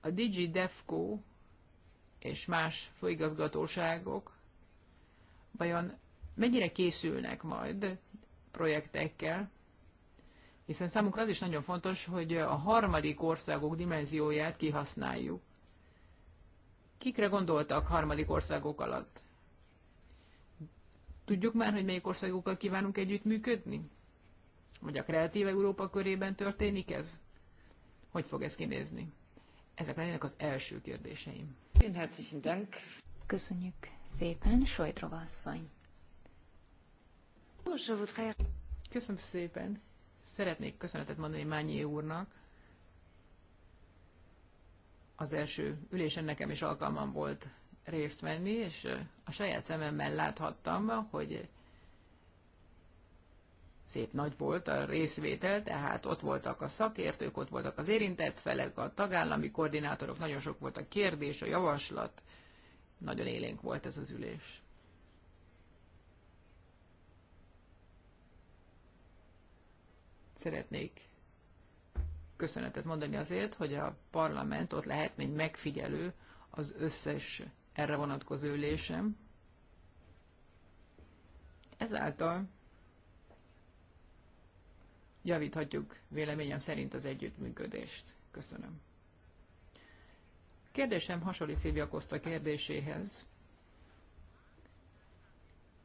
A Digi Defco és más főigazgatóságok vajon mennyire készülnek majd projektekkel, hiszen számunkra az is nagyon fontos, hogy a harmadik országok dimenzióját kihasználjuk. Kikre gondoltak harmadik országok alatt? Tudjuk már, hogy melyik országokkal kívánunk együttműködni? Vagy a kreatív Európa körében történik ez? Hogy fog ez kinézni? Ezek lennének az első kérdéseim. Köszönjük szépen, Sojtrova asszony. Köszönöm szépen. Szeretnék köszönetet mondani Mányi úrnak az első ülésen nekem is alkalmam volt részt venni, és a saját szememmel láthattam, hogy szép nagy volt a részvétel, tehát ott voltak a szakértők, ott voltak az érintett felek, a tagállami koordinátorok, nagyon sok volt a kérdés, a javaslat, nagyon élénk volt ez az ülés. Szeretnék köszönetet mondani azért, hogy a parlament ott lehetne egy megfigyelő az összes erre vonatkozó ülésem. Ezáltal javíthatjuk véleményem szerint az együttműködést. Köszönöm. Kérdésem hasonlít Szilvia Koszta kérdéséhez.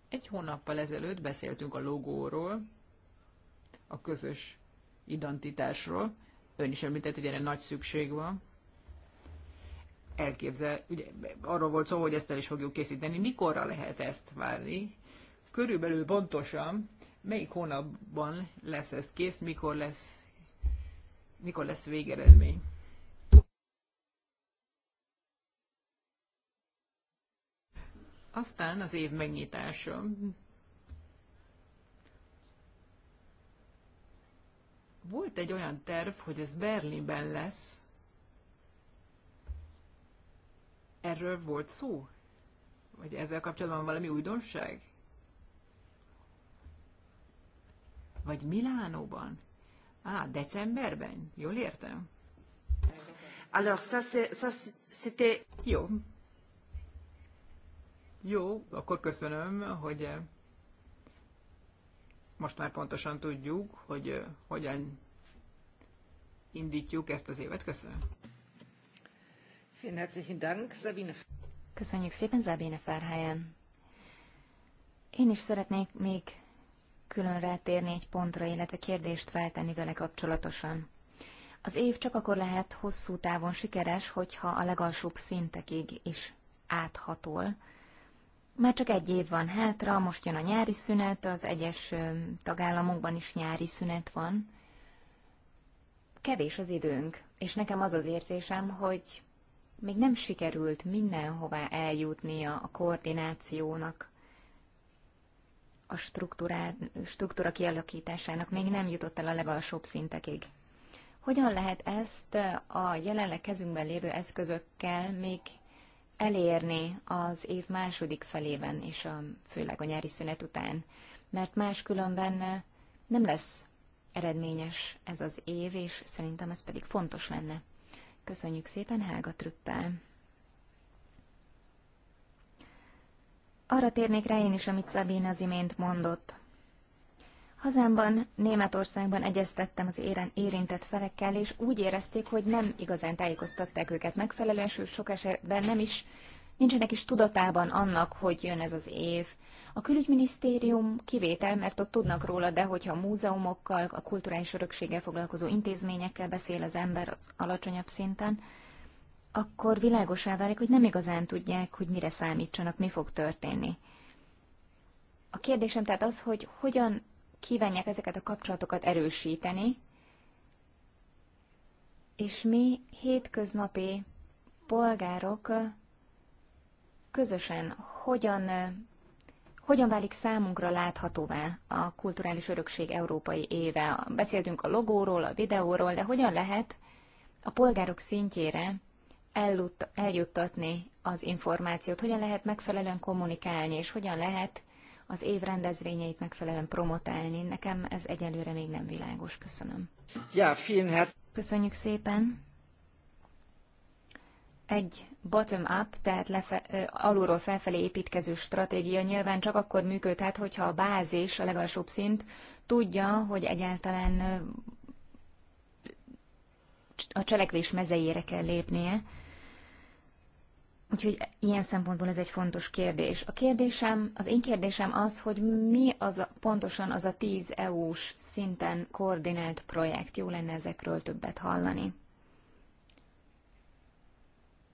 Egy hónappal ezelőtt beszéltünk a logóról, a közös identitásról, ön is említett, hogy erre nagy szükség van. Elképzel, ugye arról volt szó, hogy ezt el is fogjuk készíteni. Mikorra lehet ezt várni? Körülbelül pontosan melyik hónapban lesz ez kész, mikor lesz, mikor lesz végeredmény? Aztán az év megnyitása. Volt egy olyan terv, hogy ez Berlinben lesz. Erről volt szó? Vagy ezzel kapcsolatban valami újdonság? Vagy Milánóban? Á, decemberben? Jól értem. Alors, ça, c'était... Jó. Jó, akkor köszönöm, hogy most már pontosan tudjuk, hogy hogyan indítjuk ezt az évet. Köszönöm. Köszönjük szépen, Zabine Fárhelyen. Én is szeretnék még külön rátérni egy pontra, illetve kérdést feltenni vele kapcsolatosan. Az év csak akkor lehet hosszú távon sikeres, hogyha a legalsóbb szintekig is áthatol, már csak egy év van hátra, most jön a nyári szünet, az egyes tagállamokban is nyári szünet van. Kevés az időnk, és nekem az az érzésem, hogy még nem sikerült mindenhová eljutnia a koordinációnak, a struktúra kialakításának még nem jutott el a legalsóbb szintekig. Hogyan lehet ezt a jelenleg kezünkben lévő eszközökkel még elérni az év második felében, és a, főleg a nyári szünet után, mert máskülönben nem lesz eredményes ez az év, és szerintem ez pedig fontos lenne. Köszönjük szépen Hága Trüppel! Arra térnék rá én is, amit Szabina az imént mondott. Hazámban, Németországban egyeztettem az érintett felekkel, és úgy érezték, hogy nem igazán tájékoztatták őket megfelelően, sőt sok esetben nem is, nincsenek is tudatában annak, hogy jön ez az év. A külügyminisztérium kivétel, mert ott tudnak róla, de hogyha a múzeumokkal, a kulturális örökséggel foglalkozó intézményekkel beszél az ember az alacsonyabb szinten, akkor világosá válik, hogy nem igazán tudják, hogy mire számítsanak, mi fog történni. A kérdésem tehát az, hogy hogyan kívánják ezeket a kapcsolatokat erősíteni, és mi hétköznapi polgárok közösen hogyan, hogyan válik számunkra láthatóvá a kulturális örökség európai éve. Beszéltünk a logóról, a videóról, de hogyan lehet a polgárok szintjére eljuttatni az információt, hogyan lehet megfelelően kommunikálni, és hogyan lehet az év rendezvényeit megfelelően promotálni. Nekem ez egyelőre még nem világos. Köszönöm. Ja, vielen her- Köszönjük szépen. Egy bottom-up, tehát lefe- alulról felfelé építkező stratégia nyilván csak akkor működhet, hogyha a bázis, a legalsóbb szint tudja, hogy egyáltalán a cselekvés mezejére kell lépnie. Úgyhogy ilyen szempontból ez egy fontos kérdés. A kérdésem, az én kérdésem az, hogy mi az a, pontosan az a 10 EU-s szinten koordinált projekt. Jó lenne ezekről többet hallani.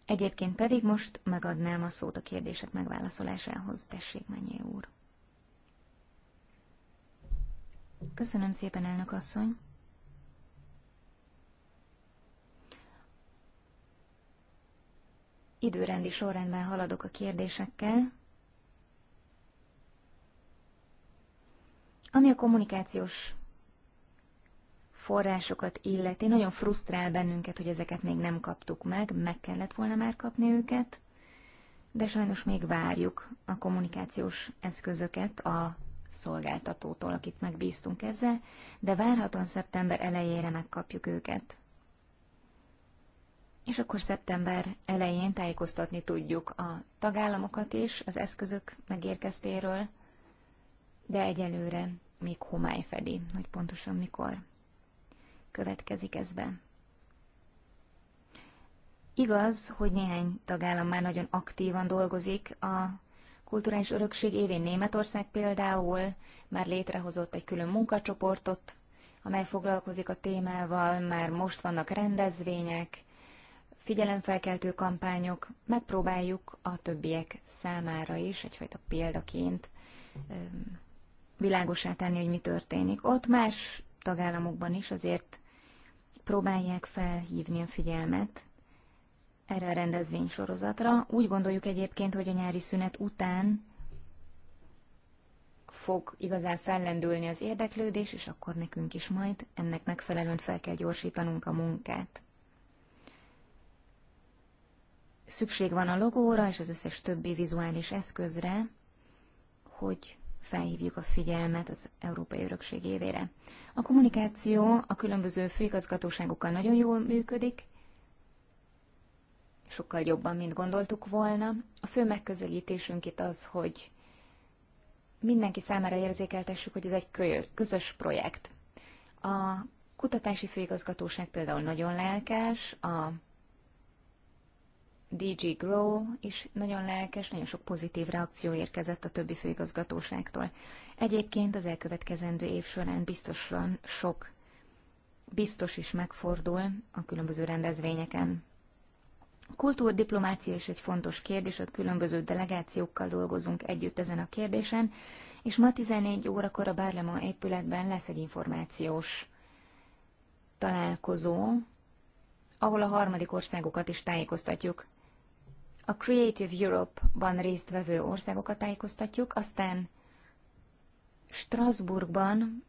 Egyébként pedig most megadnám a szót a kérdések megválaszolásához. Tessék, mennyi úr. Köszönöm szépen, elnök asszony. Időrendi sorrendben haladok a kérdésekkel. Ami a kommunikációs forrásokat illeti, nagyon frusztrál bennünket, hogy ezeket még nem kaptuk meg, meg kellett volna már kapni őket, de sajnos még várjuk a kommunikációs eszközöket a szolgáltatótól, akit megbíztunk ezzel, de várhatóan szeptember elejére megkapjuk őket és akkor szeptember elején tájékoztatni tudjuk a tagállamokat is az eszközök megérkeztéről, de egyelőre még homály fedi, hogy pontosan mikor következik ez be. Igaz, hogy néhány tagállam már nagyon aktívan dolgozik a kulturális örökség évén Németország például már létrehozott egy külön munkacsoportot, amely foglalkozik a témával, már most vannak rendezvények, figyelemfelkeltő kampányok, megpróbáljuk a többiek számára is egyfajta példaként világosá tenni, hogy mi történik. Ott más tagállamokban is azért próbálják felhívni a figyelmet erre a rendezvénysorozatra. Úgy gondoljuk egyébként, hogy a nyári szünet után fog igazán fellendülni az érdeklődés, és akkor nekünk is majd ennek megfelelően fel kell gyorsítanunk a munkát. Szükség van a logóra és az összes többi vizuális eszközre, hogy felhívjuk a figyelmet az Európai Örökség évére. A kommunikáció a különböző főigazgatóságokkal nagyon jól működik, sokkal jobban, mint gondoltuk volna. A fő megközelítésünk itt az, hogy mindenki számára érzékeltessük, hogy ez egy közös projekt. A kutatási főigazgatóság például nagyon lelkes, a DG Grow is nagyon lelkes, nagyon sok pozitív reakció érkezett a többi főigazgatóságtól. Egyébként az elkövetkezendő év során biztosan sok biztos is megfordul a különböző rendezvényeken. kultúrdiplomácia is egy fontos kérdés, a különböző delegációkkal dolgozunk együtt ezen a kérdésen, és ma 14 órakor a Bárlema épületben lesz egy információs találkozó, ahol a harmadik országokat is tájékoztatjuk a Creative Europe-ban résztvevő országokat tájékoztatjuk, aztán Strasbourgban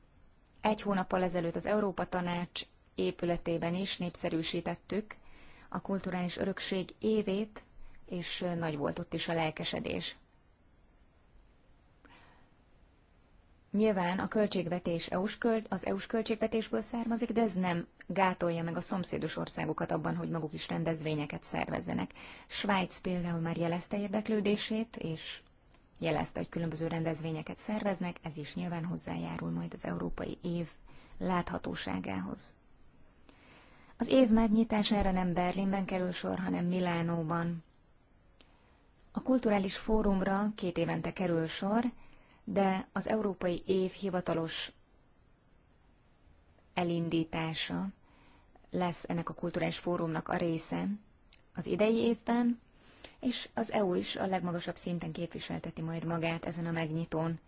egy hónappal ezelőtt az Európa Tanács épületében is népszerűsítettük a kulturális örökség évét, és nagy volt ott is a lelkesedés. Nyilván a költségvetés EU-s költ, az EU-s költségvetésből származik, de ez nem gátolja meg a szomszédos országokat abban, hogy maguk is rendezvényeket szervezzenek. Svájc például már jelezte érdeklődését, és jelezte, hogy különböző rendezvényeket szerveznek, ez is nyilván hozzájárul majd az európai év láthatóságához. Az év megnyitására nem Berlinben kerül sor, hanem Milánóban. A kulturális fórumra két évente kerül sor, de az Európai Év hivatalos elindítása lesz ennek a kulturális fórumnak a része az idei évben, és az EU is a legmagasabb szinten képviselteti majd magát ezen a megnyitón.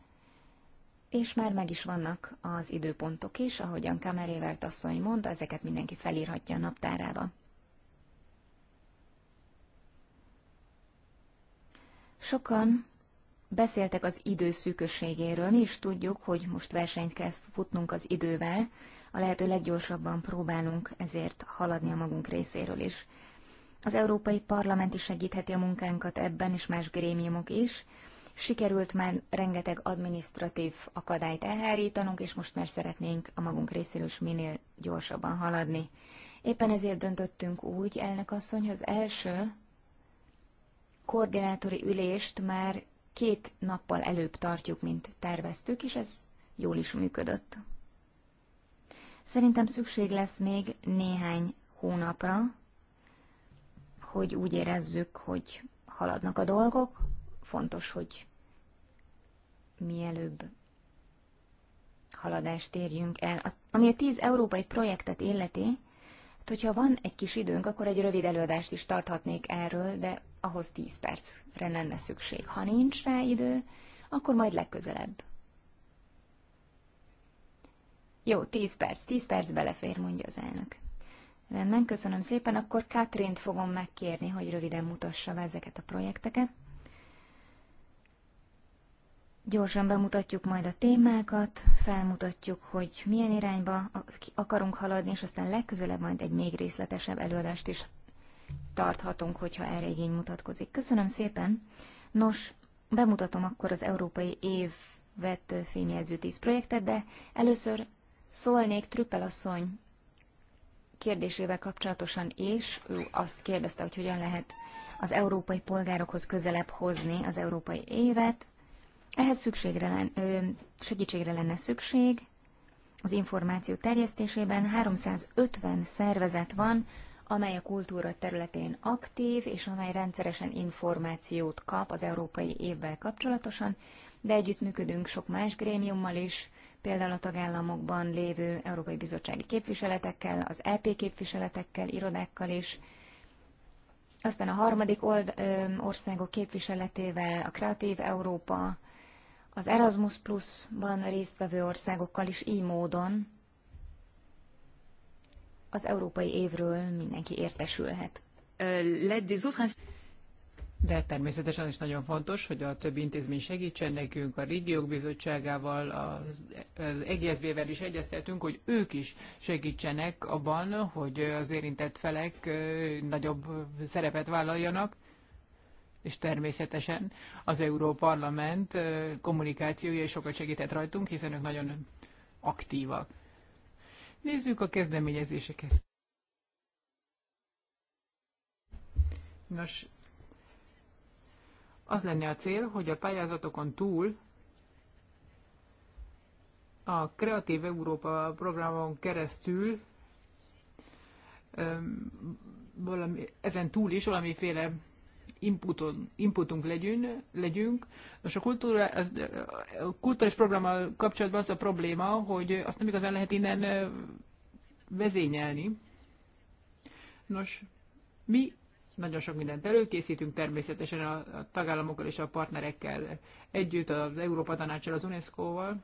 És már meg is vannak az időpontok is, ahogyan Kamerévert asszony mond, ezeket mindenki felírhatja a naptárába. Sokan Beszéltek az idő szűkösségéről. Mi is tudjuk, hogy most versenyt kell futnunk az idővel, a lehető leggyorsabban próbálunk ezért haladni a magunk részéről is. Az Európai Parlament is segítheti a munkánkat ebben, és más grémiumok is. Sikerült már rengeteg administratív akadályt elhárítanunk, és most már szeretnénk a magunk részéről is minél gyorsabban haladni. Éppen ezért döntöttünk úgy, elnök asszony, hogy az első koordinátori ülést már két nappal előbb tartjuk, mint terveztük, és ez jól is működött. Szerintem szükség lesz még néhány hónapra, hogy úgy érezzük, hogy haladnak a dolgok. Fontos, hogy mielőbb haladást érjünk el. Ami a tíz európai projektet illeti, hát, hogyha van egy kis időnk, akkor egy rövid előadást is tarthatnék erről, de ahhoz 10 percre lenne szükség. Ha nincs rá idő, akkor majd legközelebb. Jó, 10 perc, 10 perc belefér, mondja az elnök. Rendben, köszönöm szépen, akkor Katrint fogom megkérni, hogy röviden mutassa be ezeket a projekteket. Gyorsan bemutatjuk majd a témákat, felmutatjuk, hogy milyen irányba akarunk haladni, és aztán legközelebb majd egy még részletesebb előadást is tarthatunk, hogyha erre igény mutatkozik. Köszönöm szépen! Nos, bemutatom akkor az Európai Év vett fémjelző 10 projektet, de először szólnék Trüppel asszony kérdésével kapcsolatosan, és ő azt kérdezte, hogy hogyan lehet az európai polgárokhoz közelebb hozni az európai évet. Ehhez szükségre len, segítségre lenne szükség. Az információ terjesztésében 350 szervezet van, amely a kultúra területén aktív, és amely rendszeresen információt kap az Európai Évvel kapcsolatosan, de együttműködünk sok más grémiummal is, például a tagállamokban lévő Európai Bizottsági képviseletekkel, az EP képviseletekkel, irodákkal is, aztán a harmadik old, ö, országok képviseletével, a Kreatív Európa, az Erasmus Plus-ban résztvevő országokkal is így módon az európai évről mindenki értesülhet. Euh, De természetesen is nagyon fontos, hogy a többi intézmény segítsen nekünk, a régiók bizottságával, az, EGSZB-vel is egyeztetünk, hogy ők is segítsenek abban, hogy az érintett felek nagyobb szerepet vállaljanak, és természetesen az Parlament kommunikációja is sokat segített rajtunk, hiszen ők nagyon aktívak. Nézzük a kezdeményezéseket. Nos, az lenne a cél, hogy a pályázatokon túl a Kreatív Európa programon keresztül valami, ezen túl is valamiféle inputon, inputunk legyünk, legyünk. Most a, kultúra, az, a kulturális programmal kapcsolatban az a probléma, hogy azt nem igazán lehet innen vezényelni. Nos, mi nagyon sok mindent előkészítünk, természetesen a, tagállamokkal és a partnerekkel együtt, az Európa Tanácsal, az UNESCO-val.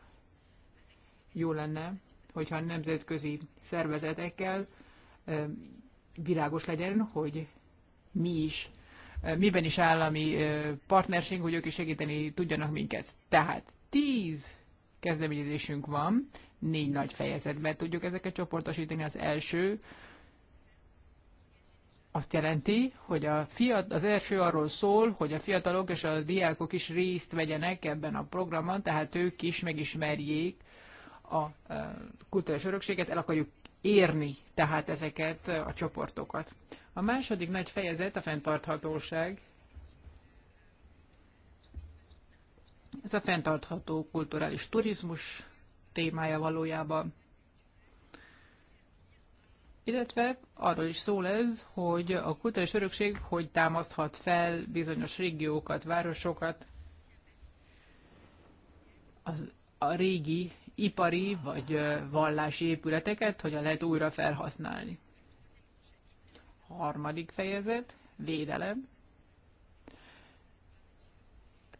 Jó lenne, hogyha nemzetközi szervezetekkel világos legyen, hogy mi is miben is állami partnerség, hogy ők is segíteni tudjanak minket. Tehát tíz kezdeményezésünk van, négy nagy fejezetben tudjuk ezeket csoportosítani. Az első azt jelenti, hogy a fiat, az első arról szól, hogy a fiatalok és a diákok is részt vegyenek ebben a programban, tehát ők is megismerjék a kulturális örökséget, el akarjuk érni tehát ezeket a csoportokat. A második nagy fejezet a fenntarthatóság. Ez a fenntartható kulturális turizmus témája valójában. Illetve arról is szól ez, hogy a kulturális örökség hogy támaszthat fel bizonyos régiókat, városokat, az, a régi ipari vagy vallási épületeket hogyan lehet újra felhasználni. Harmadik fejezet, védelem.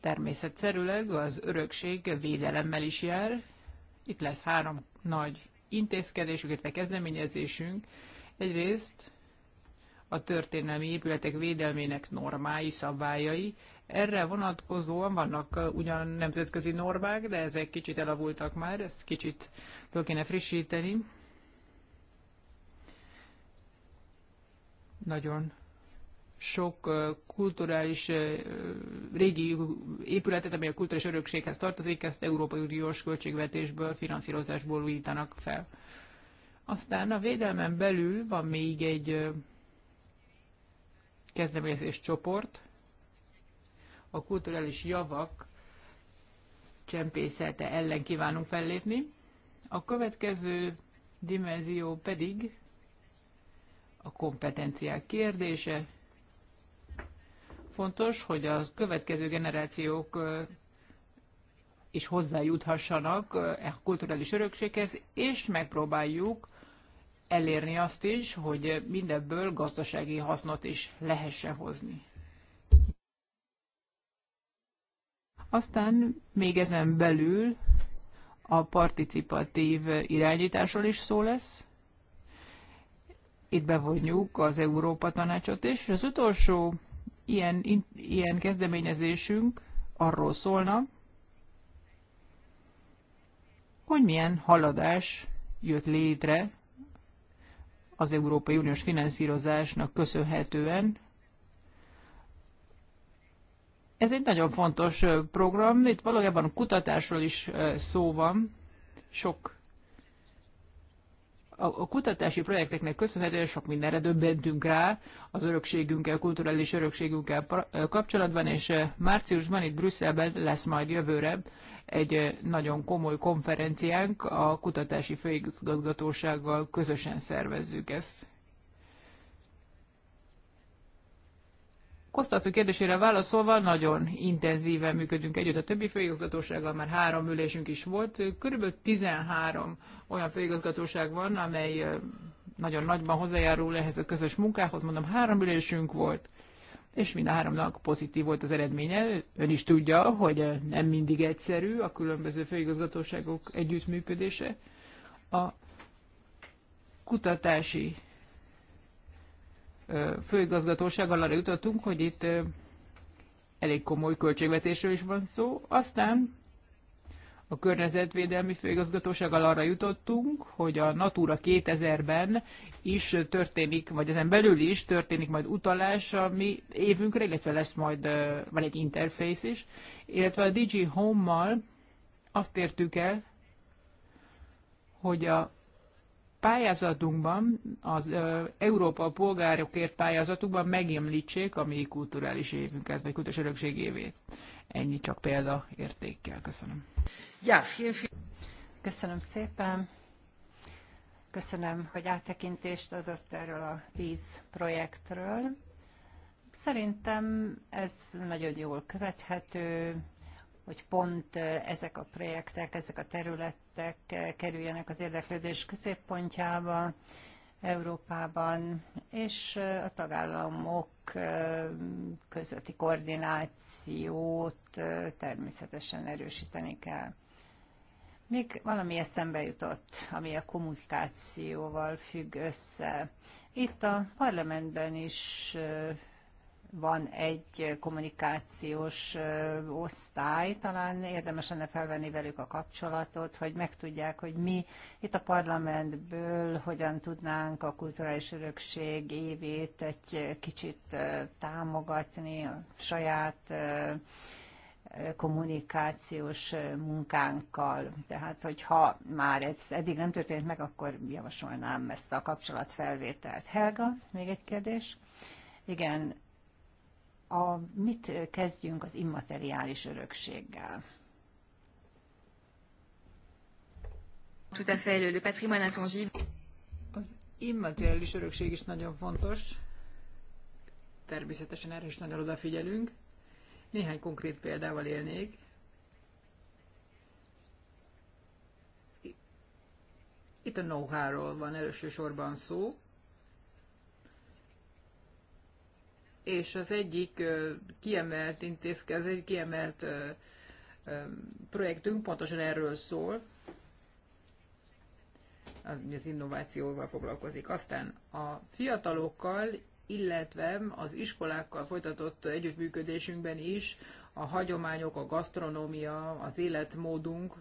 Természetszerűleg az örökség védelemmel is jár. Itt lesz három nagy intézkedésünk, illetve kezdeményezésünk. Egyrészt a történelmi épületek védelmének normái, szabályai, erre vonatkozóan vannak ugyan nemzetközi normák, de ezek kicsit elavultak már, ezt kicsit föl kéne frissíteni. Nagyon sok kulturális régi épületet, ami a kulturális örökséghez tartozik, ezt Európai Uniós költségvetésből, finanszírozásból újítanak fel. Aztán a védelmen belül van még egy kezdeményezés csoport, a kulturális javak csempészete ellen kívánunk fellépni. A következő dimenzió pedig a kompetenciák kérdése. Fontos, hogy a következő generációk is hozzájuthassanak a e kulturális örökséghez, és megpróbáljuk elérni azt is, hogy mindebből gazdasági hasznot is lehessen hozni. Aztán még ezen belül a participatív irányításról is szó lesz. Itt bevonjuk az Európa Tanácsot is. És az utolsó ilyen, ilyen kezdeményezésünk arról szólna, hogy milyen haladás jött létre az Európai Uniós finanszírozásnak köszönhetően ez egy nagyon fontos program, itt valójában kutatásról is szó van, sok a kutatási projekteknek köszönhetően sok mindenre döbbentünk rá az örökségünkkel, kulturális örökségünkkel kapcsolatban, és márciusban itt Brüsszelben lesz majd jövőre egy nagyon komoly konferenciánk, a kutatási főigazgatósággal közösen szervezzük ezt. Kosztasz kérdésére válaszolva, nagyon intenzíven működünk együtt a többi főigazgatósággal, már három ülésünk is volt. Körülbelül 13 olyan főigazgatóság van, amely nagyon nagyban hozzájárul ehhez a közös munkához. Mondom, három ülésünk volt, és mind a háromnak pozitív volt az eredménye. Ön is tudja, hogy nem mindig egyszerű a különböző főigazgatóságok együttműködése. A kutatási főigazgatósággal arra jutottunk, hogy itt elég komoly költségvetésről is van szó. Aztán a Környezetvédelmi Főigazgatósággal arra jutottunk, hogy a Natura 2000-ben is történik, vagy ezen belül is történik majd utalás a mi évünkre, illetve lesz majd, van egy interfész is, illetve a Digi Home-mal azt értük el, hogy a pályázatunkban, az Európa polgárokért pályázatunkban megemlítsék a mi kulturális évünket, vagy kultúrás örökség évét. Ennyi csak példa értékkel. Köszönöm. Ja, fiam, fiam. Köszönöm szépen. Köszönöm, hogy áttekintést adott erről a tíz projektről. Szerintem ez nagyon jól követhető, hogy pont ezek a projektek, ezek a területek kerüljenek az érdeklődés középpontjába Európában, és a tagállamok közötti koordinációt természetesen erősíteni kell. Még valami eszembe jutott, ami a kommunikációval függ össze. Itt a parlamentben is van egy kommunikációs osztály, talán érdemes lenne felvenni velük a kapcsolatot, hogy megtudják, hogy mi itt a parlamentből hogyan tudnánk a kulturális örökség évét egy kicsit támogatni a saját kommunikációs munkánkkal. Tehát, hogyha már ez eddig nem történt meg, akkor javasolnám ezt a kapcsolatfelvételt. Helga, még egy kérdés? Igen, a, mit kezdjünk az immateriális örökséggel? Az immateriális örökség is nagyon fontos. Természetesen erre is nagyon odafigyelünk. Néhány konkrét példával élnék. Itt a know-how-ról van elsősorban szó. és az egyik kiemelt intézkedés, egy kiemelt projektünk pontosan erről szól, az innovációval foglalkozik. Aztán a fiatalokkal, illetve az iskolákkal folytatott együttműködésünkben is a hagyományok, a gasztronómia, az életmódunk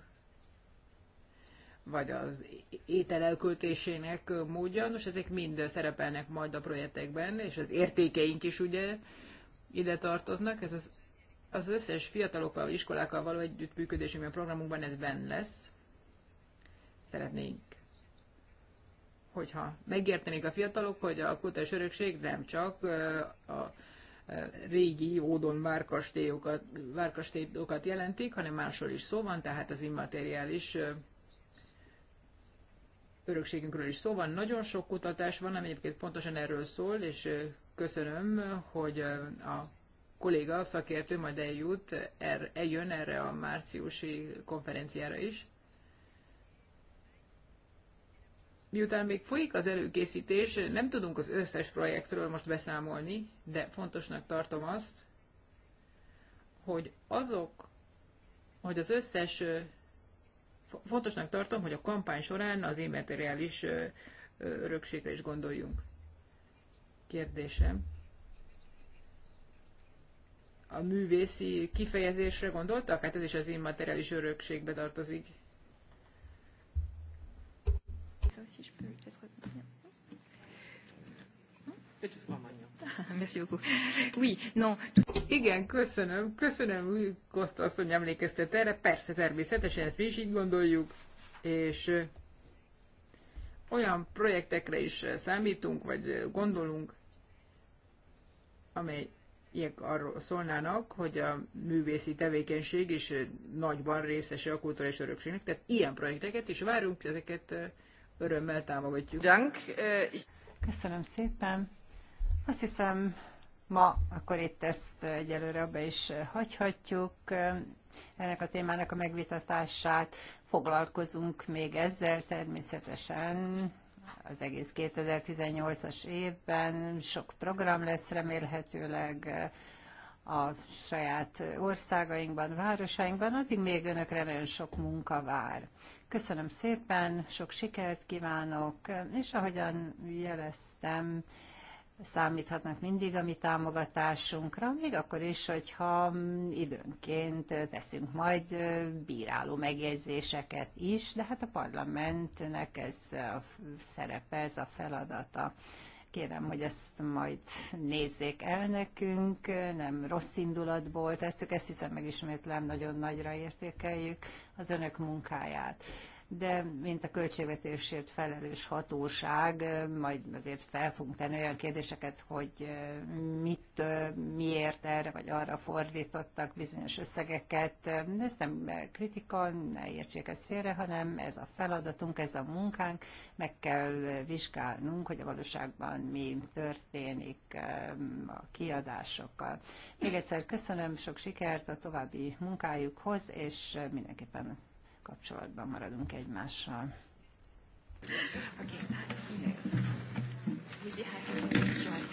vagy az étel elköltésének módja, nos, ezek mind szerepelnek majd a projektekben, és az értékeink is ugye ide tartoznak, ez az, az összes fiatalokkal, iskolákkal való együttműködésünkben, programunkban ez benn lesz. Szeretnénk hogyha megértenék a fiatalok, hogy a kultúrás örökség nem csak a régi ódon várkastélyokat, várkastélyokat jelentik, hanem másról is szó van, tehát az immateriális örökségünkről is szó van. Nagyon sok kutatás van, ami egyébként pontosan erről szól, és köszönöm, hogy a kolléga, a szakértő majd eljut, er, eljön erre a márciusi konferenciára is. Miután még folyik az előkészítés, nem tudunk az összes projektről most beszámolni, de fontosnak tartom azt, hogy azok, hogy az összes fontosnak tartom, hogy a kampány során az immateriális örökségre is gondoljunk. Kérdésem. A művészi kifejezésre gondoltak? Hát ez is az immateriális örökségbe tartozik. Ça Merci beaucoup. Oui, non. Igen, köszönöm, köszönöm, Koszta hogy emlékeztet erre. Persze, természetesen ezt mi is így gondoljuk, és olyan projektekre is számítunk, vagy gondolunk, amelyek arról szólnának, hogy a művészi tevékenység is nagyban részese a kulturális örökségnek. Tehát ilyen projekteket is várunk, ezeket örömmel támogatjuk. Köszönöm szépen! Azt hiszem, ma akkor itt ezt egyelőre abba is hagyhatjuk. Ennek a témának a megvitatását foglalkozunk még ezzel természetesen az egész 2018-as évben. Sok program lesz remélhetőleg a saját országainkban, városainkban, addig még önökre nagyon sok munka vár. Köszönöm szépen, sok sikert kívánok, és ahogyan jeleztem, számíthatnak mindig a mi támogatásunkra, még akkor is, hogyha időnként teszünk majd bíráló megjegyzéseket is, de hát a parlamentnek ez a szerepe, ez a feladata. Kérem, hogy ezt majd nézzék el nekünk, nem rossz indulatból tesszük, ezt hiszem megismétlem, nagyon nagyra értékeljük az önök munkáját de mint a költségvetésért felelős hatóság, majd azért fel fogunk tenni olyan kérdéseket, hogy mit, miért erre vagy arra fordítottak bizonyos összegeket. Ez nem kritika, ne értsék ezt félre, hanem ez a feladatunk, ez a munkánk, meg kell vizsgálnunk, hogy a valóságban mi történik a kiadásokkal. Még egyszer köszönöm, sok sikert a további munkájukhoz, és mindenképpen kapcsolatban maradunk egymással. Okay.